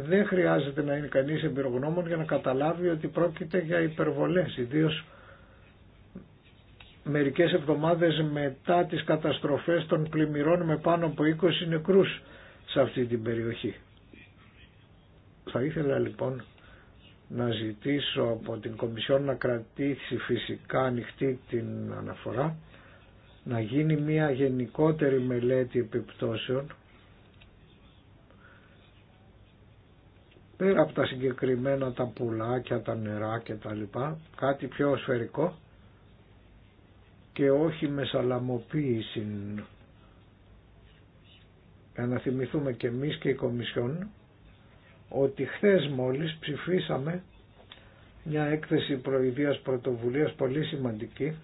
δεν χρειάζεται να είναι κανείς εμπειρογνώμων για να καταλάβει ότι πρόκειται για υπερβολές, ιδίως μερικές εβδομάδες μετά τις καταστροφές των πλημμυρών με πάνω από 20 νεκρούς σε αυτή την περιοχή. Θα ήθελα λοιπόν να ζητήσω από την Κομισιόν να κρατήσει φυσικά ανοιχτή την αναφορά, να γίνει μια γενικότερη μελέτη επιπτώσεων πέρα από τα συγκεκριμένα τα πουλάκια, τα νερά και τα λοιπά, κάτι πιο σφαιρικό και όχι με σαλαμοποίηση. Για να θυμηθούμε και εμείς και η Κομισιόν ότι χθες μόλις ψηφίσαμε μια έκθεση προηδείας πρωτοβουλίας πολύ σημαντική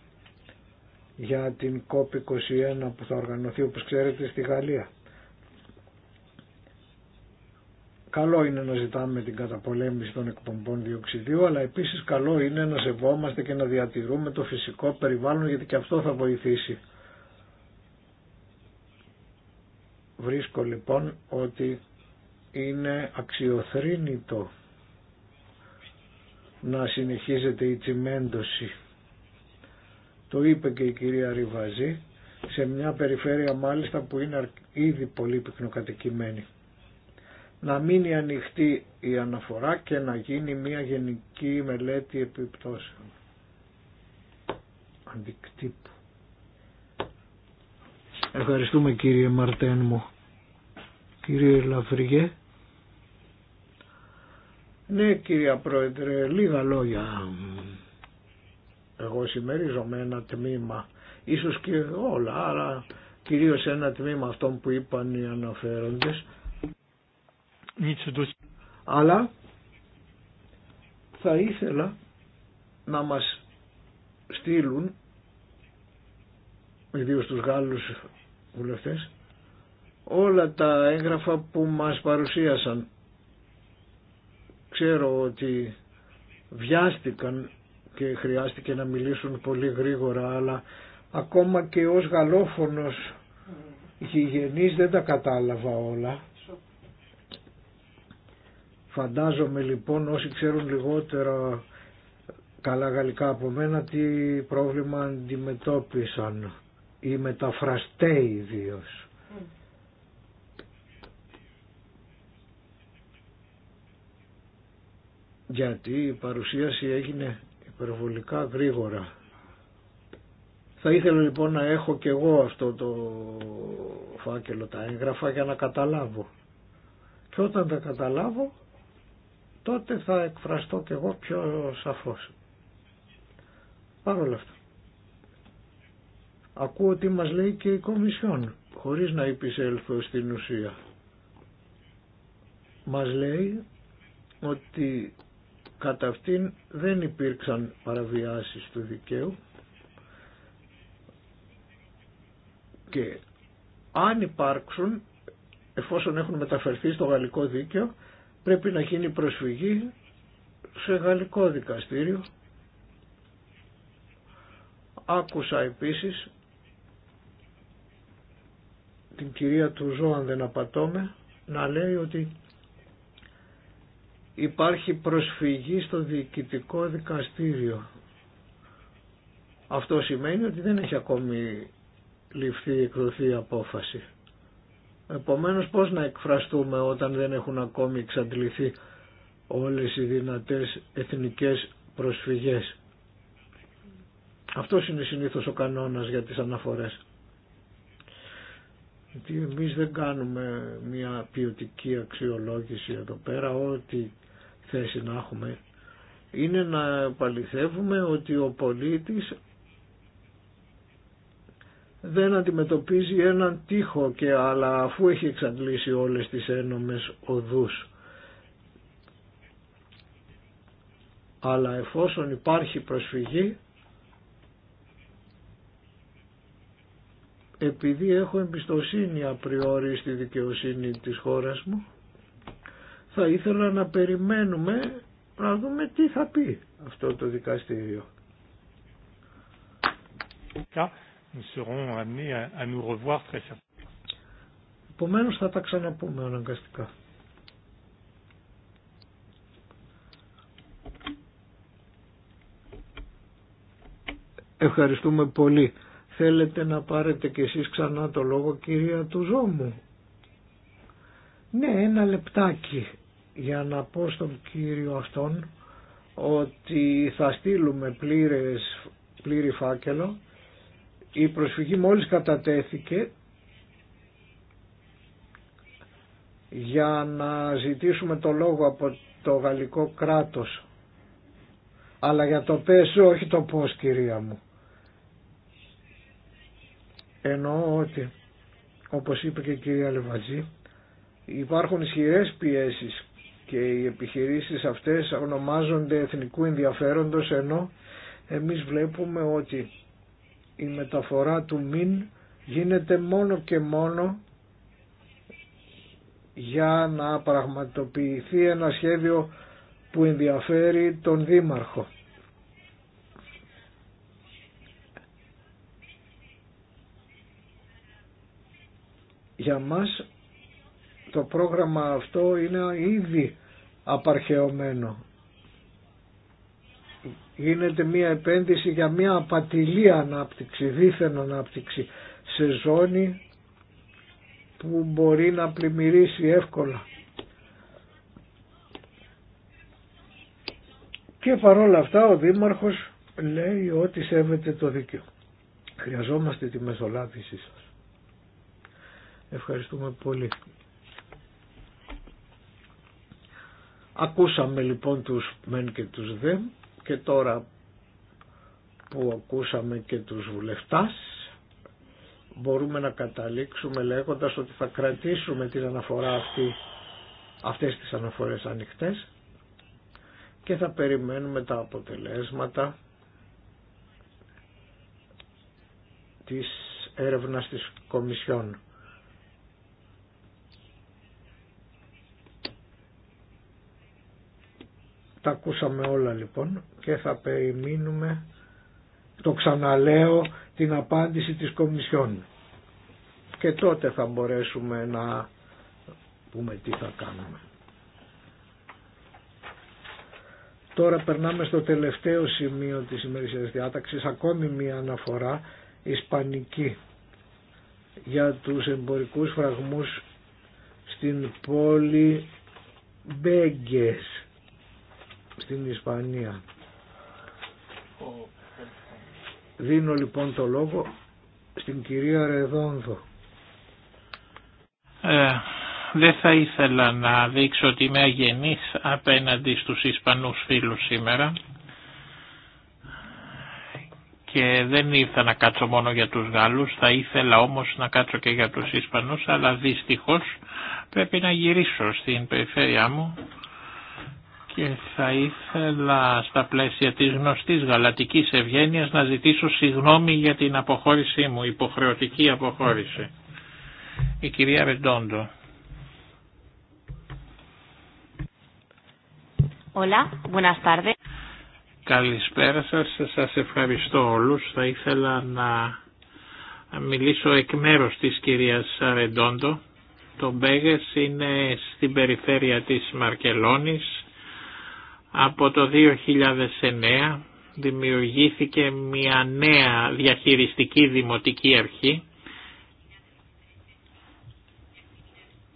για την COP21 που θα οργανωθεί όπως ξέρετε στη Γαλλία. Καλό είναι να ζητάμε την καταπολέμηση των εκπομπών διοξιδίου, αλλά επίσης καλό είναι να σεβόμαστε και να διατηρούμε το φυσικό περιβάλλον, γιατί και αυτό θα βοηθήσει. Βρίσκω λοιπόν ότι είναι αξιοθρύνητο να συνεχίζεται η τσιμέντωση. Το είπε και η κυρία Ριβαζή, σε μια περιφέρεια μάλιστα που είναι ήδη πολύ πυκνοκατοικημένη να μείνει ανοιχτή η αναφορά και να γίνει μια γενική μελέτη επιπτώσεων. Αντικτύπου. Ευχαριστούμε κύριε Μαρτέν μου. Κύριε Λαφριγέ. Ναι κύριε Πρόεδρε, λίγα λόγια. Εγώ σημερίζομαι ένα τμήμα, ίσως και όλα, αλλά κυρίως ένα τμήμα αυτών που είπαν οι αναφέροντες αλλά θα ήθελα να μας στείλουν ιδίω τους Γάλλους βουλευτές όλα τα έγγραφα που μας παρουσίασαν. Ξέρω ότι βιάστηκαν και χρειάστηκε να μιλήσουν πολύ γρήγορα αλλά ακόμα και ως γαλλόφωνος mm. γηγενής δεν τα κατάλαβα όλα Φαντάζομαι λοιπόν όσοι ξέρουν λιγότερα καλά γαλλικά από μένα τι πρόβλημα αντιμετώπισαν οι μεταφραστέ ιδίω. Γιατί η παρουσίαση έγινε υπερβολικά γρήγορα. Θα ήθελα λοιπόν να έχω και εγώ αυτό το φάκελο τα έγγραφα για να καταλάβω. Και όταν τα καταλάβω τότε θα εκφραστώ και εγώ πιο σαφώς. Παρ' όλα αυτά. Ακούω ότι μας λέει και η Κομισιόν, χωρίς να υπησέλθω στην ουσία. Μας λέει ότι κατά αυτήν δεν υπήρξαν παραβιάσεις του δικαίου και αν υπάρξουν, εφόσον έχουν μεταφερθεί στο γαλλικό δίκαιο, πρέπει να γίνει προσφυγή σε γαλλικό δικαστήριο. Άκουσα επίσης την κυρία του αν δεν απατώμε να λέει ότι υπάρχει προσφυγή στο διοικητικό δικαστήριο. Αυτό σημαίνει ότι δεν έχει ακόμη ληφθεί εκδοθεί απόφαση. Επομένως πώς να εκφραστούμε όταν δεν έχουν ακόμη εξαντληθεί όλες οι δυνατές εθνικές προσφυγές. Αυτός είναι συνήθως ο κανόνας για τις αναφορές. Γιατί εμείς δεν κάνουμε μια ποιοτική αξιολόγηση εδώ πέρα, ό,τι θέση να έχουμε. Είναι να παληθεύουμε ότι ο πολίτης δεν αντιμετωπίζει έναν τείχο και αλλά αφού έχει εξαντλήσει όλες τις ένομες οδούς. Αλλά εφόσον υπάρχει προσφυγή, επειδή έχω εμπιστοσύνη απριόρι στη δικαιοσύνη της χώρας μου, θα ήθελα να περιμένουμε να δούμε τι θα πει αυτό το δικαστήριο. Yeah nous serons amenés à, à nous revoir très θα τα ξαναπούμε αναγκαστικά. Ευχαριστούμε πολύ. Θέλετε να πάρετε κι εσείς ξανά το λόγο κυρία του Ζώμου. Ναι, ένα λεπτάκι για να πω στον κύριο αυτόν ότι θα στείλουμε πλήρες, πλήρη φάκελο η προσφυγή μόλις κατατέθηκε για να ζητήσουμε το λόγο από το γαλλικό κράτος. Αλλά για το πέσο όχι το πώς κυρία μου. Εννοώ ότι όπως είπε και η κυρία Λεβαζή υπάρχουν ισχυρές πιέσεις και οι επιχειρήσεις αυτές ονομάζονται εθνικού ενδιαφέροντος ενώ εμείς βλέπουμε ότι η μεταφορά του μην γίνεται μόνο και μόνο για να πραγματοποιηθεί ένα σχέδιο που ενδιαφέρει τον Δήμαρχο. Για μας το πρόγραμμα αυτό είναι ήδη απαρχαιωμένο γίνεται μια επένδυση για μια απατηλή ανάπτυξη, δίθεν ανάπτυξη σε ζώνη που μπορεί να πλημμυρίσει εύκολα. Και παρόλα αυτά ο Δήμαρχος λέει ότι σέβεται το δίκαιο. Χρειαζόμαστε τη μεσολάβησή σας. Ευχαριστούμε πολύ. Ακούσαμε λοιπόν τους μεν και τους δεν και τώρα που ακούσαμε και τους βουλευτάς μπορούμε να καταλήξουμε λέγοντας ότι θα κρατήσουμε την αναφορά αυτή, αυτές τις αναφορές ανοιχτές και θα περιμένουμε τα αποτελέσματα της έρευνας της Κομισιόν. Τα ακούσαμε όλα λοιπόν και θα περιμείνουμε, το ξαναλέω, την απάντηση της Κομισιόν. Και τότε θα μπορέσουμε να πούμε τι θα κάνουμε. Τώρα περνάμε στο τελευταίο σημείο της σημερινής διάταξης, ακόμη μία αναφορά ισπανική για τους εμπορικούς φραγμούς στην πόλη Μπέγκες στην Ισπανία. Δίνω λοιπόν το λόγο στην κυρία Ρεδόνδο. Ε, δεν θα ήθελα να δείξω ότι είμαι αγενής απέναντι στους Ισπανούς φίλους σήμερα και δεν ήρθα να κάτσω μόνο για τους Γάλλους, θα ήθελα όμως να κάτσω και για τους Ισπανούς αλλά δυστυχώς πρέπει να γυρίσω στην περιφέρειά μου και θα ήθελα στα πλαίσια της γνωστής γαλατικής ευγένειας να ζητήσω συγγνώμη για την αποχώρησή μου, υποχρεωτική αποχώρηση. Η κυρία Ρεντόντο. Καλησπέρα σας, σας ευχαριστώ όλους. Θα ήθελα να μιλήσω εκ μέρους της κυρίας Ρεντόντο. Το Μπέγες είναι στην περιφέρεια της Μαρκελόνης από το 2009 δημιουργήθηκε μια νέα διαχειριστική δημοτική αρχή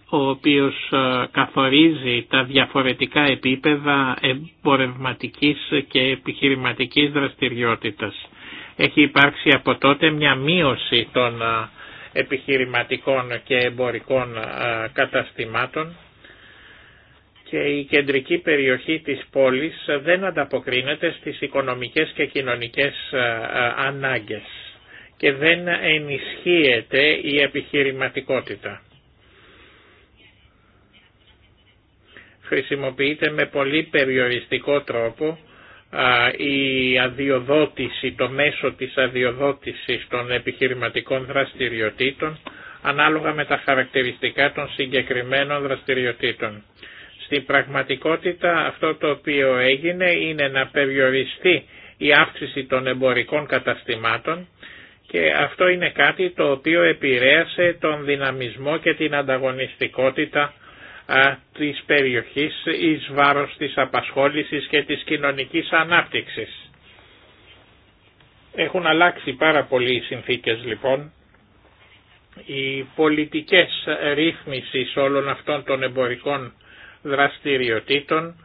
ο οποίος ε, καθορίζει τα διαφορετικά επίπεδα εμπορευματικής και επιχειρηματικής δραστηριότητας. Έχει υπάρξει από τότε μια μείωση των ε, επιχειρηματικών και εμπορικών ε, καταστημάτων και η κεντρική περιοχή της πόλης δεν ανταποκρίνεται στις οικονομικές και κοινωνικές ε, ε, ανάγκες και δεν ενισχύεται η επιχειρηματικότητα. Χρησιμοποιείται με πολύ περιοριστικό τρόπο η αδειοδότηση, το μέσο της αδειοδότησης των επιχειρηματικών δραστηριοτήτων ανάλογα με τα χαρακτηριστικά των συγκεκριμένων δραστηριοτήτων. Στην πραγματικότητα αυτό το οποίο έγινε είναι να περιοριστεί η αύξηση των εμπορικών καταστημάτων και αυτό είναι κάτι το οποίο επηρέασε τον δυναμισμό και την ανταγωνιστικότητα της περιοχής εις βάρος της απασχόλησης και της κοινωνικής ανάπτυξης. Έχουν αλλάξει πάρα πολύ οι συνθήκες λοιπόν. Οι πολιτικές ρύθμισης όλων αυτών των εμπορικών δραστηριοτήτων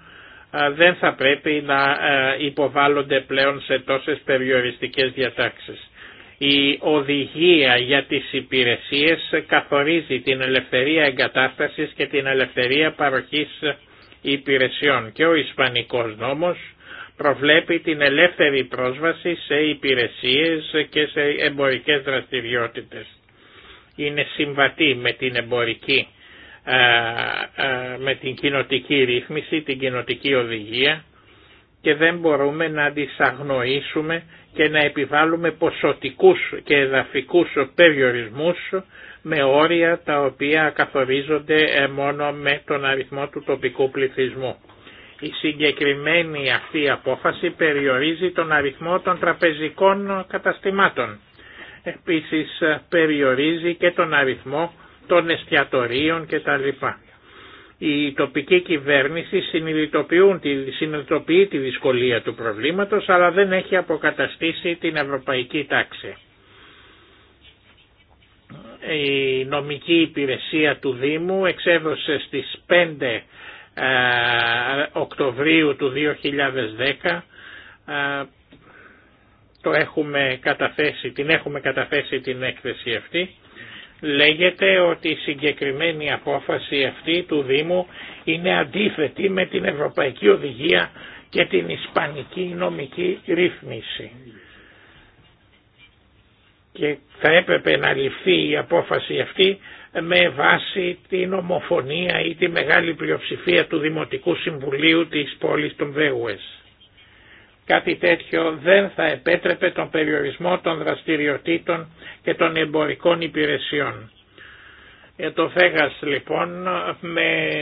δεν θα πρέπει να ε, υποβάλλονται πλέον σε τόσες περιοριστικές διατάξεις. Η οδηγία για τις υπηρεσίες καθορίζει την ελευθερία εγκατάστασης και την ελευθερία παροχής υπηρεσιών και ο Ισπανικός νόμος προβλέπει την ελεύθερη πρόσβαση σε υπηρεσίες και σε εμπορικές δραστηριότητες. Είναι συμβατή με την εμπορική ε, ε, με την κοινοτική ρύθμιση, την κοινοτική οδηγία και δεν μπορούμε να τις αγνοήσουμε και να επιβάλλουμε ποσοτικούς και εδαφικούς περιορισμούς με όρια τα οποία καθορίζονται ε, μόνο με τον αριθμό του τοπικού πληθυσμού. Η συγκεκριμένη αυτή απόφαση περιορίζει τον αριθμό των τραπεζικών καταστημάτων. Επίσης περιορίζει και τον αριθμό των εστιατορίων κτλ. Η τοπική κυβέρνηση συνειδητοποιούν, συνειδητοποιεί τη δυσκολία του προβλήματος αλλά δεν έχει αποκαταστήσει την ευρωπαϊκή τάξη. Η νομική υπηρεσία του Δήμου εξέδωσε στις 5 ε, Οκτωβρίου του 2010 ε, το έχουμε καταθέσει, την έχουμε καταθέσει την έκθεση αυτή λέγεται ότι η συγκεκριμένη απόφαση αυτή του Δήμου είναι αντίθετη με την Ευρωπαϊκή Οδηγία και την Ισπανική νομική ρύθμιση. Και θα έπρεπε να ληφθεί η απόφαση αυτή με βάση την ομοφωνία ή τη μεγάλη πλειοψηφία του Δημοτικού Συμβουλίου της πόλης των Βέουες. Κάτι τέτοιο δεν θα επέτρεπε τον περιορισμό των δραστηριοτήτων και των εμπορικών υπηρεσιών. Ε, το Φέγας λοιπόν, με,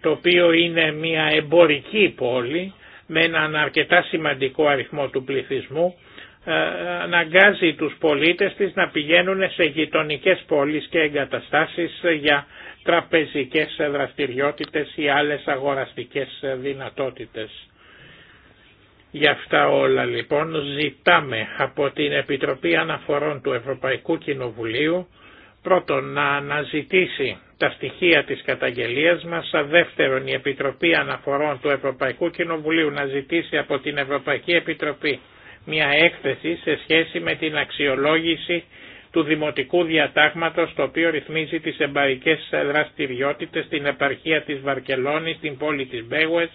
το οποίο είναι μια εμπορική πόλη με έναν αρκετά σημαντικό αριθμό του πληθυσμού, ε, αναγκάζει τους πολίτες της να πηγαίνουν σε γειτονικές πόλεις και εγκαταστάσεις για τραπεζικές δραστηριότητες ή άλλες αγοραστικές δυνατότητες. Γι' αυτά όλα λοιπόν ζητάμε από την Επιτροπή Αναφορών του Ευρωπαϊκού Κοινοβουλίου πρώτον να αναζητήσει τα στοιχεία της καταγγελίας μας, σαν δεύτερον η Επιτροπή Αναφορών του Ευρωπαϊκού Κοινοβουλίου να ζητήσει από την Ευρωπαϊκή Επιτροπή μια έκθεση σε σχέση με την αξιολόγηση του Δημοτικού Διατάγματος το οποίο ρυθμίζει τις εμπαρικές δραστηριότητες στην επαρχία της Βαρκελόνης, στην πόλη της Μπέγουετς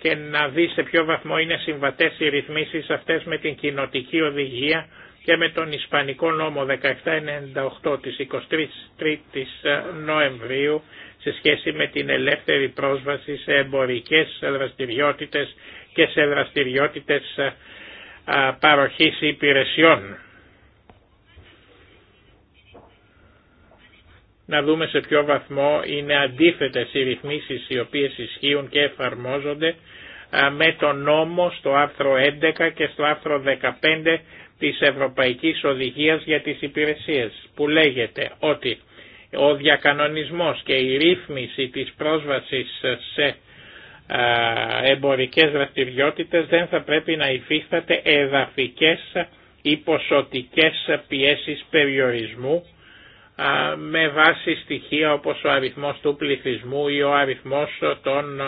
και να δει σε ποιο βαθμό είναι συμβατές οι ρυθμίσεις αυτές με την κοινοτική οδηγία και με τον Ισπανικό νόμο 1798 της 23ης ε, Νοεμβρίου σε σχέση με την ελεύθερη πρόσβαση σε εμπορικές δραστηριότητες και σε δραστηριότητες ε, ε, παροχής υπηρεσιών. να δούμε σε ποιο βαθμό είναι αντίθετες οι ρυθμίσεις οι οποίες ισχύουν και εφαρμόζονται με το νόμο στο άρθρο 11 και στο άρθρο 15 της Ευρωπαϊκής Οδηγίας για τις Υπηρεσίες που λέγεται ότι ο διακανονισμός και η ρύθμιση της πρόσβασης σε εμπορικές δραστηριότητες δεν θα πρέπει να υφίσταται εδαφικές ή ποσοτικές πιέσεις περιορισμού με βάση στοιχεία όπως ο αριθμός του πληθυσμού ή ο αριθμός των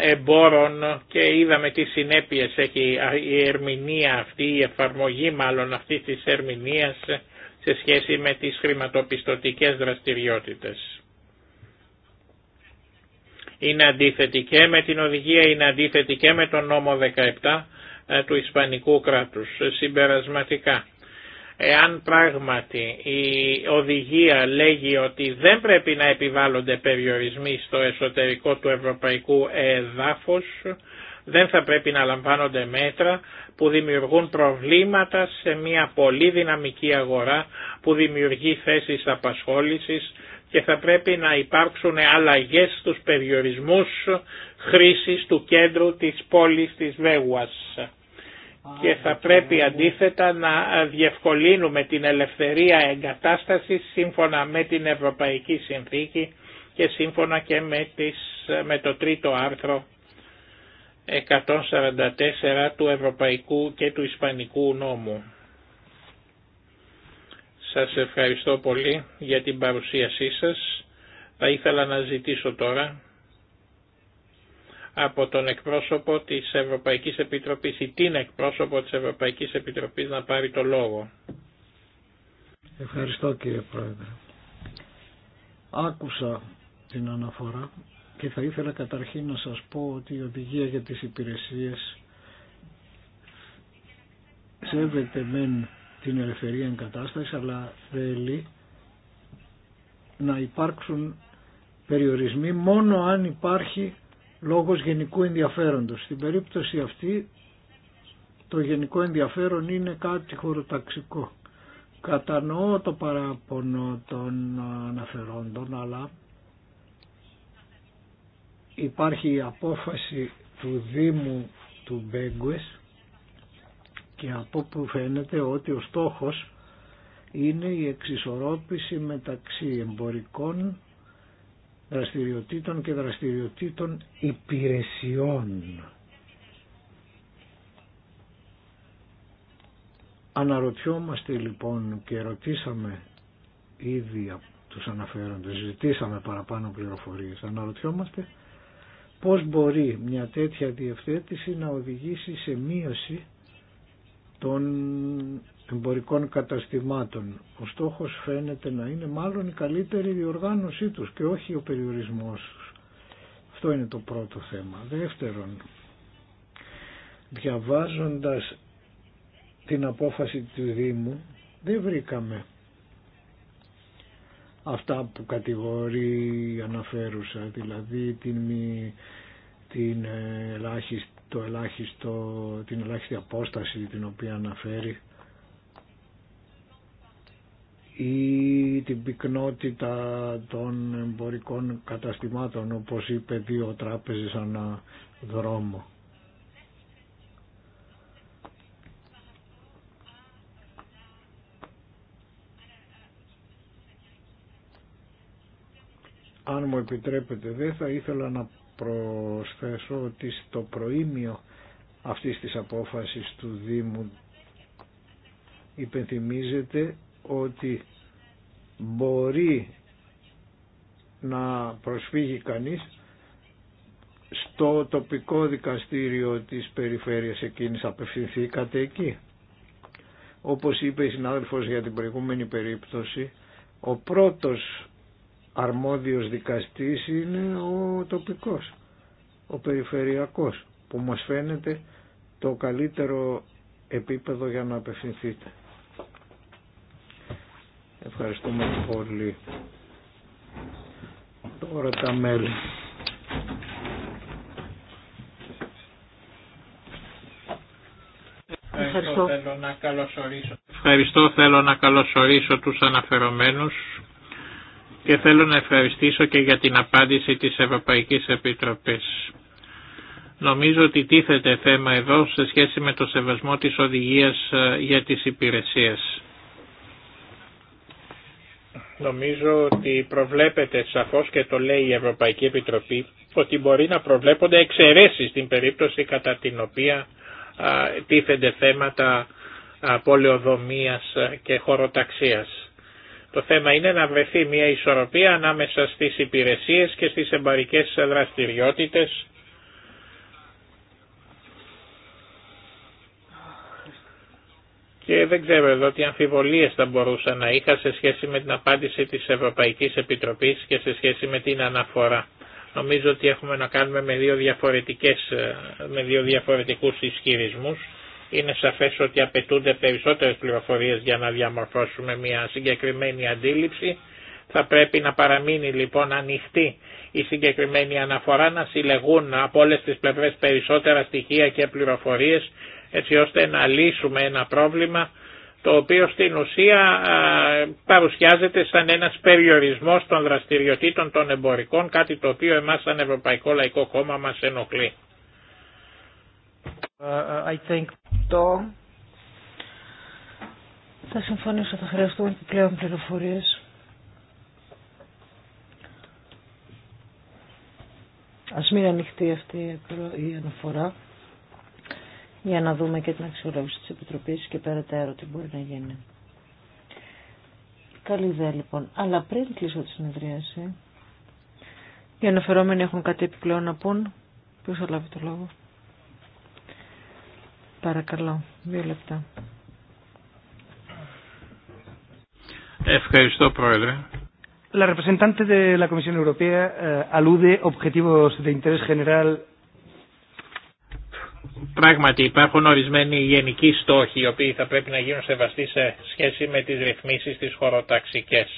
εμπόρων και είδαμε τι συνέπειες έχει η ερμηνεία αυτή, η εφαρμογή μάλλον αυτή της ερμηνείας σε σχέση με τις χρηματοπιστωτικές δραστηριότητες. Είναι αντίθετη και με την οδηγία, είναι αντίθετη και με τον νόμο 17 ε, του Ισπανικού κράτους συμπερασματικά. Εάν πράγματι η οδηγία λέγει ότι δεν πρέπει να επιβάλλονται περιορισμοί στο εσωτερικό του ευρωπαϊκού εδάφους, δεν θα πρέπει να λαμβάνονται μέτρα που δημιουργούν προβλήματα σε μια πολύ δυναμική αγορά που δημιουργεί θέσεις απασχόλησης και θα πρέπει να υπάρξουν αλλαγές στους περιορισμούς χρήσης του κέντρου της πόλης της Βέγουας και θα πρέπει αντίθετα να διευκολύνουμε την ελευθερία εγκατάστασης σύμφωνα με την Ευρωπαϊκή Συνθήκη και σύμφωνα και με, τις, με το τρίτο άρθρο 144 του Ευρωπαϊκού και του Ισπανικού νόμου. Σας ευχαριστώ πολύ για την παρουσίασή σας. Θα ήθελα να ζητήσω τώρα από τον εκπρόσωπο της Ευρωπαϊκής Επιτροπής ή την εκπρόσωπο της Ευρωπαϊκής Επιτροπής να πάρει το λόγο. Ευχαριστώ κύριε Πρόεδρε. Άκουσα την αναφορά και θα ήθελα καταρχήν να σας πω ότι η οδηγία για τις υπηρεσίες σέβεται μεν την ελευθερία εγκατάσταση αλλά θέλει να υπάρξουν περιορισμοί μόνο αν υπάρχει λόγος γενικού ενδιαφέροντος. Στην περίπτωση αυτή το γενικό ενδιαφέρον είναι κάτι χωροταξικό. Κατανοώ το παράπονο των αναφερόντων, αλλά υπάρχει η απόφαση του Δήμου του Μπέγκουες και από που φαίνεται ότι ο στόχος είναι η εξισορρόπηση μεταξύ εμπορικών δραστηριοτήτων και δραστηριοτήτων υπηρεσιών. Αναρωτιόμαστε λοιπόν και ρωτήσαμε ήδη από τους αναφέροντες, ζητήσαμε παραπάνω πληροφορίες, αναρωτιόμαστε πώς μπορεί μια τέτοια διευθέτηση να οδηγήσει σε μείωση των εμπορικών καταστημάτων. Ο στόχος φαίνεται να είναι μάλλον η καλύτερη διοργάνωσή τους και όχι ο περιορισμός τους. Αυτό είναι το πρώτο θέμα. Δεύτερον, διαβάζοντας την απόφαση του Δήμου δεν βρήκαμε αυτά που κατηγορεί αναφέρουσα, δηλαδή την, την ελάχιστο, την ελάχιστη απόσταση την οποία αναφέρει ή την πυκνότητα των εμπορικών καταστημάτων όπως είπε δύο τράπεζες ανά δρόμο. Αν μου επιτρέπετε δεν θα ήθελα να προσθέσω ότι στο προήμιο αυτής της απόφασης του Δήμου υπενθυμίζεται ότι μπορεί να προσφύγει κανείς στο τοπικό δικαστήριο της περιφέρειας εκείνης απευθυνθήκατε εκεί. Όπως είπε η συνάδελφος για την προηγούμενη περίπτωση, ο πρώτος αρμόδιος δικαστής είναι ο τοπικός, ο περιφερειακός, που μας φαίνεται το καλύτερο επίπεδο για να απευθυνθείτε. Ευχαριστούμε πολύ. Τώρα τα μέλη. Ευχαριστώ. Θέλω να καλωσορίσω. Ευχαριστώ. Θέλω να καλωσορίσω τους αναφερομένους και θέλω να ευχαριστήσω και για την απάντηση της Ευρωπαϊκής Επιτροπής. Νομίζω ότι τίθεται θέμα εδώ σε σχέση με το σεβασμό της οδηγίας ε, για τις υπηρεσίες. Νομίζω ότι προβλέπεται σαφώς και το λέει η Ευρωπαϊκή Επιτροπή ότι μπορεί να προβλέπονται εξαιρέσεις στην περίπτωση κατά την οποία τίθενται θέματα πολεοδομίας και χωροταξίας. Το θέμα είναι να βρεθεί μια ισορροπία ανάμεσα στις υπηρεσίες και στις εμπαρικές δραστηριότητες και δεν ξέρω εδώ τι αμφιβολίες θα μπορούσα να είχα σε σχέση με την απάντηση της Ευρωπαϊκής Επιτροπής και σε σχέση με την αναφορά. Νομίζω ότι έχουμε να κάνουμε με δύο, διαφορετικές, ε, με δύο διαφορετικούς ισχυρισμούς. Είναι σαφές ότι απαιτούνται περισσότερες πληροφορίες για να διαμορφώσουμε μια συγκεκριμένη αντίληψη. Θα πρέπει να παραμείνει λοιπόν ανοιχτή η συγκεκριμένη αναφορά να συλλεγούν από όλε τις πλευρές περισσότερα στοιχεία και πληροφορίες έτσι ώστε να λύσουμε ένα πρόβλημα το οποίο στην ουσία παρουσιάζεται σαν ένας περιορισμός των δραστηριοτήτων των εμπορικών, κάτι το οποίο εμάς σαν Ευρωπαϊκό Λαϊκό Κόμμα μας ενοχλεί. Ε, ε, I think... Το... Θα συμφωνήσω, θα χρειαστούμε επιπλέον πληροφορίες. Ας μην ανοιχτεί αυτή η αναφορά για να δούμε και την αξιολόγηση της Επιτροπής και περαιτέρω τι μπορεί να γίνει. Καλή ιδέα λοιπόν. Αλλά πριν κλείσω τη συνεδρίαση, οι αναφερόμενοι έχουν κάτι επιπλέον να πούν. Ποιος θα λάβει το λόγο. Παρακαλώ, δύο λεπτά. Ευχαριστώ Πρόεδρε. La representante de la Comisión Europea eh, alude objetivos de interés general Πράγματι υπάρχουν ορισμένοι γενικοί στόχοι οι οποίοι θα πρέπει να γίνουν σεβαστοί σε σχέση με τις ρυθμίσεις της χωροταξικές.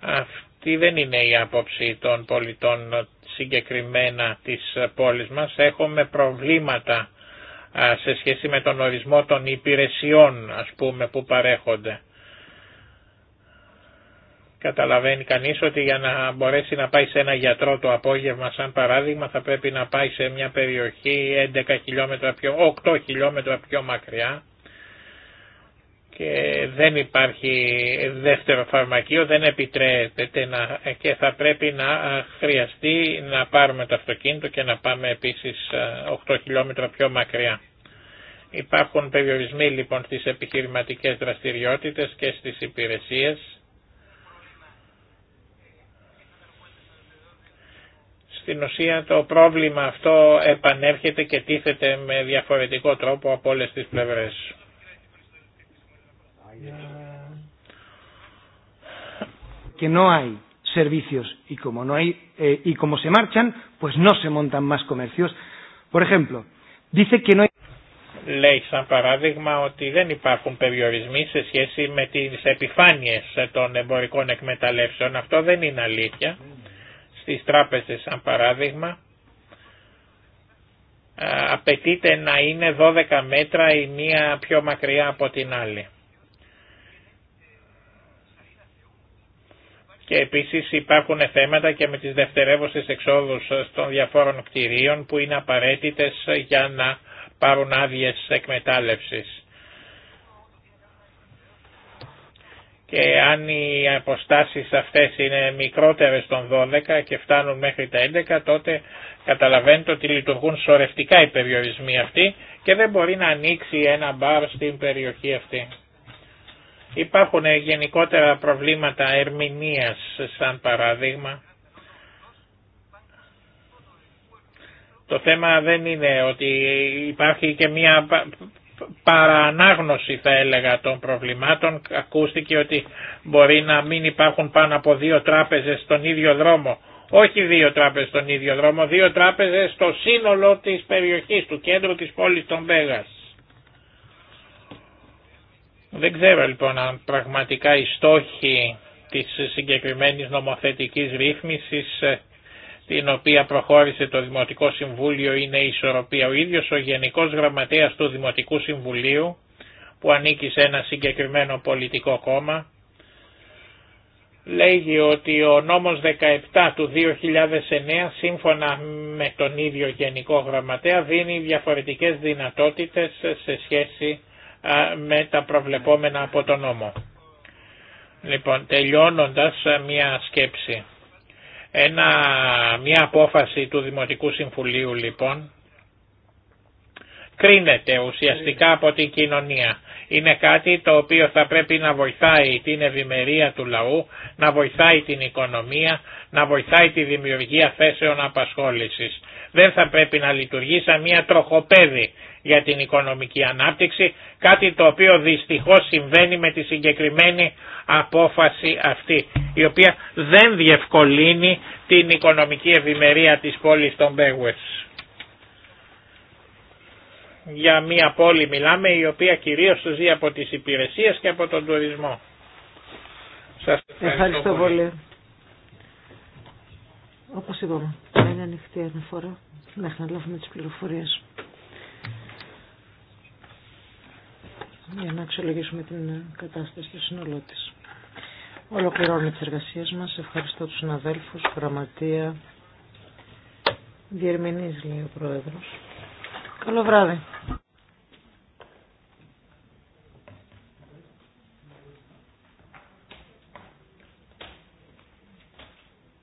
Αυτή δεν είναι η άποψη των πολιτών συγκεκριμένα της πόλης μας. Έχουμε προβλήματα σε σχέση με τον ορισμό των υπηρεσιών ας πούμε που παρέχονται. Καταλαβαίνει κανείς ότι για να μπορέσει να πάει σε ένα γιατρό το απόγευμα σαν παράδειγμα θα πρέπει να πάει σε μια περιοχή 11 χιλιόμετρα πιο, 8 χιλιόμετρα πιο μακριά και δεν υπάρχει δεύτερο φαρμακείο, δεν επιτρέπεται να, και θα πρέπει να χρειαστεί να πάρουμε το αυτοκίνητο και να πάμε επίσης 8 χιλιόμετρα πιο μακριά. Υπάρχουν περιορισμοί λοιπόν στις επιχειρηματικές δραστηριότητες και στις υπηρεσίες Στην ουσία το πρόβλημα αυτό επανέρχεται και τίθεται με διαφορετικό τρόπο από όλες τις πλευρές. Και Por ejemplo, dice que no hay λέει σαν παράδειγμα ότι δεν υπάρχουν περιορισμοί σε σχέση με τις επιφάνειες των εμπορικών εκμεταλλεύσεων. Αυτό δεν είναι αλήθεια στις τράπεζες σαν παράδειγμα απαιτείται να είναι 12 μέτρα η μία πιο μακριά από την άλλη. Και επίσης υπάρχουν θέματα και με τις δευτερεύουσες εξόδους των διαφόρων κτηρίων που είναι απαραίτητες για να πάρουν άδειες εκμετάλλευσης. και αν οι αποστάσεις αυτές είναι μικρότερες των 12 και φτάνουν μέχρι τα 11 τότε καταλαβαίνετε ότι λειτουργούν σωρευτικά οι περιορισμοί αυτοί και δεν μπορεί να ανοίξει ένα μπαρ στην περιοχή αυτή. Υπάρχουν γενικότερα προβλήματα ερμηνείας σαν παράδειγμα. Το θέμα δεν είναι ότι υπάρχει και μια παραανάγνωση θα έλεγα των προβλημάτων. Ακούστηκε ότι μπορεί να μην υπάρχουν πάνω από δύο τράπεζες στον ίδιο δρόμο. Όχι δύο τράπεζες στον ίδιο δρόμο, δύο τράπεζες στο σύνολο της περιοχής, του κέντρου της πόλης των Βέγας. Δεν ξέρω λοιπόν αν πραγματικά οι στόχοι της συγκεκριμένης νομοθετικής ρύθμισης ε, στην οποία προχώρησε το Δημοτικό Συμβούλιο είναι η ισορροπία. Ο ίδιος ο Γενικός Γραμματέας του Δημοτικού Συμβουλίου που ανήκει σε ένα συγκεκριμένο πολιτικό κόμμα λέγει ότι ο νόμος 17 του 2009 σύμφωνα με τον ίδιο Γενικό Γραμματέα δίνει διαφορετικές δυνατότητες σε σχέση με τα προβλεπόμενα από τον νόμο. Λοιπόν, τελειώνοντας μια σκέψη. Ένα, μια απόφαση του Δημοτικού Συμφουλίου λοιπόν κρίνεται ουσιαστικά από την κοινωνία. Είναι κάτι το οποίο θα πρέπει να βοηθάει την ευημερία του λαού, να βοηθάει την οικονομία, να βοηθάει τη δημιουργία θέσεων απασχόλησης. Δεν θα πρέπει να λειτουργεί σαν μια τροχοπέδη για την οικονομική ανάπτυξη, κάτι το οποίο δυστυχώς συμβαίνει με τη συγκεκριμένη απόφαση αυτή, η οποία δεν διευκολύνει την οικονομική ευημερία της πόλης των Μπέγουες. Για μια πόλη μιλάμε η οποία κυρίως ζει από τις υπηρεσίες και από τον τουρισμό. Σας ευχαριστώ, ευχαριστώ πολύ. πολύ. Όπως είπαμε, είναι ανοιχτή αναφορά μέχρι να λάβουμε τις πληροφορίες. για να αξιολογήσουμε την κατάσταση στο σύνολό τη. Ολοκληρώνουμε τι εργασίε μα. Ευχαριστώ τους συναδέλφου, γραμματεία, διερμηνείς λέει ο Πρόεδρος. Καλό βράδυ.